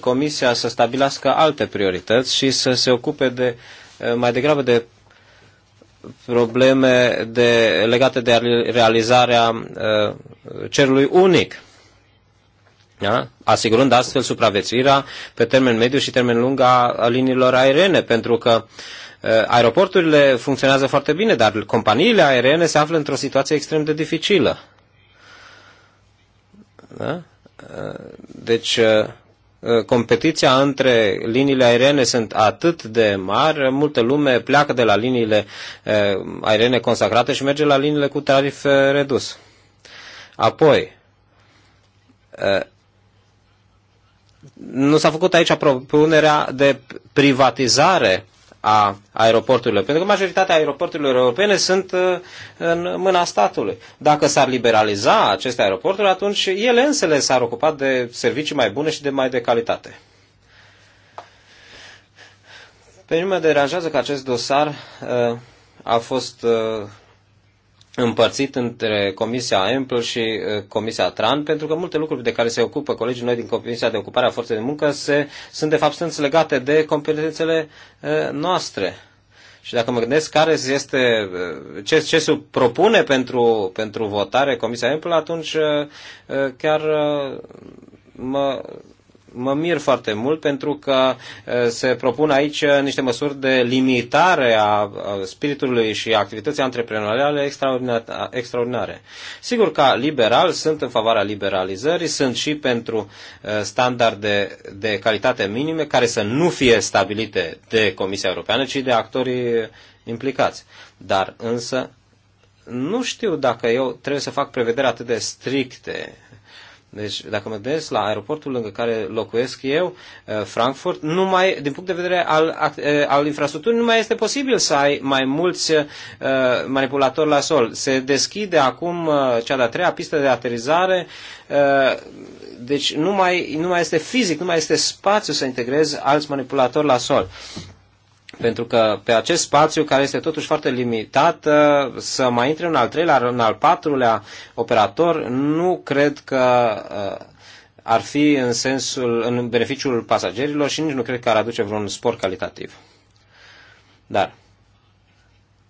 Comisia să stabilească alte priorități și să se ocupe de, eh, mai degrabă de probleme de, legate de realizarea eh, cerului unic. Da? asigurând astfel supraviețuirea pe termen mediu și termen lung a, liniilor aeriene, pentru că eh, aeroporturile funcționează foarte bine, dar companiile aeriene se află într-o situație extrem de dificilă. Da? Deci Eh, competiția între liniile aeriene sunt atât de mari, multă lume pleacă de la liniile eh, aeriene consacrate și merge la liniile cu tarif eh, redus. Apoi, nu s-a făcut aici propunerea de privatizare a aeroporturilor, pentru că majoritatea aeroporturilor europene sunt uh, în mâna statului. Dacă s-ar liberaliza aceste aeroporturi, atunci ele însele s-ar ocupa de servicii mai bune și de mai de calitate. Pe mine mă deranjează că acest dosar uh, a fost uh, împărțit între Comisia Ample și uh, Comisia TRAN, pentru că multe lucruri de care se ocupă colegii noi din Comisia de Ocupare a Forței de Muncă se, sunt de fapt sunt legate de competențele uh, noastre. Și dacă mă gândesc care este, uh, ce, ce se propune pentru, pentru votare Comisia Ample, atunci chiar mă mă mir foarte mult pentru că se propun aici niște măsuri de limitare a spiritului și activității antreprenoriale extraordinare. Sigur, că liberal, sunt în favoarea liberalizării, sunt și pentru standarde de calitate minime care să nu fie stabilite de Comisia Europeană, ci de actorii implicați. Dar însă nu știu dacă eu trebuie să fac prevederi atât de stricte deci, dacă mă des la aeroportul lângă care locuiesc eu, uh, Frankfurt, nu mai, din punct de vedere al, uh, al infrastructurii, nu mai este posibil să ai mai mulți uh, manipulatori la sol. Se deschide acum cea de-a treia pistă de aterizare, deci nu mai, nu mai este fizic, nu mai este spațiu să integrezi alți manipulatori la sol. Pentru că pe acest spațiu, care este totuși foarte limitat, uh, să mai intre un al treilea, un al patrulea operator, nu cred că uh, ar fi în sensul, în beneficiul pasagerilor și nici nu cred că ar aduce vreun spor calitativ. Dar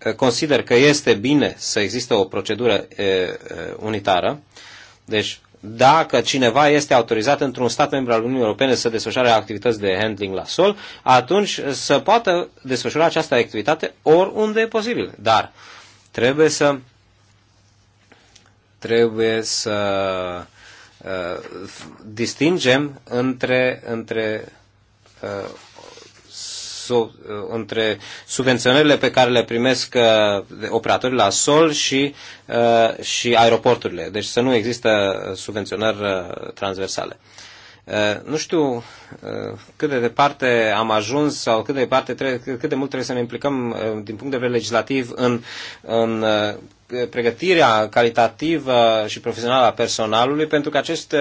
uh, consider că este bine să existe o procedură e, unitară, deci dacă cineva este autorizat într-un stat membru al Uniunii Europene să desfășoare activități de handling la sol, atunci să poată desfășura această activitate oriunde e posibil. Dar trebuie să trebuie să uh, distingem între, între uh, Uh, între subvenționările pe care le primesc uh, operatorii la sol și, uh, și aeroporturile. Deci să nu există subvenționări transversale. Nu știu cât de departe am ajuns sau cât de, departe trebuie, cât de mult trebuie să ne implicăm din punct de vedere legislativ în, în pregătirea calitativă și profesională a personalului, pentru că acești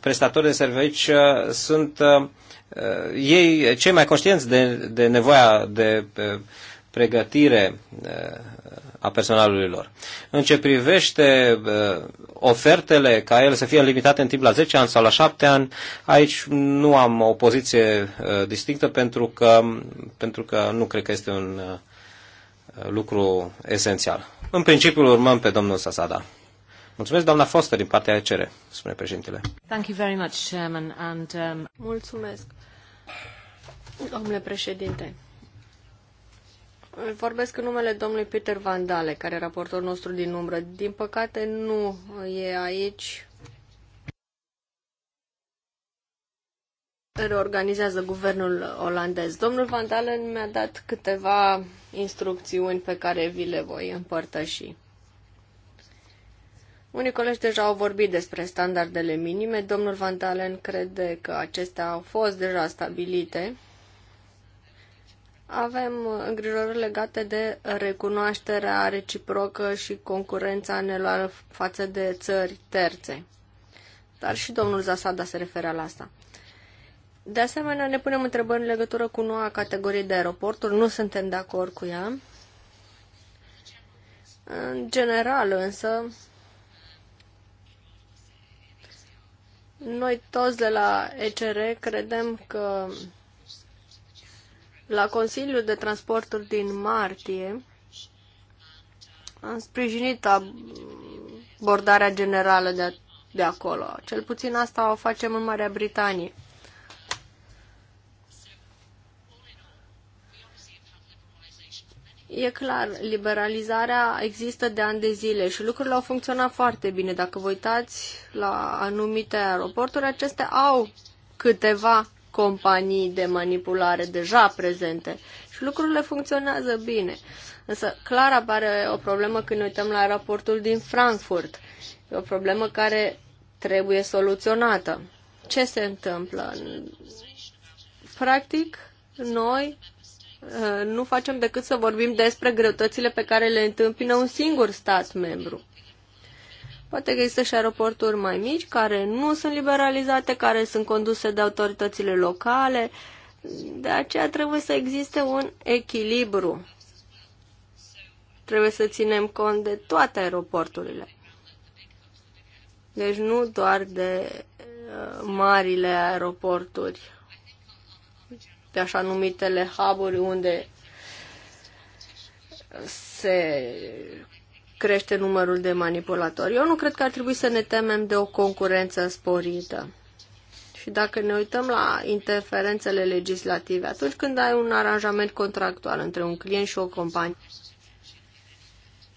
prestatori de servici sunt Uh, ei, cei mai conștienți de, de nevoia de uh, pregătire uh, a personalului lor. În ce privește ofertele ca ele să fie limitate în timp la 10 ani sau la 7 ani, aici nu am o poziție distinctă pentru că, pentru că nu cred că este un lucru esențial. În principiu urmăm pe domnul Sasada. Mulțumesc, doamna Foster, din partea ECR, spune președintele. Thank you very much, Chairman, and, um... Mulțumesc. Domnule președinte, vorbesc în numele domnului Peter Vandale, care e raportorul nostru din umbră. Din păcate nu e aici. reorganizează guvernul olandez. Domnul Van Dalen mi-a dat câteva instrucțiuni pe care vi le voi împărtăși. Unii colegi deja au vorbit despre standardele minime. Domnul Van Dalen crede că acestea au fost deja stabilite avem îngrijorări legate de recunoașterea reciprocă și concurența neloială față de țări terțe. Dar și domnul Zasada se referea la asta. De asemenea, ne punem întrebări în legătură cu noua categorie de aeroporturi. Nu suntem de acord cu ea. În general, însă, noi toți de la ECR credem că la Consiliul de Transporturi din martie am sprijinit abordarea generală de, de acolo. Cel puțin asta o facem în Marea Britanie. E clar, liberalizarea există de ani de zile și lucrurile au funcționat foarte bine. Dacă vă uitați la anumite aeroporturi, acestea au câteva companii de manipulare deja prezente și lucrurile funcționează bine. Însă clar apare o problemă când ne uităm la raportul din Frankfurt. E o problemă care trebuie soluționată. Ce se întâmplă? Practic, noi uh, nu facem decât să vorbim despre greutățile pe care le întâmpină un singur stat membru. Poate că există și aeroporturi mai mici care nu sunt liberalizate, care sunt conduse de autoritățile locale. De aceea trebuie să existe un echilibru. Trebuie să ținem cont de toate aeroporturile. Deci nu doar de uh, marile aeroporturi, de așa numitele hub unde se crește numărul de manipulatori. Eu nu cred că ar trebui să ne temem de o concurență sporită. Și dacă ne uităm la interferențele legislative, atunci când ai un aranjament contractual între un client și o companie,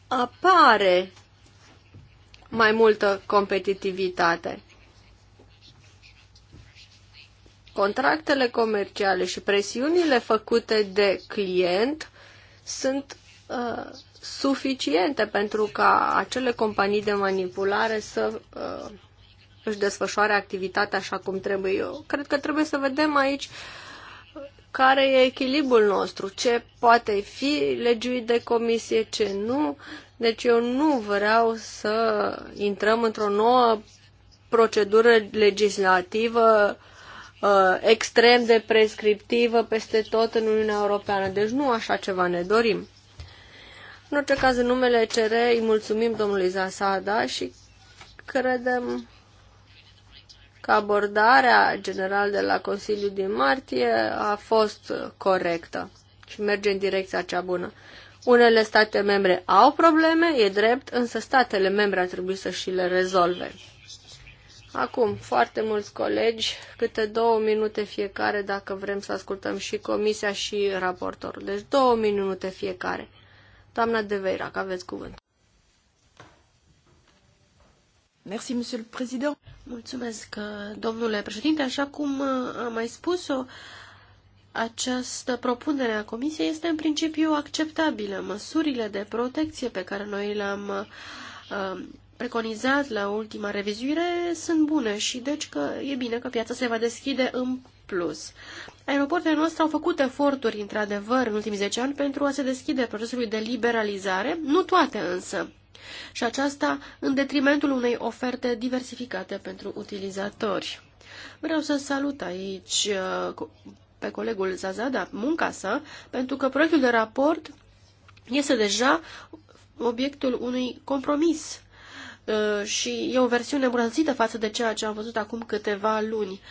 apare mai multă competitivitate. Contractele comerciale și presiunile făcute de client sunt uh, suficiente pentru ca acele companii de manipulare să uh, își desfășoare activitatea așa cum trebuie. Eu cred că trebuie să vedem aici care e echilibrul nostru, ce poate fi legiuit de comisie, ce nu. Deci eu nu vreau să intrăm într-o nouă procedură legislativă uh, extrem de prescriptivă peste tot în Uniunea Europeană. Deci nu așa ceva ne dorim. În orice caz, în numele CR îi mulțumim domnului Zasada și credem că abordarea general de la Consiliul din martie a fost corectă și merge în direcția cea bună. Unele state membre au probleme, e drept, însă statele membre ar trebui să și le rezolve. Acum, foarte mulți colegi, câte două minute fiecare dacă vrem să ascultăm și comisia și raportorul. Deci două minute fiecare. Doamna de că aveți cuvânt. Merci, Monsieur le Président. Mulțumesc, domnule președinte. Așa cum uh, am mai spus-o, această propunere a Comisiei este în principiu acceptabilă. Măsurile de protecție pe care noi le-am uh, preconizat la ultima revizuire sunt bune și deci că e bine că piața se va deschide în plus. Aeroportele noastre au făcut eforturi, într-adevăr, în ultimii 10 ani pentru a se deschide procesului de liberalizare, nu toate însă, și aceasta în detrimentul unei oferte diversificate pentru utilizatori. Vreau să salut aici uh, pe colegul Zazada munca sa, pentru că proiectul de raport este deja obiectul unui compromis uh, și e o versiune îmbrățită față de ceea ce am văzut acum câteva luni.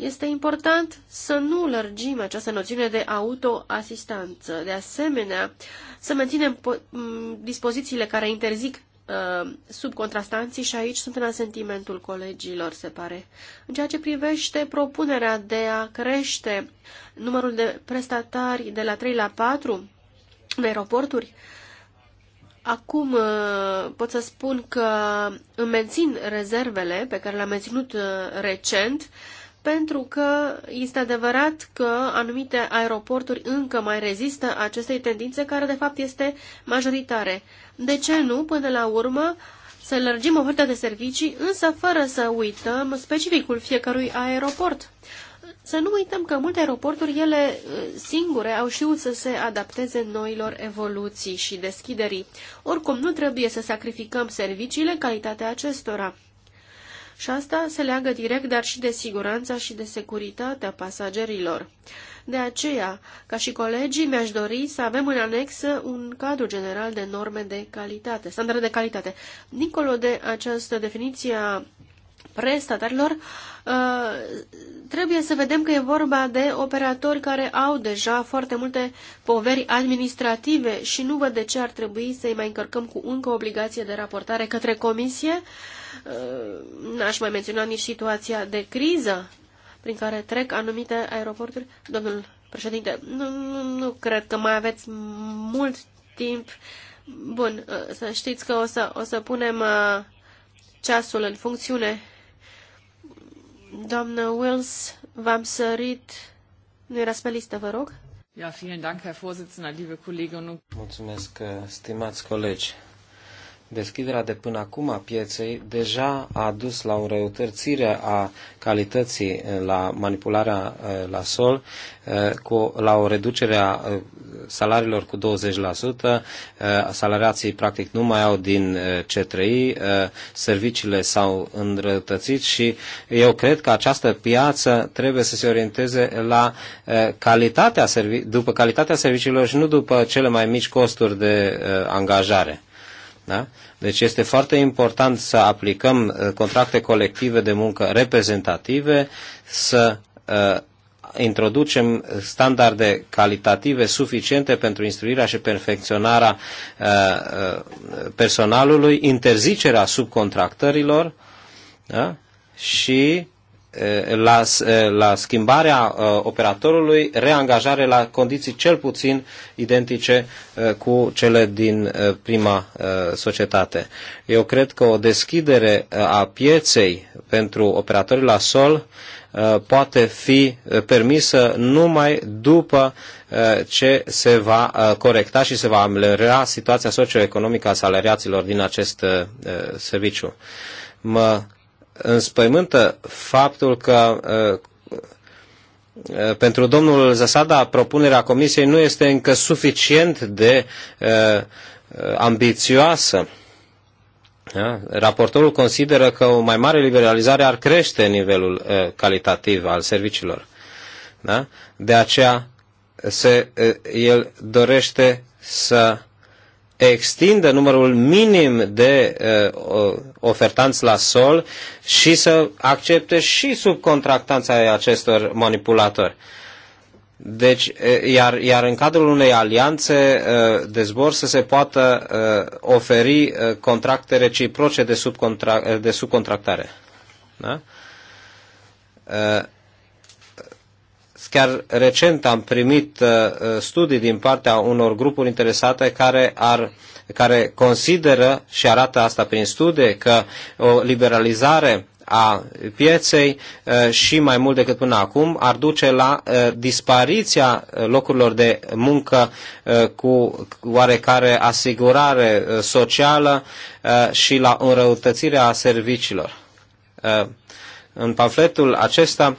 Este important să nu lărgim această noțiune de autoasistanță. De asemenea, să menținem dispozițiile care interzic uh, subcontrastanții și aici sunt în asentimentul colegilor, se pare. În ceea ce privește propunerea de a crește numărul de prestatari de la 3 la 4 în aeroporturi, Acum uh, pot să spun că îmi mențin rezervele pe care le-am menținut uh, recent pentru că este adevărat că anumite aeroporturi încă mai rezistă acestei tendințe, care de fapt este majoritare. De ce nu, până la urmă, să lărgim oferta de servicii, însă fără să uităm specificul fiecărui aeroport? Să nu uităm că multe aeroporturi, ele uh, singure, au știut să se adapteze noilor evoluții și deschiderii. Oricum, nu trebuie să sacrificăm serviciile, calitatea acestora. Și asta se leagă direct, dar și de siguranța și de securitatea pasagerilor. De aceea, ca și colegii, mi-aș dori să avem în anexă un cadru general de norme de calitate, standarde de calitate. Dincolo de această definiție a prestatarilor, uh, trebuie să vedem că e vorba de operatori care au deja foarte multe poveri administrative și nu văd de ce ar trebui să-i mai încărcăm cu încă obligație de raportare către comisie. Uh, n-aș mai menționa nici situația de criză prin care trec anumite aeroporturi. Domnul președinte, nu, nu, nu cred că mai aveți mult timp. Bun, uh, să știți că o să, o să punem uh, ceasul în funcțiune. Doamnă Wills, v-am sărit. Nu era pe listă, vă rog. Ja, vielen Dank, Herr Vorsitzender, liebe Kolleginnen und Mulțumesc, stimați colegi deschiderea de până acum a pieței deja a dus la o răutățire a calității eh, la manipularea eh, la sol, eh, cu, la o reducere a salariilor cu 20%, salariații practic nu mai au din C3I, serviciile s-au înrăutățit și eu cred că această piață trebuie să se orienteze la calitatea, după calitatea serviciilor și nu după cele mai mici costuri de angajare. Da? Deci este foarte important să aplicăm uh, contracte colective de muncă reprezentative, să uh, introducem standarde calitative suficiente pentru instruirea și perfecționarea uh, uh personalului, interzicerea subcontractărilor da? și Eh, la, eh, la schimbarea eh, operatorului, reangajare la condiții cel puțin identice cu cele din prima societate. Eu cred că o deschidere a pieței pentru operatorii la sol poate fi permisă numai după ce se va corecta și se va ameliora situația socioeconomică a salariaților din acest serviciu. Mă înspăimântă faptul că uh, uh, pentru domnul Zasada propunerea comisiei nu este încă suficient de uh, ambițioasă. Da? Raportorul consideră că o mai mare liberalizare ar crește nivelul uh, calitativ al serviciilor. Da? De aceea se, uh, el dorește să extindă numărul minim de uh, ofertanți la sol și să accepte și subcontractanța acestor manipulatori. Deci, iar, iar în cadrul unei alianțe uh, de zbor să se poată uh, oferi uh, contracte reciproce de, subcontra- de subcontractare. Da? Chiar recent am primit uh, uh, studii din partea unor grupuri interesate care, ar, care consideră și arată asta prin studii că o liberalizare a pieței uh, și mai mult decât până acum ar duce la dispariția locurilor de muncă cu oarecare asigurare socială și la înrăutățirea serviciilor. În pamfletul acesta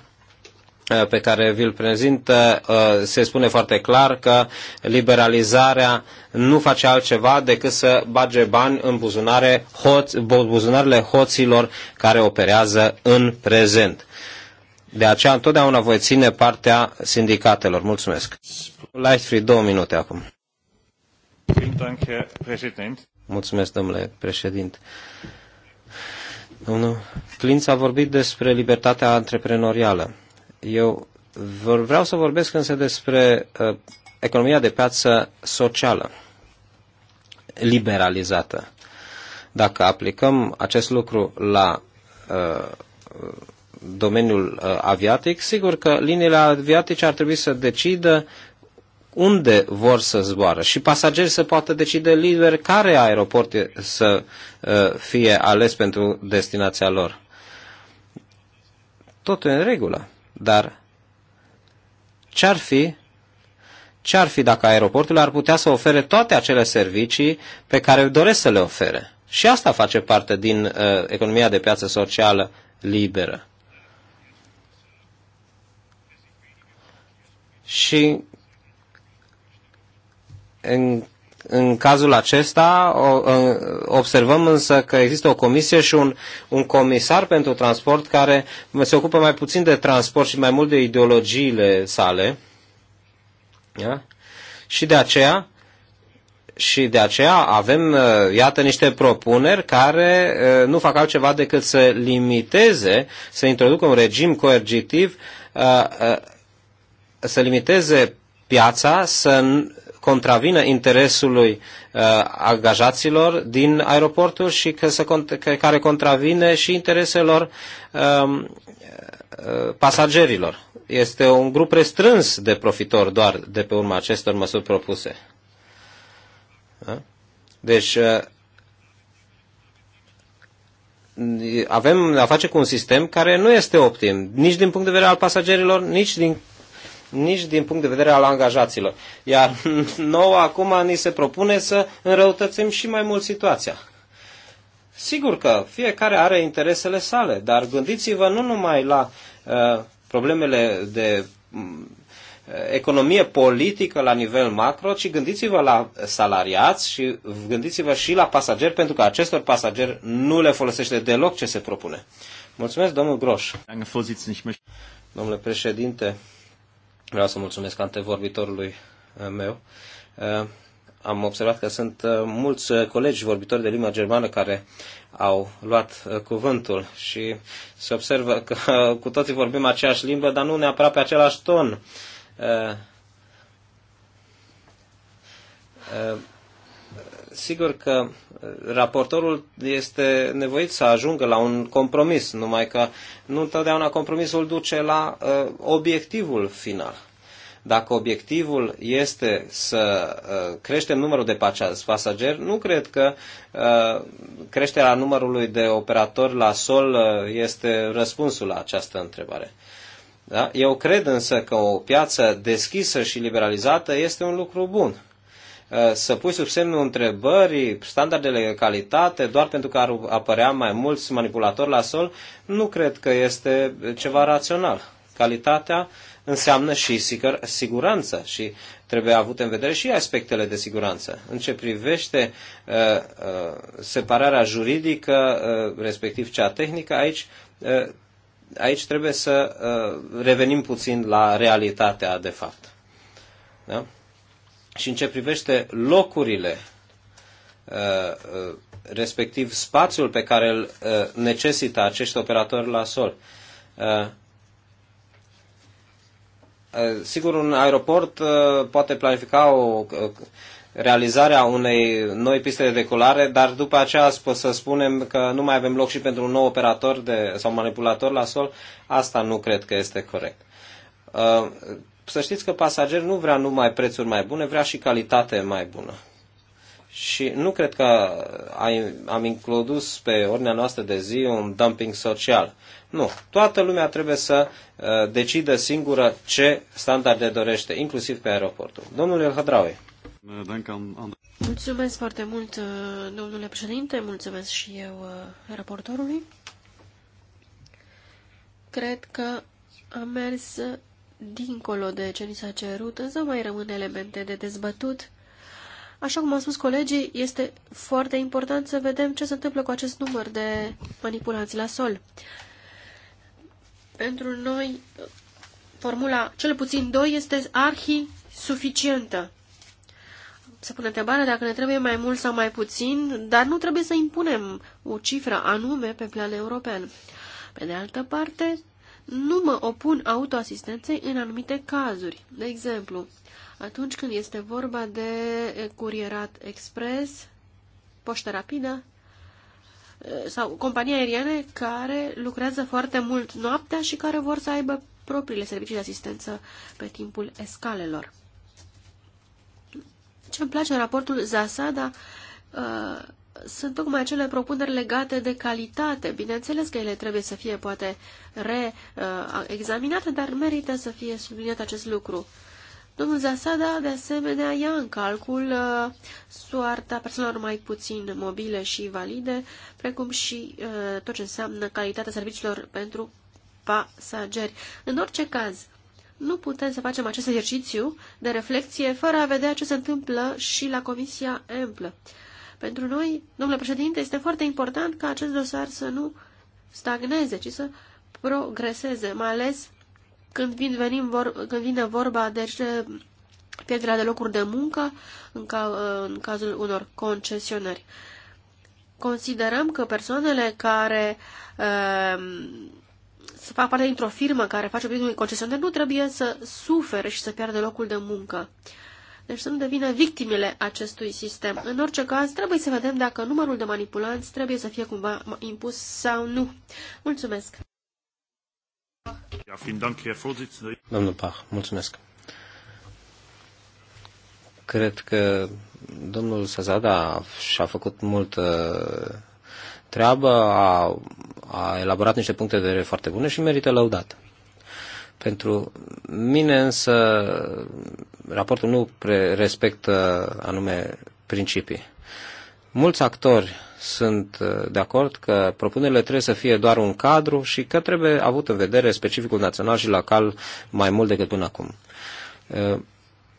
Uh, pe care vi-l prezint, uh, se spune foarte clar că liberalizarea nu face altceva decât să bage bani în buzunare hoț, buzunarele hoților care operează în prezent. De aceea întotdeauna voi ține partea sindicatelor. Mulțumesc. free două minute acum. Mulțumesc, domnule președinte. Domnul Clint a vorbit despre libertatea antreprenorială. Eu vreau să vorbesc însă despre uh, economia de piață socială, liberalizată. Dacă aplicăm acest lucru la uh, domeniul uh, aviatic, sigur că liniile aviatice ar trebui să decidă unde vor să zboară și pasagerii să poată decide liber care aeroport să fie ales pentru destinația lor. Totul în regulă. Dar ce-ar fi ce-ar fi dacă aeroportul ar putea să ofere toate acele servicii pe care doresc să le ofere? Și asta face parte din uh, economia de piață socială liberă. Și în în cazul acesta observăm însă că există o comisie și un, un comisar pentru transport care se ocupă mai puțin de transport și mai mult de ideologiile sale. Da? Și de aceea și de aceea avem, uh, iată, niște propuneri care uh, nu fac altceva decât să limiteze, să introducă un regim coercitiv, uh, să limiteze piața, să contravină interesului uh, angajaților din aeroporturi și că se, că, care contravine și intereselor um, uh, pasagerilor. Este un grup restrâns de profitori doar de pe urma acestor măsuri propuse. Da? Deci, uh, avem a face cu un sistem care nu este optim, nici din punct de vedere al pasagerilor, nici din nici din punct de vedere al angajaților. Iar nouă acum ni se propune să înrăutățim și mai mult situația. Sigur că fiecare are interesele sale, dar gândiți-vă nu numai la uh, problemele de mm, uh, economie politică la nivel macro, ci gândiți-vă la salariați și gândiți-vă și la pasageri, pentru că acestor pasageri nu le folosește deloc ce se propune. Mulțumesc, domnul Groș. Domnule președinte, Vreau să mulțumesc antevorbitorului eh, meu. Eh, am observat că sunt eh, mulți colegi vorbitori de limba germană care au luat cuvântul și se observă că cu toții vorbim aceeași limbă, dar nu neapărat pe același ton. Sigur că uh, raportorul este nevoit să ajungă la un compromis, numai că nu întotdeauna compromisul duce la uh, obiectivul final. Dacă obiectivul este să uh, creștem numărul de pasageri, nu cred că uh, creșterea numărului de operatori la sol uh, este răspunsul la această întrebare. Da? Eu cred însă că o piață deschisă și liberalizată este un lucru bun Uh, să pui sub semnul întrebării standardele de calitate doar pentru că ar apărea mai mulți manipulatori la sol, nu cred că este ceva rațional. Calitatea înseamnă și siguranță și trebuie avut în vedere și aspectele de siguranță. În ce privește uh, uh, separarea juridică, respectiv cea tehnică, aici, aici trebuie să revenim puțin la realitatea de fapt. Da? Și în ce privește locurile, uh, uh, respectiv spațiul pe care îl uh, necesită acești operatori la sol. Sigur, un aeroport poate planifica o realizarea unei noi piste de decolare, dar după aceea să spunem că nu mai avem loc și pentru un nou operator de, sau manipulator la sol, asta nu cred că este corect să știți că pasagerul nu vrea numai prețuri mai bune, vrea și calitate mai bună. Și nu cred că ai am inclus pe ordinea noastră de zi un dumping social. Nu. Toată lumea trebuie să uh, decidă singură ce standarde dorește, inclusiv pe aeroportul. Domnule Hădraui. Mulțumesc foarte mult, uh, domnule președinte. Mulțumesc și eu uh, raportorului. Cred că am mers dincolo de ce ni s-a cerut, însă mai rămân elemente de dezbătut. Așa cum au spus colegii, este foarte important să vedem ce se întâmplă cu acest număr de manipulanți la sol. Pentru noi, formula cel puțin 2 este arhi-suficientă. Se pune întrebarea dacă ne trebuie mai mult sau mai puțin, dar nu trebuie să impunem o cifră anume pe plan european. Pe de altă parte, nu mă opun autoasistenței în anumite cazuri. De exemplu, atunci când este vorba de curierat expres, poștă rapidă sau companii aeriene care lucrează foarte mult noaptea și care vor să aibă propriile servicii de asistență pe timpul escalelor. Ce îmi place în raportul Zasada uh, sunt tocmai acele propuneri legate de calitate. Bineînțeles că ele trebuie să fie poate reexaminate, dar merită să fie subliniat acest lucru. Domnul Zasada, de asemenea, ia în calcul uh, soarta persoanelor mai puțin mobile și valide, precum și uh, tot ce înseamnă calitatea serviciilor pentru pasageri. În orice caz, nu putem să facem acest exercițiu de reflexie fără a vedea ce se întâmplă și la Comisia Emplă. Uh, pentru noi, domnule președinte, este foarte important ca acest dosar să nu stagneze, ci să progreseze, mai ales când, vin, venim vor, când vine vorba de deci, pierderea de locuri de muncă în, ca, în cazul unor concesionări. Considerăm că persoanele care uh, să fac parte dintr-o firmă care face obiectul unui concesionar nu trebuie să sufere și să piardă locul de muncă. Uh, deci să nu devină victimele acestui sistem. În orice caz, trebuie să vedem dacă numărul de manipulanți trebuie să fie cumva impus sau nu. Mulțumesc! Domnul Pach, mulțumesc! Cred că domnul Sazada și-a făcut multă treabă, a, a elaborat niște puncte de vedere foarte bune și merită lăudat. Pentru mine însă raportul nu respectă anume principii. Mulți actori sunt uh, de acord că propunerile trebuie să fie doar un cadru și că trebuie avut în vedere specificul național și local mai mult decât până acum. Uh,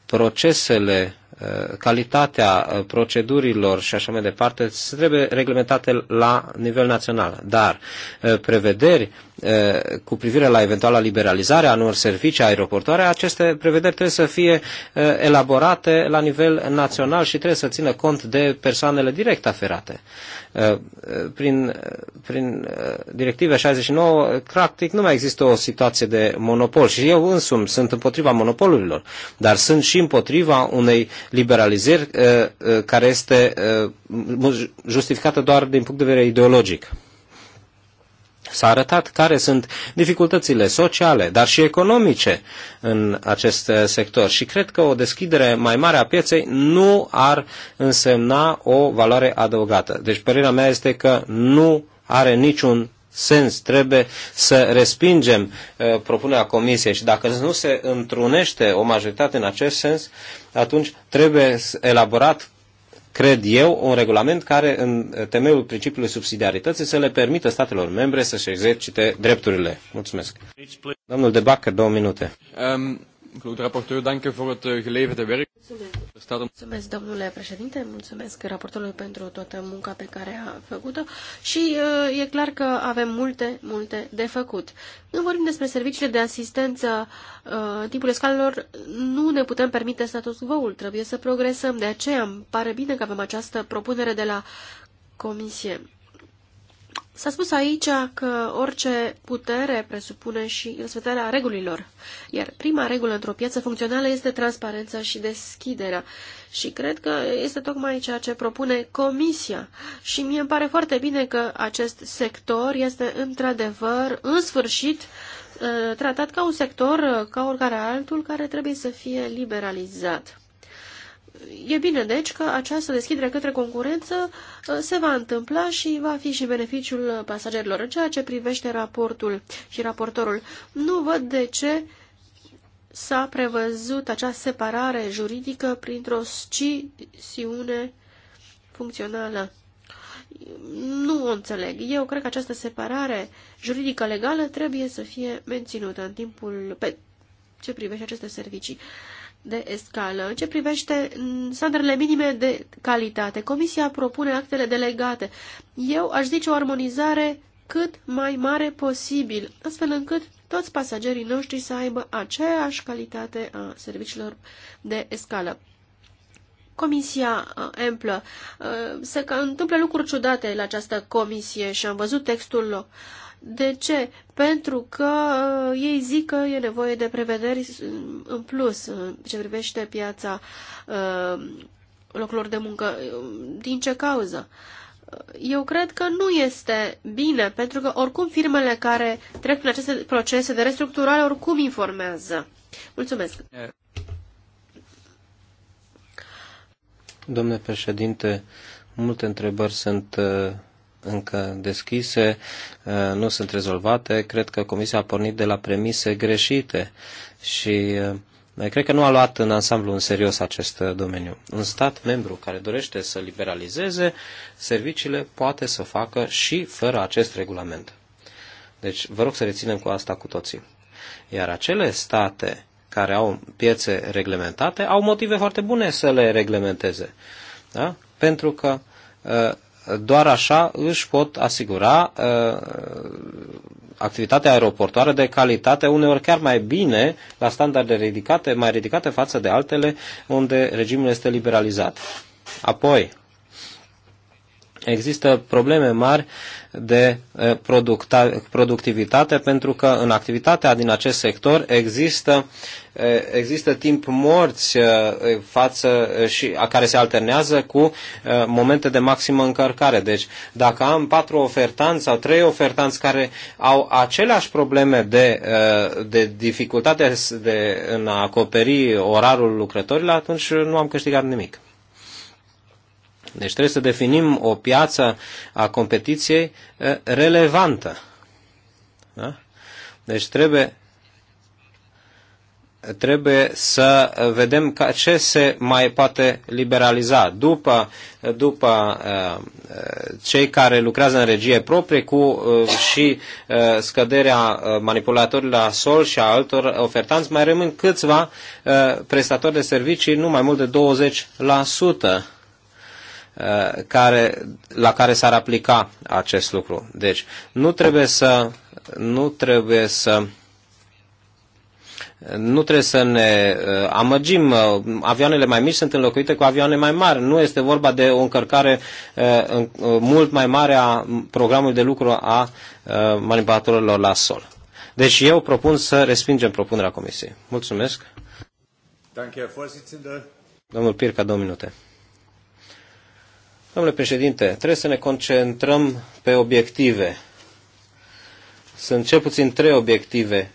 procesele, uh, calitatea procedurilor și așa mai departe trebuie reglementate la nivel național, dar prevederi cu privire la eventuala liberalizare a unor servicii aeroportoare, aceste prevederi trebuie să fie elaborate la nivel național și trebuie să țină cont de persoanele direct aferate. Prin, prin directiva 69, practic, nu mai există o situație de monopol și eu însumi sunt împotriva monopolurilor, dar sunt și împotriva unei liberalizări care este justificată doar din punct de vedere ideologic. S-a arătat care sunt dificultățile sociale, dar și economice în acest uh, sector și cred că o deschidere mai mare a pieței nu ar însemna o valoare adăugată. Deci părerea mea este că nu are niciun sens, trebuie să respingem uh, propunerea comisiei și dacă nu se întrunește o majoritate în acest sens, atunci trebuie elaborat cred eu, un regulament care, în temeiul principiului subsidiarității, să le permită statelor membre să-și exercite drepturile. Mulțumesc. Domnul Debacă, două minute. Um, Ik raporteur, voor het eh, geleverde werk. Er mulțumesc, domnule președinte, mulțumesc raportorului pentru toată munca pe care a făcut-o și eh, e clar că avem multe, multe de făcut. Când vorbim despre serviciile de asistență eh, în timpul scalelor, nu ne putem permite status quo-ul, trebuie să progresăm. De aceea îmi pare bine că avem această propunere de la Comisie. S-a spus aici că orice putere presupune și respectarea regulilor, iar prima regulă într-o piață funcțională este transparența și deschiderea. Și cred că este tocmai ceea ce propune Comisia. Și mie îmi pare foarte bine că acest sector este într-adevăr, în sfârșit, uh, tratat ca un sector, uh, ca oricare altul, care trebuie să fie liberalizat. E bine, deci, că această deschidere către concurență uh, se va întâmpla și va fi și beneficiul pasagerilor. În ceea ce privește raportul și raportorul, nu văd de ce s-a prevăzut acea separare juridică printr-o scisiune funcțională. Nu o înțeleg. Eu cred că această separare juridică legală trebuie să fie menținută în timpul pe ce privește aceste servicii de escală. ce privește mm, standardele minime de calitate, Comisia propune actele delegate. Eu aș zice o armonizare cât mai mare posibil, astfel încât toți pasagerii noștri să aibă aceeași calitate a serviciilor de escală. Comisia amplă. Se întâmplă lucruri ciudate la această comisie și am văzut textul lor. De ce? Pentru că uh, ei zic că e nevoie de prevederi în plus în ce privește piața uh, locurilor de muncă. Din ce cauză? Uh, eu cred că nu este bine, pentru că oricum firmele care trec prin aceste procese de restructurare oricum informează. Mulțumesc! Domnule președinte, multe întrebări sunt încă deschise, uh, nu sunt rezolvate. Cred că Comisia a pornit de la premise greșite și uh, cred că nu a luat în ansamblu în serios acest uh, domeniu. Un stat membru care dorește să liberalizeze serviciile poate să facă și fără acest regulament. Deci vă rog să reținem cu asta cu toții. Iar acele state care au piețe reglementate au motive foarte bune să le reglementeze. Da? Pentru că doar așa își pot asigura uh, activitatea aeroportoară de calitate, uneori chiar mai bine, la standarde ridicate, mai ridicate față de altele unde regimul este liberalizat. Apoi, există probleme mari de productivitate pentru că în activitatea din acest sector există, există timp morți față și, a care se alternează cu momente de maximă încărcare. Deci dacă am patru ofertanți sau trei ofertanți care au aceleași probleme de, de dificultate de, în a acoperi orarul lucrătorilor, atunci nu am câștigat nimic. Deci trebuie să definim o piață a competiției eh, relevantă. Da? Deci trebuie, trebuie să vedem ce se mai poate liberaliza după, după eh, cei care lucrează în regie proprie cu eh, și scăderea manipulatorilor la sol și a altor ofertanți, mai rămân câțiva prestatori de servicii, nu mai mult de 20%. Uh, care, la care s-ar aplica acest lucru. Deci, nu trebuie să nu trebuie să nu trebuie să ne uh, amăgim. Uh, avioanele mai mici sunt înlocuite cu avioane mai mari. Nu este vorba de o încărcare mult mai mare a programului de lucru a manipulatorilor la sol. Deci eu propun să respingem propunerea Comisiei. Mulțumesc. Domnul Pirca, două minute. Domnule președinte, trebuie să ne concentrăm pe obiective. Sunt cel puțin trei obiective.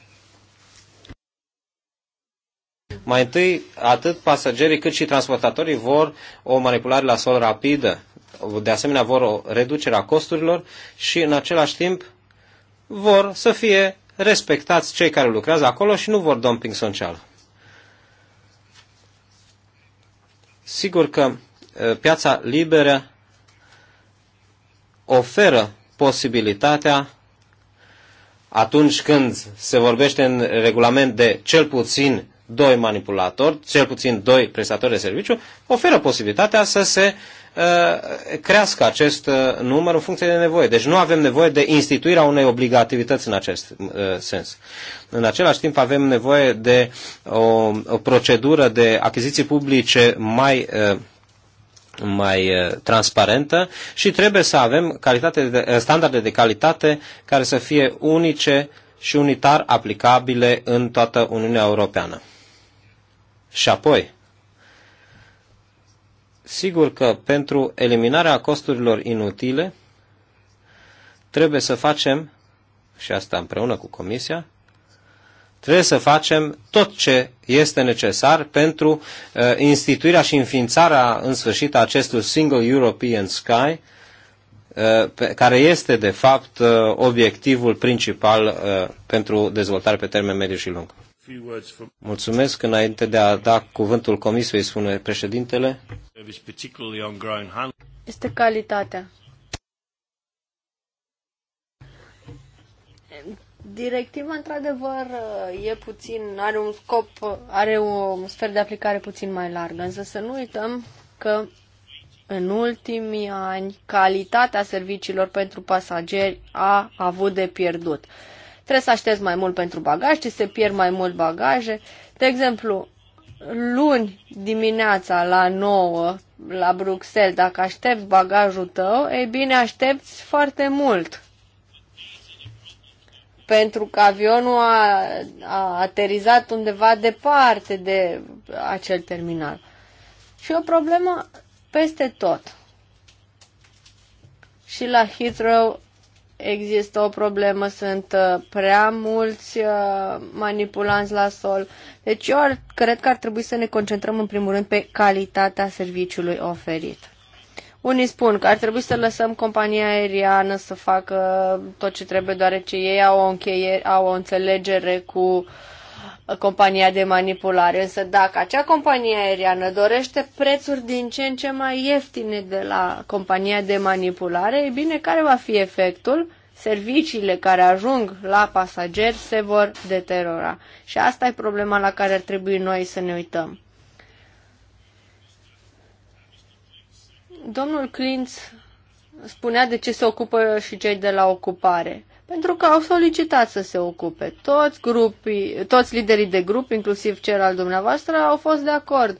Mai întâi, atât pasagerii cât și transportatorii vor o manipulare la sol rapidă, de asemenea vor o reducere a costurilor și în același timp vor să fie respectați cei care lucrează acolo și nu vor dumping social. Sigur că Eh, piața liberă oferă posibilitatea atunci când se vorbește în regulament de cel puțin doi manipulatori, cel puțin doi prestatori de serviciu, oferă posibilitatea să se eh, crească acest eh, număr în funcție de nevoie. Deci nu avem nevoie de instituirea unei obligativități în acest sens. În același timp avem nevoie de o, o procedură de achiziții publice mai uh, mai uh, transparentă și trebuie să avem calitate de, uh, standarde de calitate care să fie unice și unitar aplicabile în toată Uniunea Europeană. Și apoi, sigur că pentru eliminarea costurilor inutile trebuie să facem, și asta împreună cu Comisia, Trebuie să facem tot ce este necesar pentru uh, instituirea și înființarea în sfârșit a acestui Single European Sky, uh, care este de fapt uh, obiectivul principal pentru dezvoltare pe termen mediu și lung. Mulțumesc. Înainte de a da cuvântul Comisiei, spune președintele. Este calitatea Directiva, într-adevăr, e puțin, are un scop, are o sferă de aplicare puțin mai largă, însă să nu uităm că în ultimii ani calitatea serviciilor pentru pasageri a avut de pierdut. Trebuie să aștepți mai mult pentru bagaj, ci se pierd mai mult bagaje. De exemplu, luni dimineața la 9 la Bruxelles, dacă aștepți bagajul tău, e bine, aștepți foarte mult pentru că avionul a, a aterizat undeva departe de acel terminal. Și o problemă peste tot. Și la Heathrow există o problemă, sunt uh, prea mulți uh, manipulanți la sol. Deci eu ar, cred că ar trebui să ne concentrăm în primul rând pe calitatea serviciului oferit. Unii spun că ar trebui să lăsăm compania aeriană să facă tot ce trebuie, deoarece ei au o, încheiere, au o înțelegere cu uh, compania de manipulare. Însă dacă acea companie aeriană dorește prețuri din ce în ce mai ieftine de la compania de manipulare, e bine, care va fi efectul? Serviciile care ajung la pasageri se vor deteriora. Și asta e problema la care ar trebui noi să ne uităm. Domnul Clint spunea de ce se ocupă și cei de la ocupare. Pentru că au solicitat să se ocupe. Toți, grupii, toți liderii de grup, inclusiv cel al dumneavoastră, au fost de acord.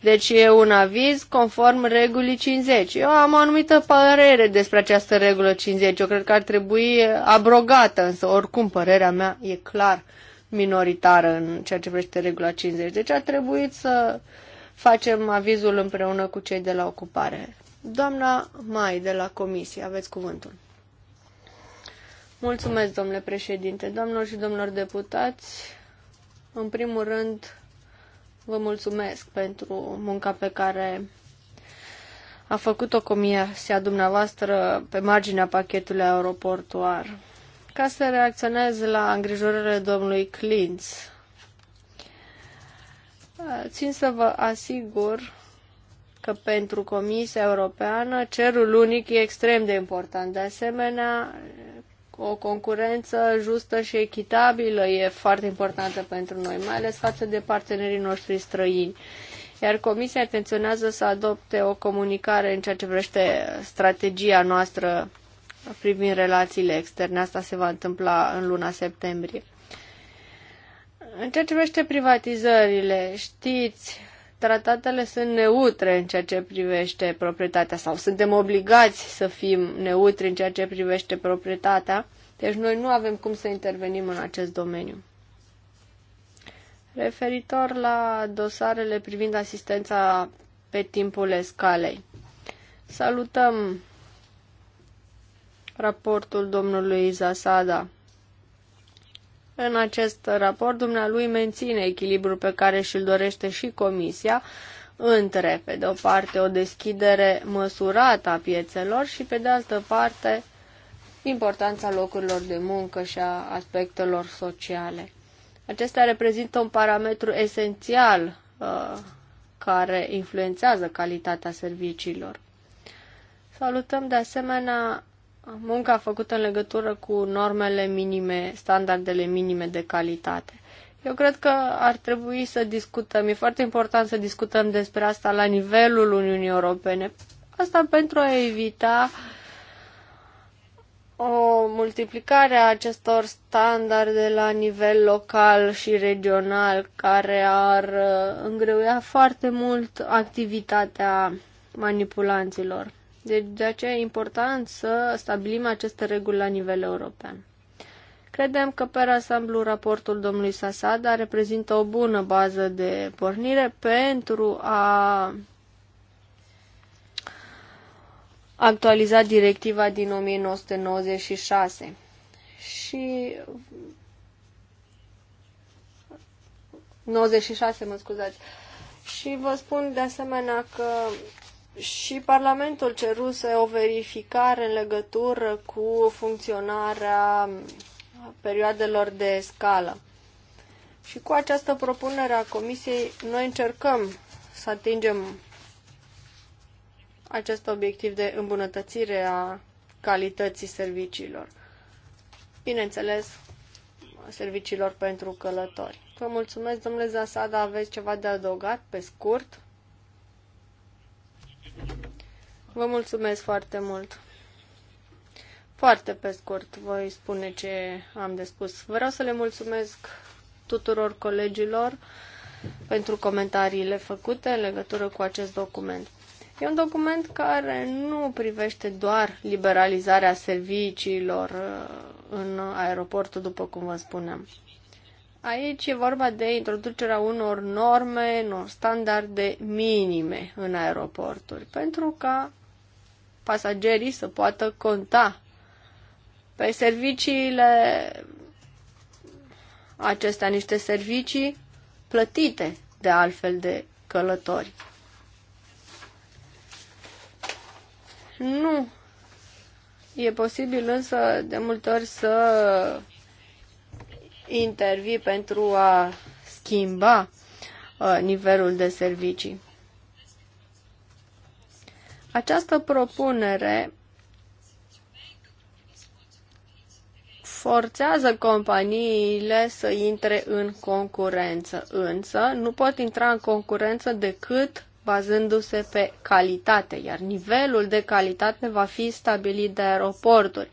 Deci e un aviz conform regulii 50. Eu am o anumită părere despre această regulă 50. Eu cred că ar trebui abrogată, însă oricum părerea mea e clar minoritară în ceea ce privește regula 50. Deci ar trebui să facem avizul împreună cu cei de la ocupare. Doamna Mai de la Comisie, aveți cuvântul. Mulțumesc, domnule președinte, domnilor și domnilor deputați. În primul rând, vă mulțumesc pentru munca pe care a făcut-o comisia dumneavoastră pe marginea pachetului aeroportuar. Ca să reacționez la îngrijorările domnului Clinț, țin să vă asigur că pentru Comisia Europeană cerul unic e extrem de important. De asemenea, o concurență justă și echitabilă e foarte importantă pentru noi, mai ales față de partenerii noștri străini. Iar Comisia intenționează să adopte o comunicare în ceea ce privește strategia noastră privind relațiile externe. Asta se va întâmpla în luna septembrie. În ceea ce privește privatizările, știți tratatele sunt neutre în ceea ce privește proprietatea sau suntem obligați să fim neutri în ceea ce privește proprietatea, deci noi nu avem cum să intervenim în acest domeniu. Referitor la dosarele privind asistența pe timpul escalei, salutăm raportul domnului Zasada în acest raport, dumnealui menține echilibrul pe care și-l dorește și Comisia între, pe de o parte, o deschidere măsurată a piețelor și, pe de altă parte, importanța locurilor de muncă și a aspectelor sociale. Acestea reprezintă un parametru esențial uh, care influențează calitatea serviciilor. Salutăm de asemenea munca făcută în legătură cu normele minime, standardele minime de calitate. Eu cred că ar trebui să discutăm, e foarte important să discutăm despre asta la nivelul Uniunii Europene. Asta pentru a evita o multiplicare a acestor standarde la nivel local și regional care ar uh, îngreuia foarte mult activitatea manipulanților. Deci de aceea e important să stabilim aceste reguli la nivel european. Credem că pe asamblu raportul domnului Sasada reprezintă o bună bază de pornire pentru a actualiza directiva din 1996. Și 96, mă scuzați. Și vă spun de asemenea că și Parlamentul ceruse o verificare în legătură cu funcționarea perioadelor de scală. Și cu această propunere a Comisiei, noi încercăm să atingem acest obiectiv de îmbunătățire a calității serviciilor. Bineînțeles, serviciilor pentru călători. Vă mulțumesc, domnule Zasada, aveți ceva de adăugat pe scurt? Vă mulțumesc foarte mult. Foarte pe scurt voi spune ce am de spus. Vreau să le mulțumesc tuturor colegilor pentru comentariile făcute în legătură cu acest document. E un document care nu privește doar liberalizarea serviciilor uh, în aeroportul, după cum vă spuneam. Aici e vorba de introducerea unor norme, unor standarde minime în aeroporturi, pentru ca pasagerii să poată conta pe serviciile acestea, niște servicii plătite de altfel de călători. Nu e posibil însă de multe ori să intervii pentru a schimba uh, nivelul de servicii. Această propunere forțează companiile să intre în concurență, însă nu pot intra în concurență decât bazându-se pe calitate, iar nivelul de calitate va fi stabilit de aeroporturi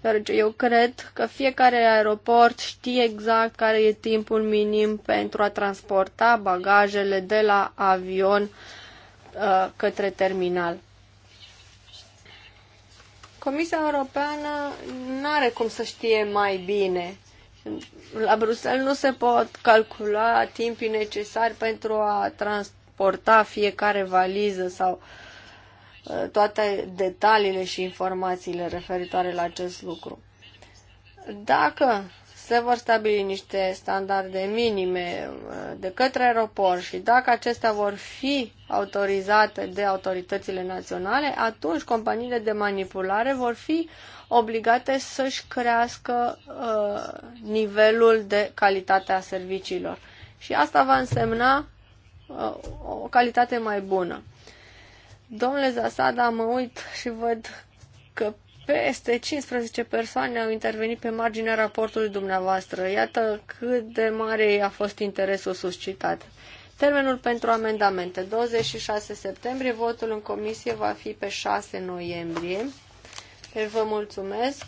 deoarece eu cred că fiecare aeroport știe exact care e timpul minim pentru a transporta bagajele de la avion uh, către terminal. Comisia Europeană nu are cum să știe mai bine. La Bruxelles nu se pot calcula timpii necesari pentru a transporta fiecare valiză sau uh, toate detaliile și informațiile referitoare la acest lucru. Dacă se vor stabili niște standarde minime uh, de către aeroport și dacă acestea vor fi autorizate de autoritățile naționale, atunci companiile de manipulare vor fi obligate să-și crească uh, nivelul de calitate a serviciilor. Și asta va însemna uh, o calitate mai bună. Domnule Zasada, mă uit și văd că peste 15 persoane au intervenit pe marginea raportului dumneavoastră. Iată cât de mare a fost interesul suscitat. Termenul pentru amendamente, 26 septembrie, votul în comisie va fi pe 6 noiembrie. Deci vă mulțumesc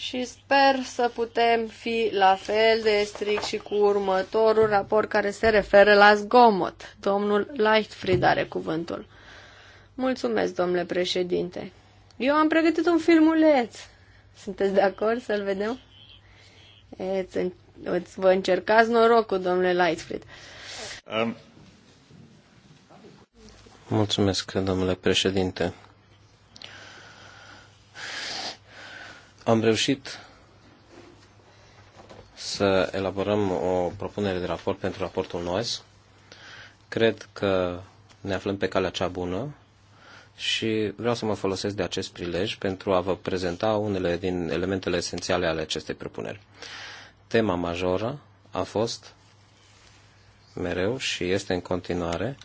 și sper să putem fi la fel de strict și cu următorul raport care se referă la zgomot. Domnul Leichtfried are cuvântul. Mulțumesc, domnule președinte. Eu am pregătit un filmuleț. Sunteți de acord să-l vedem? îți, vă încercați norocul, domnule Lightfried. Um. Mulțumesc, domnule președinte. Am reușit să elaborăm o propunere de raport pentru raportul NOES. Cred că ne aflăm pe calea cea bună și vreau să mă folosesc de acest prilej pentru a vă prezenta unele din elementele esențiale ale acestei propuneri. Tema majoră a fost mereu și este în continuare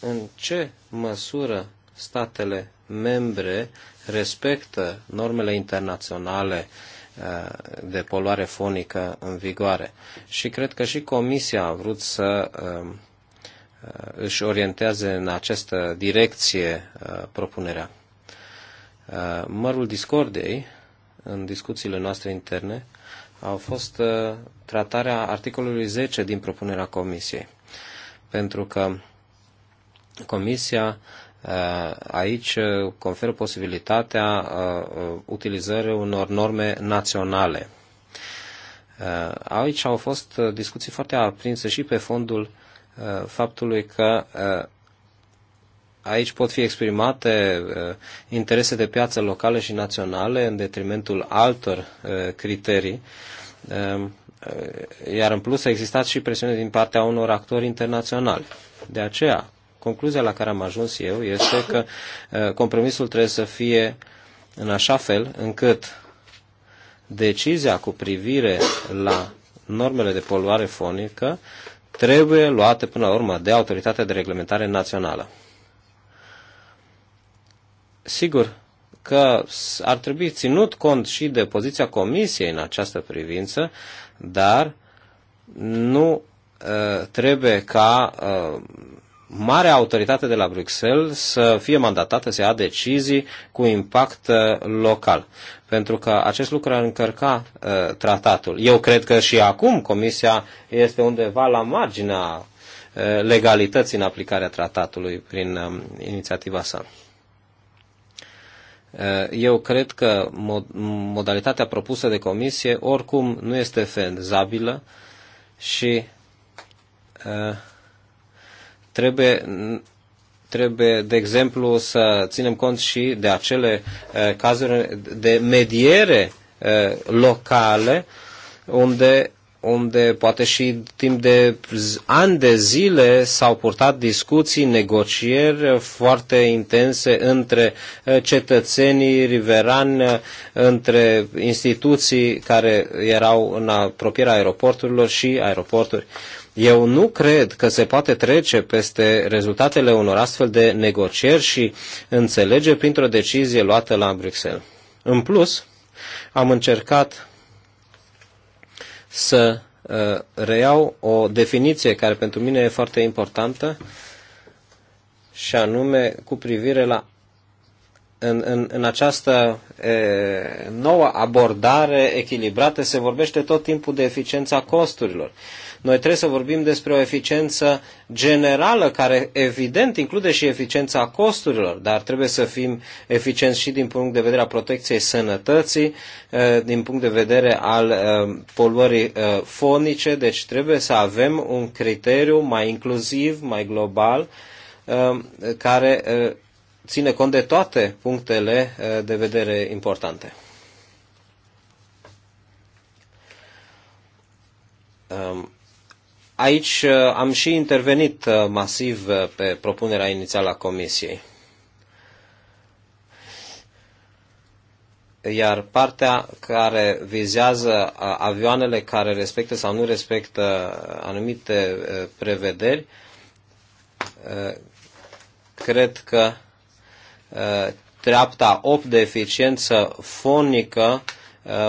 în ce măsură statele membre respectă normele internaționale uh, de poluare fonică în vigoare. Și cred că și Comisia a vrut să um, uh, își orienteze în această direcție uh, propunerea. Mărul discordei în discuțiile noastre interne a fost tratarea articolului 10 din propunerea Comisiei. Pentru că Comisia Uh, aici uh, conferă posibilitatea uh, utilizării unor norme naționale. Aici au fost discuții foarte aprinse și pe fondul faptului că aici pot fi exprimate interese de piață locale și naționale în detrimentul altor criterii iar în plus a existat și presiune din partea unor actori internaționali. De aceea, Concluzia la care am ajuns eu este că uh, compromisul trebuie să fie în așa fel încât decizia cu privire la normele de poluare fonică trebuie luată, până la urmă de autoritatea de reglementare națională. Sigur că ar trebui ținut cont și de poziția Comisiei în această privință, dar nu uh, trebuie ca uh, marea autoritate de la Bruxelles să fie mandatată să ia decizii cu impact uh, local. Pentru că acest lucru ar încărca uh, tratatul. Eu cred că și acum Comisia este undeva la marginea uh, legalității în aplicarea tratatului prin uh, inițiativa sa. Uh, eu cred că mod modalitatea propusă de comisie oricum nu este fenzabilă și uh, Trebuie, trebuie, de exemplu, să ținem cont și de acele eh, cazuri de mediere eh, locale unde unde poate și timp de ani de zile s-au purtat discuții, negocieri eh, foarte intense între cetățenii riverani, între instituții care erau în apropierea aeroporturilor și aeroporturi. Eu nu cred că se poate trece peste rezultatele unor astfel de negocieri și înțelege printr-o decizie luată la Bruxelles. În plus, am încercat să uh, reiau o definiție care pentru mine e foarte importantă și anume cu privire la în, în, în această e, nouă abordare echilibrată se vorbește tot timpul de eficiența costurilor. Noi trebuie să vorbim despre o eficiență generală, care evident include și eficiența costurilor, dar trebuie să fim eficienți și din punct de vedere a protecției sănătății, eh, din punct de vedere al eh, poluării eh, fonice, deci trebuie să avem un criteriu mai inclusiv, mai global, care ține cont de toate punctele de vedere importante. Um, Aici uh, am și intervenit uh, masiv uh, pe propunerea inițială a Comisiei. Iar partea care vizează avioanele care respectă sau nu respectă anumite prevederi, cred că treapta 8 de eficiență fonică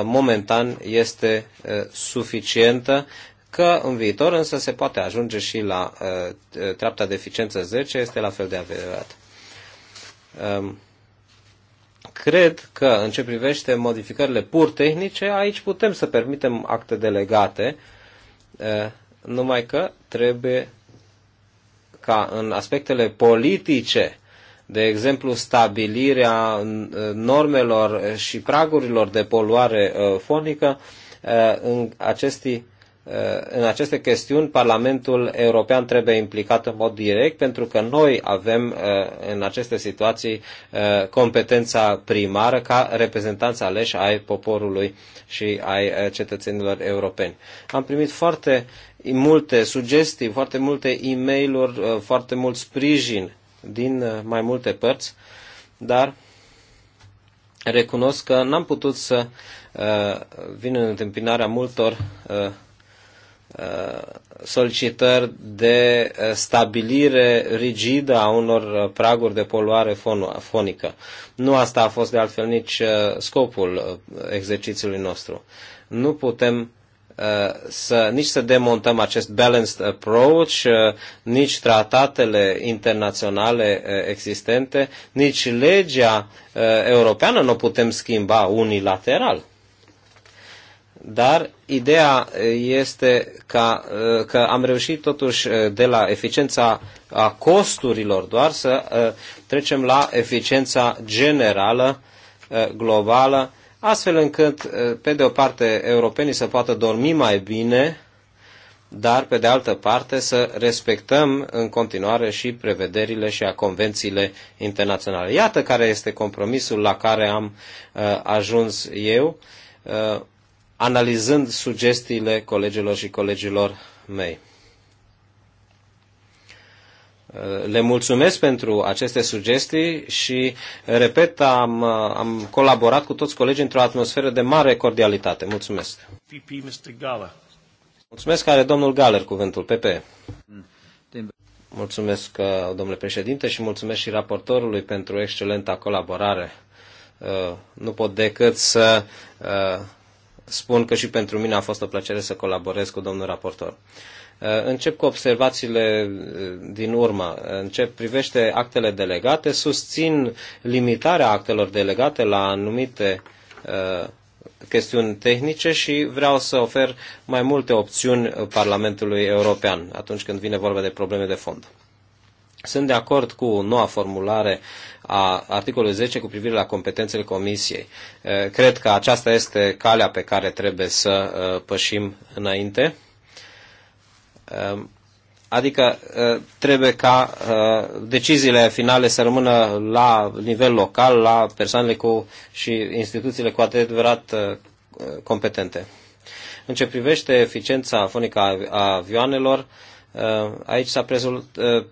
momentan este suficientă că în viitor însă se poate ajunge și la uh, uh treapta de eficiență 10, este la fel de adevărat. Um, cred că în ce privește modificările pur tehnice, aici putem să permitem acte delegate, uh, numai că trebuie ca în aspectele politice, de exemplu stabilirea uh, normelor și pragurilor de poluare uh, fonică, în acestii Eh, în aceste chestiuni Parlamentul European trebuie implicat în mod direct pentru că noi avem eh, în aceste situații eh, competența primară ca reprezentanți aleși ai poporului și ai cetățenilor europeni. Am primit foarte multe sugestii, foarte multe e mail foarte mult sprijin din mai multe părți, dar recunosc că n-am putut să vin în întâmpinarea multor Uh, solicitări de uh, stabilire rigidă a unor uh, praguri de poluare fonică. Nu asta a fost de altfel nici scopul exercițiului nostru. Nu putem să, nici să demontăm acest balanced approach, nici tratatele internaționale existente, nici legea europeană nu o putem schimba unilateral. Dar ideea este ca, că am reușit totuși de la eficiența a costurilor doar să trecem la eficiența generală, globală, astfel încât, pe de o parte, europenii să poată dormi mai bine, dar, pe de altă parte, să respectăm în continuare și prevederile și a convențiile internaționale. Iată care este compromisul la care am ajuns eu analizând sugestiile colegilor și colegilor mei. Le mulțumesc pentru aceste sugestii și, repet, am, am colaborat cu toți colegii într-o atmosferă de mare cordialitate. Mulțumesc. PP, Mr. Gala. Mulțumesc, are domnul Galer cuvântul, PP. Mulțumesc, uh, domnule președinte, și mulțumesc și raportorului pentru excelenta colaborare. Uh, nu pot decât să uh, spun că și pentru mine a fost o plăcere să colaborez cu domnul raportor. Uh, încep cu observațiile uh, din urmă. Uh, în ce privește actele delegate, susțin limitarea actelor delegate la anumite chestiuni tehnice și vreau să ofer mai multe opțiuni Parlamentului European atunci când vine vorba de probleme de fond. Sunt de acord cu noua formulare a articolului 10 cu privire la competențele comisiei. Cred că aceasta este calea pe care trebuie să pășim înainte. Adică trebuie ca deciziile finale să rămână la nivel local, la persoanele cu, și instituțiile cu adevărat competente. În ce privește eficiența fonică a avioanelor, Uh, aici s-a uh,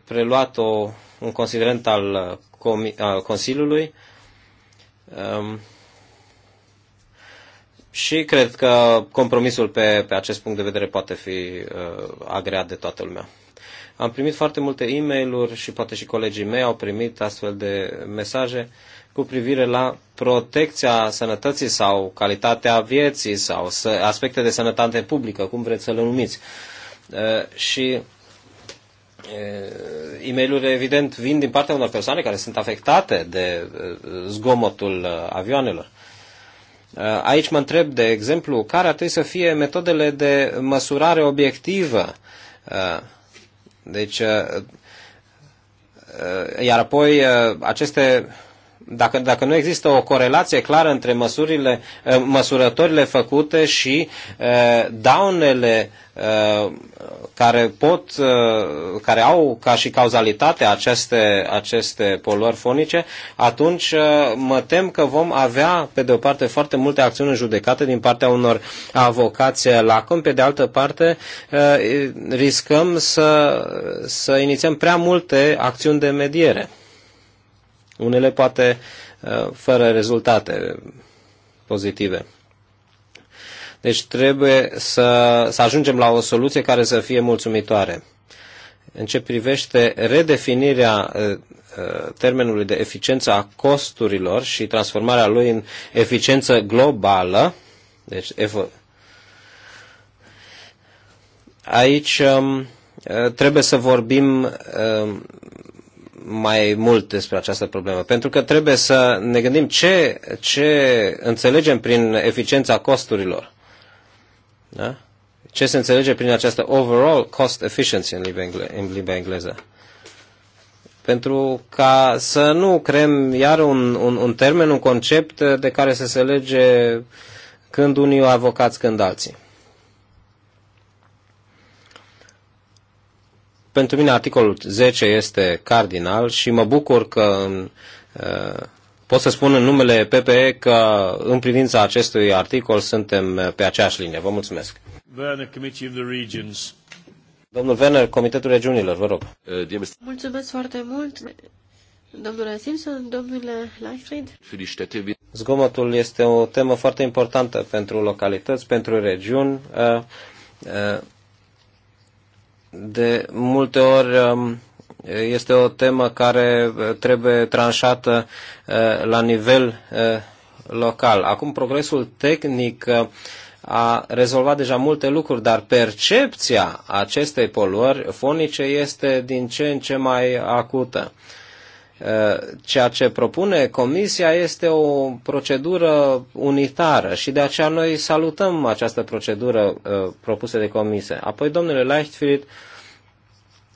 preluat o, un considerent al, uh, al Consiliului um, și cred că compromisul pe, pe acest punct de vedere poate fi agreat de toată lumea. Am primit foarte multe e mail și poate și colegii mei au primit astfel de mesaje cu privire la protecția sănătății sau calitatea vieții sau aspecte de sănătate publică, cum vreți să le numiți. Uh, Uh, și uh, e mail evident, vin din partea unor persoane care sunt afectate de uh, zgomotul avioanelor. Aici mă întreb, de exemplu, care ar trebui să fie metodele de măsurare obiectivă. Deci, iar apoi aceste dacă, dacă nu există o corelație clară între măsurile, eh, măsurătorile făcute și eh, daunele eh, care pot, care au ca și cauzalitate aceste, aceste poluări fonice, atunci mă tem că vom avea, pe de o parte, foarte multe acțiuni judecate din partea unor avocați la cum, pe de altă parte, riscăm să, să inițiem prea multe acțiuni de mediere. Unele poate uh, fără rezultate pozitive. Deci trebuie să, să ajungem la o soluție care să fie mulțumitoare. În ce privește redefinirea uh, uh, termenului de eficiență a costurilor și transformarea lui în eficiență globală, deci aici um, trebuie să vorbim um, mai mult despre această problemă, pentru că trebuie să ne gândim ce, ce înțelegem prin eficiența costurilor. Da? Ce se înțelege prin această overall cost efficiency în limba, engle- în limba engleză. Pentru ca să nu creăm iar un, un, un termen, un concept de care să se lege când unii avocați, când alții. Pentru mine articolul 10 este cardinal și mă bucur că pot să spun în numele PPE că în privința acestui articol suntem pe aceeași linie. Vă mulțumesc. Domnul Werner, Comitetul Regiunilor, vă rog. Mulțumesc foarte mult. Domnule Simpson, domnule Leifried. Zgomotul este o temă foarte importantă pentru localități, pentru regiuni de multe ori um, este o temă care uh, trebuie tranșată uh, la nivel uh, local. Acum progresul tehnic a rezolvat deja multe lucruri, dar percepția acestei poluări fonice este din ce în ce mai acută. Ceea ce propune Comisia este o procedură unitară și de aceea noi salutăm această procedură propusă de Comisie. Apoi, domnule Leichtfried,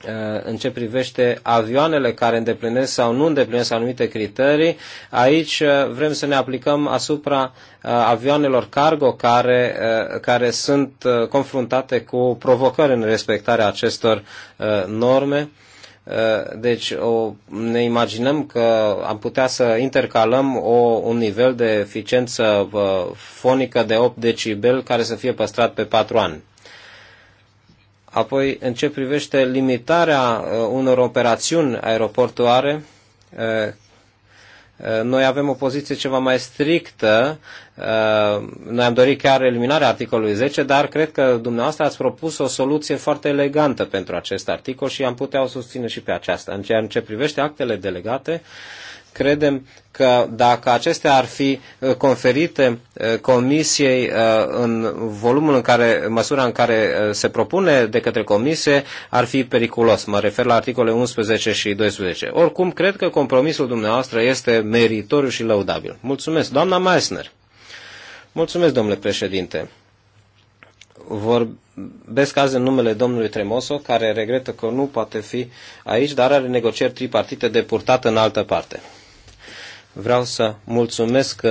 Uh, în ce privește avioanele care îndeplinesc sau nu îndeplinesc anumite criterii. Aici uh, vrem să ne aplicăm asupra uh, avioanelor cargo care, care sunt confruntate cu provocări în respectarea acestor norme. Deci o, ne imaginăm că am putea să intercalăm o, un nivel de eficiență fonică de 8 decibel care să fie păstrat pe 4 ani. Apoi, în ce privește limitarea uh, unor operațiuni aeroportuare, uh, uh, noi avem o poziție ceva mai strictă. Noi am dorit chiar eliminarea articolului 10, dar cred că dumneavoastră ați propus o soluție foarte elegantă pentru acest articol și am putea o susține și pe aceasta. În ceea ce privește actele delegate, Credem că dacă acestea ar fi uh, conferite uh, comisiei uh, în volumul în care, măsura în care se propune de către comisie, ar fi periculos. Mă refer la articolele 11 și 12. Oricum, cred că compromisul dumneavoastră este meritoriu și laudabil. Mulțumesc, doamna Meissner. Mulțumesc, domnule președinte vorbesc azi în numele domnului Tremoso, care regretă că nu poate fi aici, dar are negocieri tripartite de purtat în altă parte. Vreau să mulțumesc uh,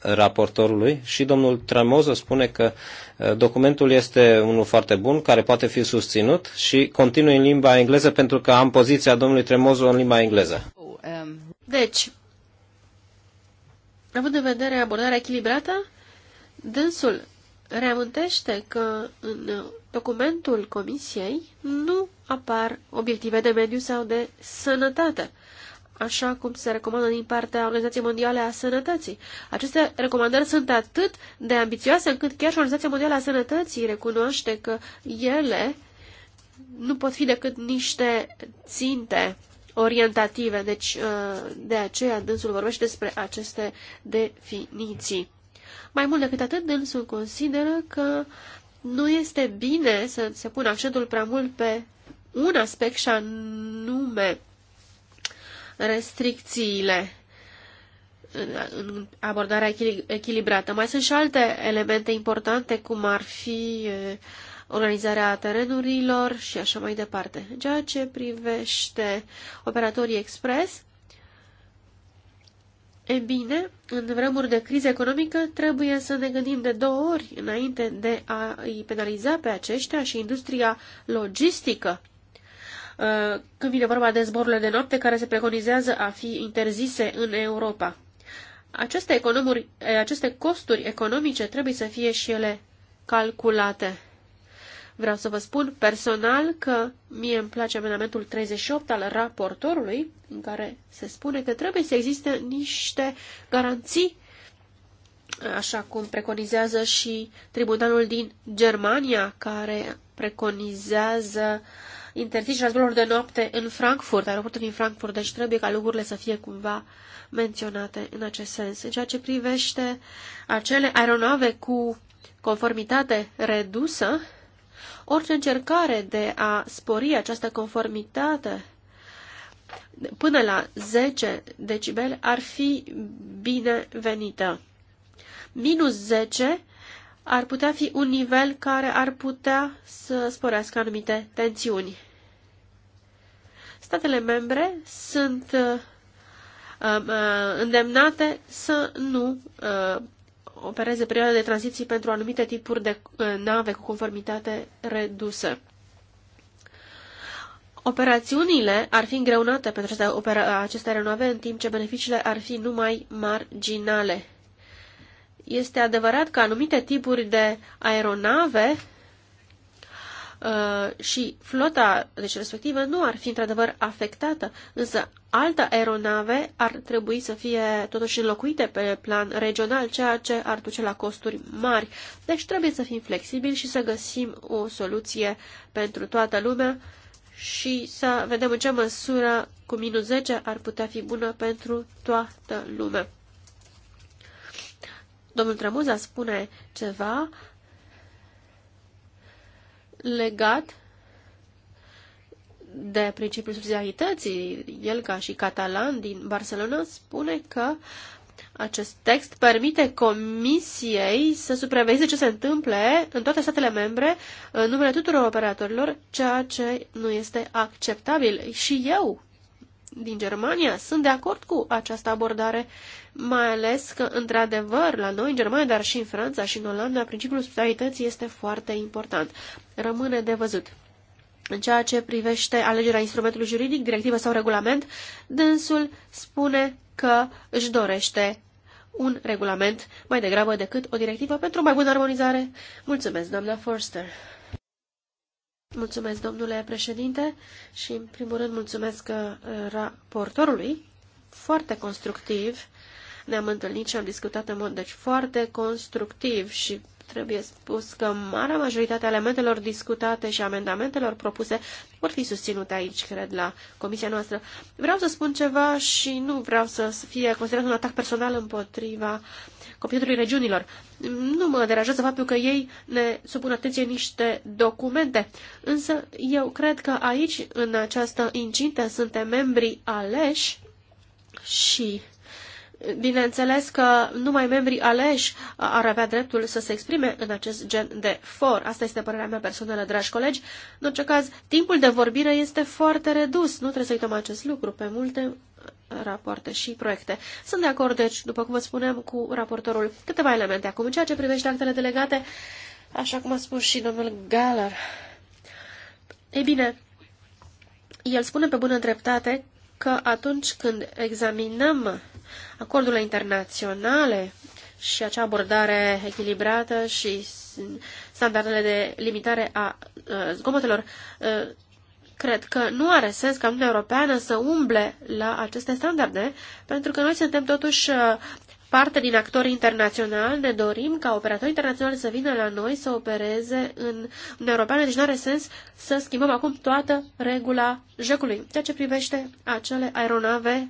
raportorului și domnul Tremoză spune că uh, documentul este unul foarte bun, care poate fi susținut și continui în limba engleză pentru că am poziția domnului Tremozo în limba engleză. Um, deci, având în vedere abordarea echilibrată, dânsul reamântește că în documentul comisiei nu apar obiective de mediu sau de sănătate așa cum se recomandă din partea Organizației Mondiale a Sănătății. Aceste recomandări sunt atât de ambițioase încât chiar și Organizația Mondială a Sănătății recunoaște că ele nu pot fi decât niște ținte orientative. Deci, uh, de aceea, dânsul vorbește despre aceste definiții. Mai mult decât atât, dânsul consideră că nu este bine să se pună accentul prea mult pe un aspect și anume restricțiile în abordarea echilibrată. Mai sunt și alte elemente importante, cum ar fi organizarea terenurilor și așa mai departe. În ceea ce privește operatorii expres, e bine, în vremuri de criză economică trebuie să ne gândim de două ori înainte de a îi penaliza pe aceștia și industria logistică Uh, când vine vorba de zborurile de noapte care se preconizează a fi interzise în Europa. Aceste, economuri, eh, aceste costuri economice trebuie să fie și ele calculate. Vreau să vă spun personal că mie îmi place amendamentul 38 al raportorului, în care se spune că trebuie să existe niște garanții, așa cum preconizează și tribunalul din Germania, care preconizează uh, interzicerea zborurilor de noapte în Frankfurt, aeroportul din Frankfurt, deci trebuie ca lucrurile să fie cumva menționate în acest sens. În ceea ce privește acele aeronave cu conformitate redusă, orice încercare de a spori această conformitate până la 10 decibel ar fi binevenită. Minus 10 ar putea fi un nivel care ar putea să sporească anumite tensiuni. Statele membre sunt uh, uh, îndemnate să nu uh, opereze perioade de tranziții pentru anumite tipuri de nave cu conformitate redusă. Operațiunile ar fi îngreunate pentru aceste aeronave, în timp ce beneficiile ar fi numai marginale. Este adevărat că anumite tipuri de aeronave uh, și flota, deci respectivă, nu ar fi într-adevăr afectată, însă alte aeronave ar trebui să fie totuși înlocuite pe plan regional, ceea ce ar duce la costuri mari. Deci trebuie să fim flexibili și să găsim o soluție pentru toată lumea și să vedem în ce măsură cu minus 10 ar putea fi bună pentru toată lumea. Domnul Tremuza spune ceva legat de principiul subsidiarității. El, ca și catalan din Barcelona, spune că acest text permite comisiei să supravegheze ce se întâmple în toate statele membre în numele tuturor operatorilor, ceea ce nu este acceptabil. Și eu din Germania sunt de acord cu această abordare, mai ales că, într-adevăr, la noi în Germania, dar și în Franța și în Olanda, principiul subsidiarității este foarte important. Rămâne de văzut. În ceea ce privește alegerea instrumentului juridic, directivă sau regulament, dânsul spune că își dorește un regulament mai degrabă decât o directivă pentru o mai bună armonizare. Mulțumesc, doamna Forster! Mulțumesc, domnule președinte, și în primul rând mulțumesc uh, raportorului, foarte constructiv. Ne-am întâlnit și am discutat în mod deci foarte constructiv și trebuie spus că marea majoritate a elementelor discutate și amendamentelor propuse vor fi susținute aici, cred, la comisia noastră. Vreau să spun ceva și nu vreau să fie considerat un atac personal împotriva Comitetului Regiunilor. Nu mă deranjează faptul că ei ne supun atenție niște documente, însă eu cred că aici, în această incintă, suntem membri aleși și Bineînțeles că numai membrii aleși ar avea dreptul să se exprime în acest gen de for. Asta este părerea mea personală, dragi colegi. În orice caz, timpul de vorbire este foarte redus. Nu trebuie să uităm acest lucru. Pe multe rapoarte și proiecte. Sunt de acord, deci, după cum vă spunem, cu raportorul câteva elemente. Acum, în ceea ce privește actele delegate, așa cum a spus și domnul Galler, ei bine, el spune pe bună dreptate că atunci când examinăm acordurile internaționale și acea abordare echilibrată și standardele de limitare a uh, zgomotelor, uh, Cred că nu are sens ca Uniunea Europeană să umble la aceste standarde, pentru că noi suntem totuși uh, parte din actori internaționali, ne dorim ca operatorii internaționali să vină la noi să opereze în Uniunea Europeană, deci nu are sens să schimbăm acum toată regula jocului. Ceea ce privește acele aeronave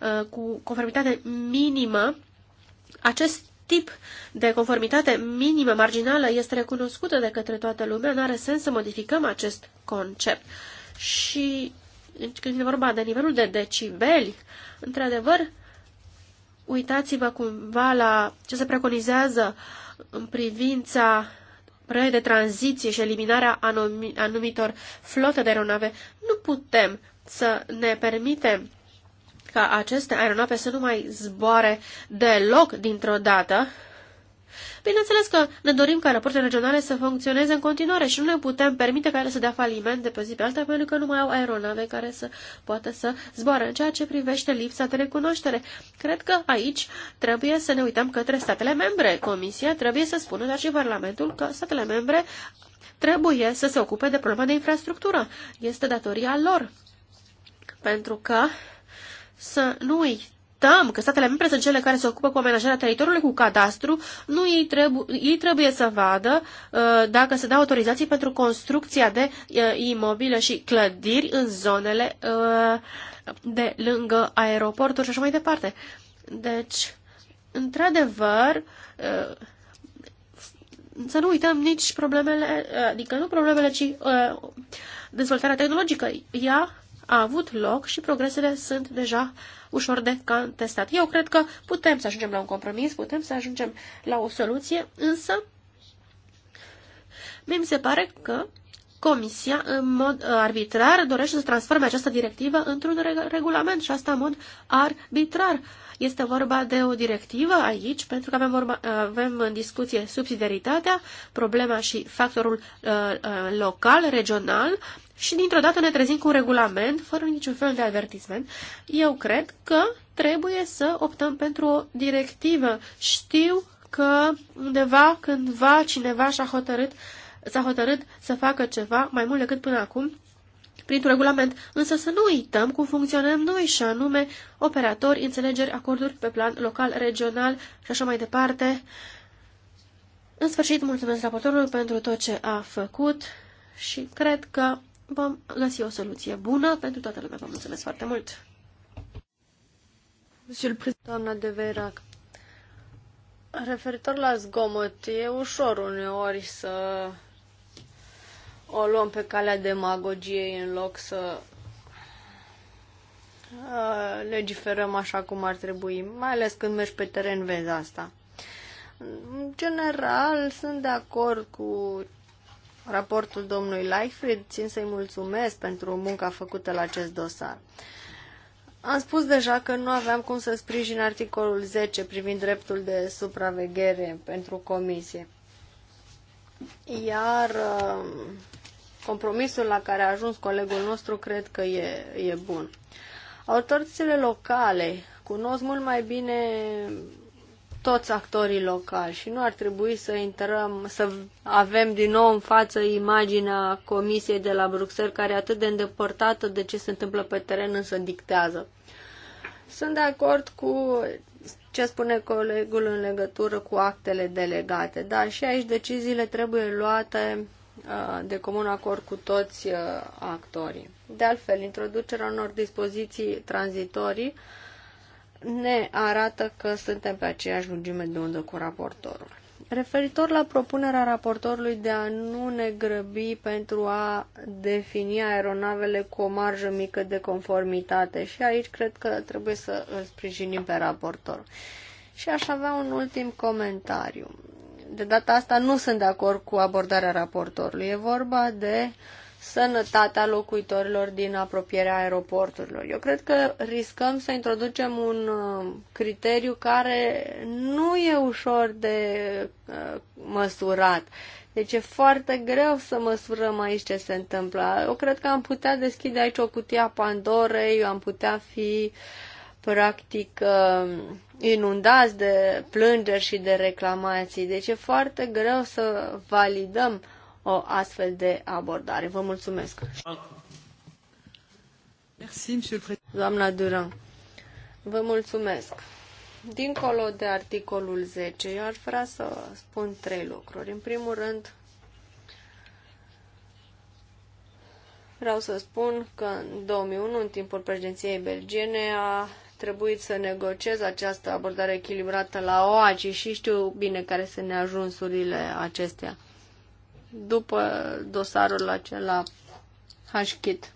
uh, cu conformitate minimă, acest tip de conformitate minimă marginală este recunoscută de către toată lumea, nu are sens să modificăm acest concept și deci, când e vorba de nivelul de decibeli, într-adevăr, uitați-vă cumva la ce se preconizează în privința proiectului de tranziție și eliminarea anumitor flote de aeronave, nu putem să ne permitem ca aceste aeronave să nu mai zboare deloc dintr-o dată Bineînțeles că ne dorim ca rapoartele regionale să funcționeze în continuare și nu ne putem permite ca ele să dea faliment de pe zi pe alta pentru că nu mai au aeronave care să poată să zboare. În ceea ce privește lipsa de recunoaștere, cred că aici trebuie să ne uităm către statele membre. Comisia trebuie să spună, dar și Parlamentul, că statele membre trebuie să se ocupe de problema de infrastructură. Este datoria lor. Pentru că să nu uit uităm că statele membre sunt cele care se ocupă cu amenajarea teritoriului cu cadastru, nu ei, trebu- ei trebuie să vadă uh, dacă se dau autorizații pentru construcția de uh, imobile și clădiri în zonele uh, de lângă aeroporturi și așa mai departe. Deci, într-adevăr, uh, să nu uităm nici problemele, uh, adică nu problemele, ci uh, dezvoltarea tehnologică. Ea a avut loc și progresele sunt deja ușor de contestat. Eu cred că putem să ajungem la un compromis, putem să ajungem la o soluție, însă mi se pare că Comisia, în mod uh, arbitrar, dorește să transforme această directivă într-un regulament și asta în mod arbitrar. Este vorba de o directivă aici, pentru că avem, vorba, uh, avem în discuție subsidiaritatea, problema și factorul uh, uh, local, regional și dintr-o dată ne trezim cu un regulament fără niciun fel de avertisment. Eu cred că trebuie să optăm pentru o directivă. Știu că undeva, cândva, cineva și-a hotărât uh, s-a hotărât să facă ceva mai mult decât până acum printr-un regulament, însă să nu uităm cum funcționăm noi și anume operatori, înțelegeri, acorduri pe plan local, regional și așa mai departe. În sfârșit, mulțumesc raportorului pentru tot ce a făcut și cred că vom găsi o soluție bună pentru toată lumea. Vă mulțumesc foarte mult! Doamna de Verac, referitor la zgomot, e ușor uneori să o luăm pe calea demagogiei în loc să legiferăm așa cum ar trebui, mai ales când mergi pe teren vezi asta. În general, sunt de acord cu raportul domnului Leifrid, țin să-i mulțumesc pentru munca făcută la acest dosar. Am spus deja că nu aveam cum să sprijin articolul 10 privind dreptul de supraveghere pentru comisie. Iar um, compromisul la care a ajuns colegul nostru cred că e, e bun. Autoritățile locale cunosc mult mai bine toți actorii locali și nu ar trebui să intrăm, să avem din nou în față imaginea comisiei de la Bruxelles, care e atât de îndepărtată de ce se întâmplă pe teren, însă dictează. Sunt de acord cu ce spune colegul în legătură cu actele delegate, dar și aici deciziile trebuie luate de comun acord cu toți actorii. De altfel, introducerea unor dispoziții tranzitorii ne arată că suntem pe aceeași lungime de undă cu raportorul. Referitor la propunerea raportorului de a nu ne grăbi pentru a defini aeronavele cu o marjă mică de conformitate și aici cred că trebuie să îl sprijinim pe raportor. Și aș avea un ultim comentariu de data asta nu sunt de acord cu abordarea raportorului. E vorba de sănătatea locuitorilor din apropierea aeroporturilor. Eu cred că riscăm să introducem un uh, criteriu care nu e ușor de uh, măsurat. Deci e foarte greu să măsurăm aici ce se întâmplă. Eu cred că am putea deschide aici o cutie a Pandorei, eu am putea fi practic uh, inundați de plângeri și de reclamații. Deci e foarte greu să validăm o astfel de abordare. Vă mulțumesc. Doamna Duran, vă mulțumesc. Dincolo de articolul 10, eu ar vrea să spun trei lucruri. În primul rând, vreau să spun că în 2001, în timpul președinției belgiene, a trebuit să negociez această abordare echilibrată la OACI și știu bine care sunt neajunsurile acestea. După dosarul acela HKIT.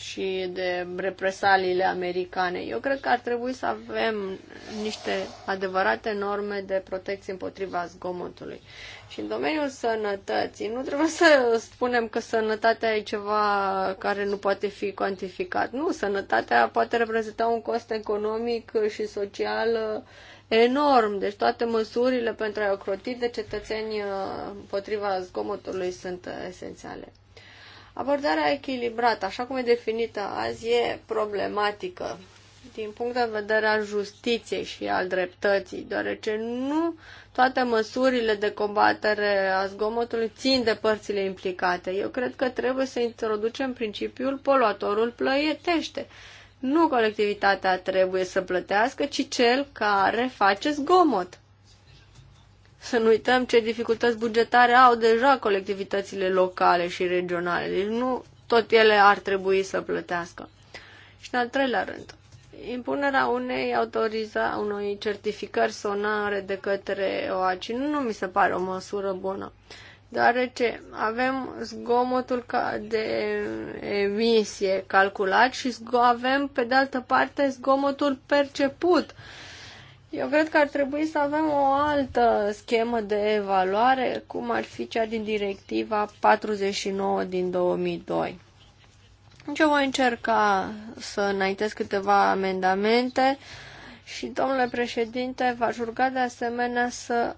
și de represaliile americane. Eu cred că ar trebui să avem niște adevărate norme de protecție împotriva zgomotului. Și în domeniul sănătății, nu trebuie să spunem că sănătatea e ceva care nu poate fi cuantificat. Nu, sănătatea poate reprezenta un cost economic și social enorm. Deci toate măsurile pentru a ocroti de cetățeni împotriva zgomotului sunt esențiale. Abordarea echilibrată, așa cum e definită azi, e problematică din punct de vedere al justiției și al dreptății, deoarece nu toate măsurile de combatere a zgomotului țin de părțile implicate. Eu cred că trebuie să introducem principiul poluatorul plăietește. Nu colectivitatea trebuie să plătească, ci cel care face zgomot. Să nu uităm ce dificultăți bugetare au deja colectivitățile locale și regionale. Deci nu tot ele ar trebui să plătească. Și în al treilea rând, impunerea unei autoriza, unui certificări sonare de către OACI nu, nu mi se pare o măsură bună, deoarece avem zgomotul de emisie calculat și avem, pe de altă parte, zgomotul perceput eu cred că ar trebui să avem o altă schemă de evaluare, cum ar fi cea din directiva 49 din 2002. Deci eu voi încerca să înaintez câteva amendamente și, domnule președinte, v-aș ruga de asemenea să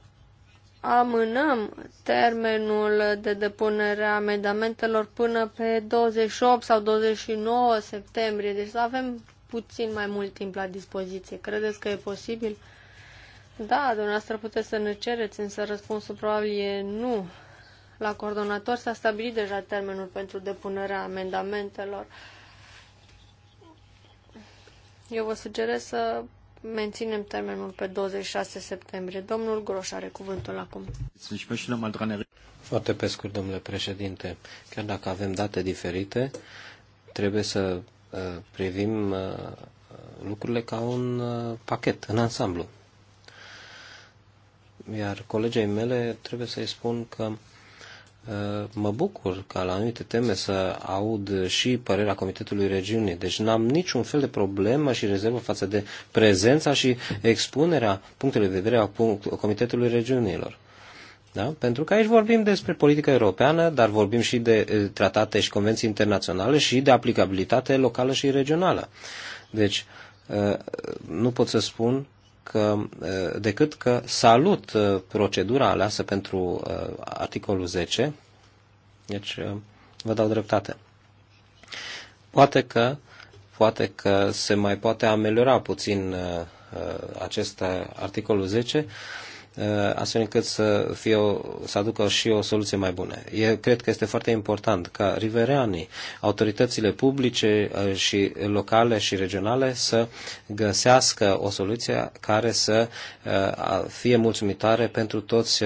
amânăm termenul de depunere a amendamentelor până pe 28 sau 29 septembrie, deci să avem puțin mai mult timp la dispoziție. Credeți că e posibil? Da, dumneavoastră puteți să ne cereți, însă răspunsul probabil e nu. La coordonator s-a stabilit deja termenul pentru depunerea amendamentelor. Eu vă sugerez să menținem termenul pe 26 septembrie. Domnul Groș are cuvântul acum. Foarte pe scurt, domnule președinte, chiar dacă avem date diferite, trebuie să Uh, privim uh, uh, lucrurile ca un pachet, în ansamblu. Iar colegei mele trebuie să-i spun că mă bucur ca la anumite teme să aud și părerea Comitetului Regiunii. Deci n-am niciun fel de problemă și rezervă față de prezența și expunerea punctului de vedere a Comitetului Regiunilor. Da? Pentru că aici vorbim despre politică europeană, dar vorbim și de eh, tratate și convenții internaționale și de aplicabilitate locală și regională. Deci, eh, nu pot să spun că, eh, decât că salut procedura aleasă pentru articolul 10. Deci, vă dau dreptate. Poate că, poate că se mai poate ameliora puțin acest articolul 10, Uh, astfel încât să, fie o, să aducă și o soluție mai bună. Eu cred că este foarte important ca rivereanii, autoritățile publice uh, și locale și regionale să găsească o soluție care să uh, fie mulțumitoare pentru toți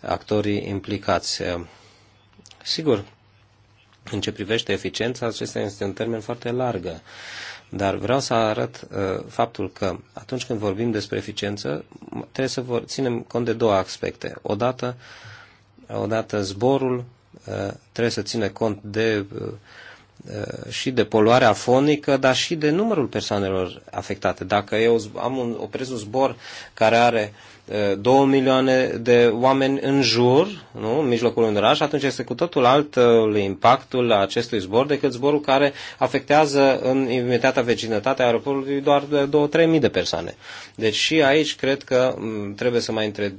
actorii implicați. Sigur, în ce privește eficiența, acesta este un termen foarte larg dar vreau să arăt uh, faptul că atunci când vorbim despre eficiență, trebuie să vor, ținem cont de două aspecte. Odată, odată zborul uh, trebuie să ține cont de uh, uh și de poluarea fonică, dar și de numărul persoanelor afectate. Dacă eu am un, oprez un zbor care are uh, Eh, două milioane de oameni în jur, nu? în mijlocul unui oraș, atunci este cu totul altul impactul acestui zbor decât zborul care afectează în imediata vecinătate a aeroportului doar 2-3 mii de persoane. Deci și aici cred că mm, trebuie să mai eh,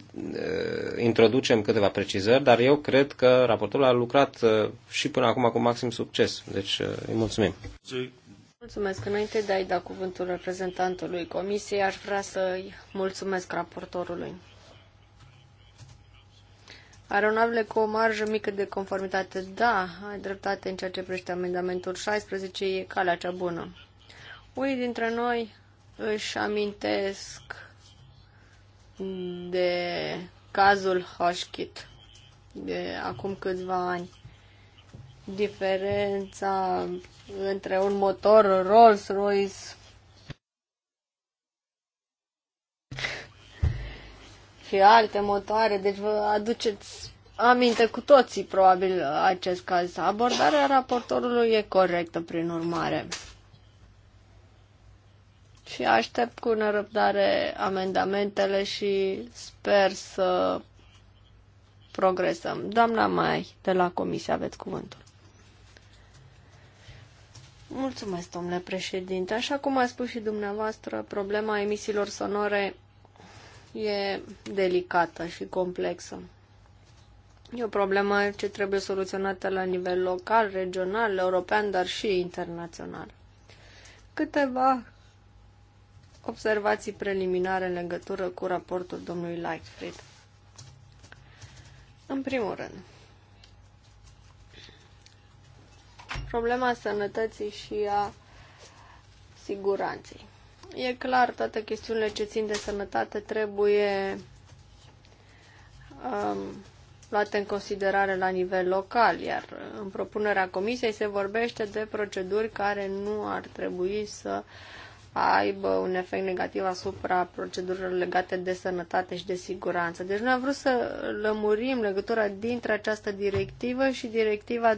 introducem câteva precizări, dar eu cred că raportul a lucrat eh, și până acum cu maxim succes. Deci îi mulțumim. Mulțumesc. Înainte de a-i da cuvântul reprezentantului Comisiei, aș vrea să-i mulțumesc raportorului. Aeronavele cu o marjă mică de conformitate, da, ai dreptate în ceea ce privește amendamentul 16, e calea cea bună. Unii dintre noi își amintesc de cazul Hoshkit de acum câțiva ani. Diferența între un motor Rolls-Royce și alte motoare, deci vă aduceți aminte cu toții probabil acest caz. Abordarea raportorului e corectă prin urmare. Și aștept cu nerăbdare amendamentele și sper să progresăm. Doamna Mai, de la Comisia, aveți cuvântul. Mulțumesc, domnule președinte. Așa cum a spus și dumneavoastră, problema emisiilor sonore e delicată și complexă. E o problemă ce trebuie soluționată la nivel local, regional, european, dar și internațional. Câteva observații preliminare în legătură cu raportul domnului Lightfried. În primul rând, problema sănătății și a siguranței. E clar, toate chestiunile ce țin de sănătate trebuie um, luate în considerare la nivel local, iar în propunerea comisiei se vorbește de proceduri care nu ar trebui să uh, aibă un efect negativ asupra procedurilor legate de sănătate și de siguranță. Deci noi am vrut să lămurim legătura dintre această directivă și directiva 2002-49.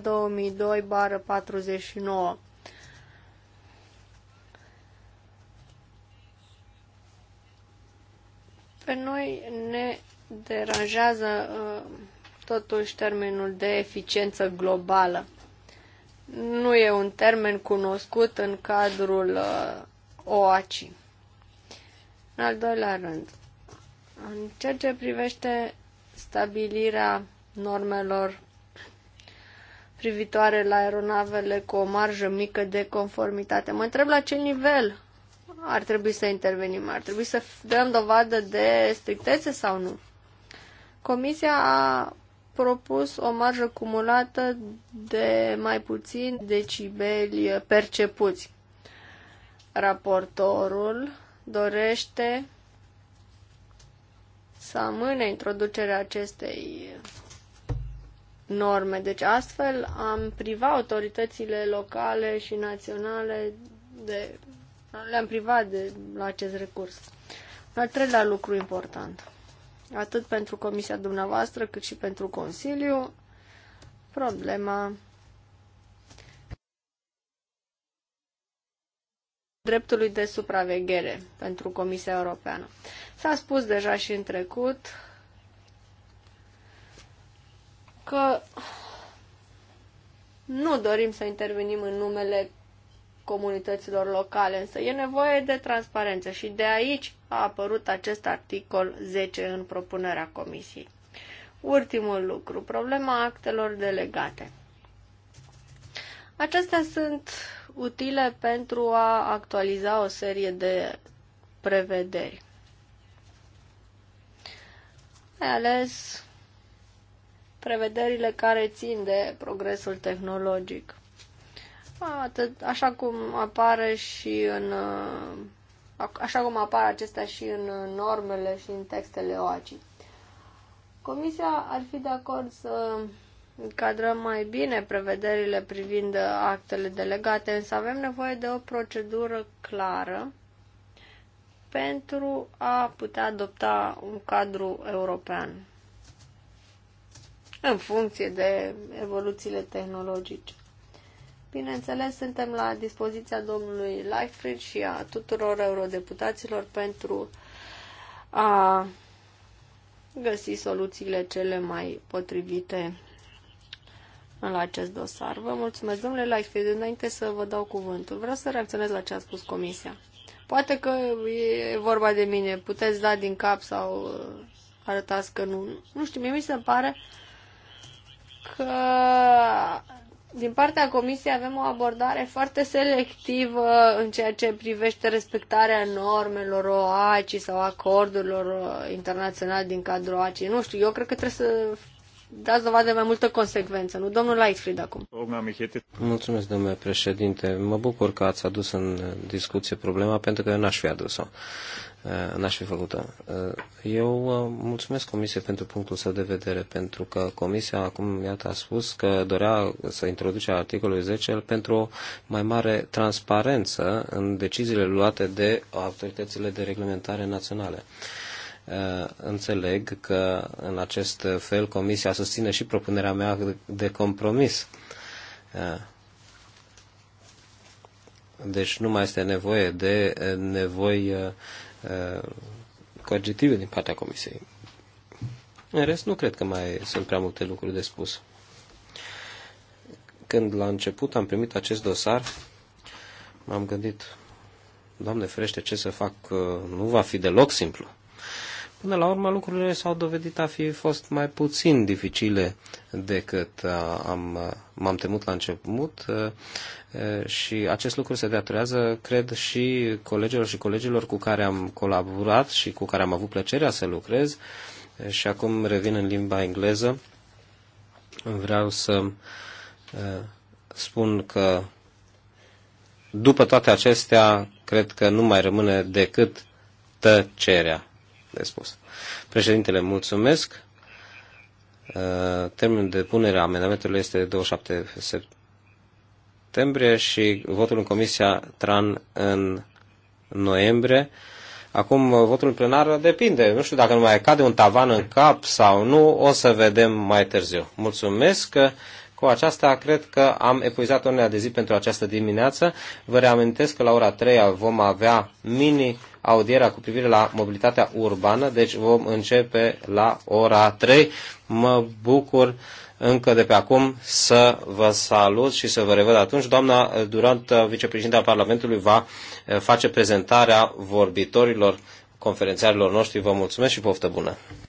Pe noi ne deranjează uh, totuși termenul de eficiență globală. Nu e un termen cunoscut în cadrul uh, OACI. În al doilea rând, în ceea ce privește stabilirea normelor privitoare la aeronavele cu o marjă mică de conformitate. Mă întreb la ce nivel ar trebui să intervenim? Ar trebui să dăm dovadă de strictețe sau nu? Comisia a propus o marjă cumulată de mai puțin decibeli percepuți raportorul dorește să amâne introducerea acestei norme. Deci astfel am privat autoritățile locale și naționale de le-am privat de la acest recurs. Un al treilea lucru important, atât pentru comisia dumneavoastră cât și pentru Consiliu, problema dreptului de supraveghere pentru Comisia Europeană. S-a spus deja și în trecut că nu dorim să intervenim în numele comunităților locale, însă e nevoie de transparență și de aici a apărut acest articol 10 în propunerea Comisiei. Ultimul lucru, problema actelor delegate. Acestea sunt utile pentru a actualiza o serie de prevederi. Ai ales prevederile care țin de progresul tehnologic. Atât, așa cum apare și în uh, așa cum apar acestea și în normele și în textele OACI. Comisia ar fi de acord să încadrăm mai bine prevederile privind actele delegate, însă avem nevoie de o procedură clară pentru a putea adopta un cadru european în funcție de evoluțiile tehnologice. Bineînțeles, suntem la dispoziția domnului Leifrid și a tuturor eurodeputaților pentru a găsi soluțiile cele mai potrivite la acest dosar. Vă mulțumesc, domnule Lightfield. Înainte să vă dau cuvântul, vreau să reacționez la ce a spus comisia. Poate că e vorba de mine, puteți da din cap sau uh, arătați că nu. Nu știu, mie mi se pare că din partea comisiei avem o abordare foarte selectivă în ceea ce privește respectarea normelor OACI sau acordurilor internaționale din cadrul OACI. Nu știu, eu cred că trebuie să dați dovadă de mai multă consecvență, nu? Domnul Lightfried acum. Mulțumesc, domnule președinte. Mă bucur că ați adus în discuție problema, pentru că eu n-aș fi adus-o. Eh, n-aș fi făcut-o. Eh, eu eh, mulțumesc Comisiei pentru punctul său de vedere, pentru că Comisia, acum iată, a spus că dorea să introduce articolul 10 pentru o mai mare transparență în deciziile luate de autoritățile de reglementare naționale. Uh, înțeleg că în acest fel Comisia susține și propunerea mea de compromis. Uh, deci nu mai este nevoie de uh, nevoi coercitive din partea Comisiei. În rest, nu cred că mai sunt prea multe lucruri de spus. Când la început am primit acest dosar, m-am gândit, Doamne ferește, ce să fac, nu va fi deloc simplu. Până la urmă, lucrurile s-au dovedit a fi fost mai puțin dificile decât uh, am, uh, m-am temut la început uh, și acest lucru se datorează, cred, și colegilor și colegilor cu care am colaborat și cu care am avut plăcerea să lucrez și acum revin în limba engleză. Vreau să spun că după toate acestea, cred că nu mai rămâne decât tăcerea de spus. Președintele, mulțumesc. Uh, termenul de punere a amendamentului este 27 septembrie și votul în Comisia TRAN în noiembrie. Acum uh, votul în plenar depinde. Nu știu dacă nu mai cade un tavan în cap sau nu, o să vedem mai târziu. Mulțumesc. Cu aceasta cred că am epuizat ordinea de zi pentru această dimineață. Vă reamintesc că la ora 3 vom avea mini audierea cu privire la mobilitatea urbană, deci vom începe la ora 3. Mă bucur încă de pe acum să vă salut și să vă revăd atunci. Doamna Durant, vicepreședinta Parlamentului, va eh, face prezentarea vorbitorilor, conferențiarilor noștri. Vă mulțumesc și poftă bună!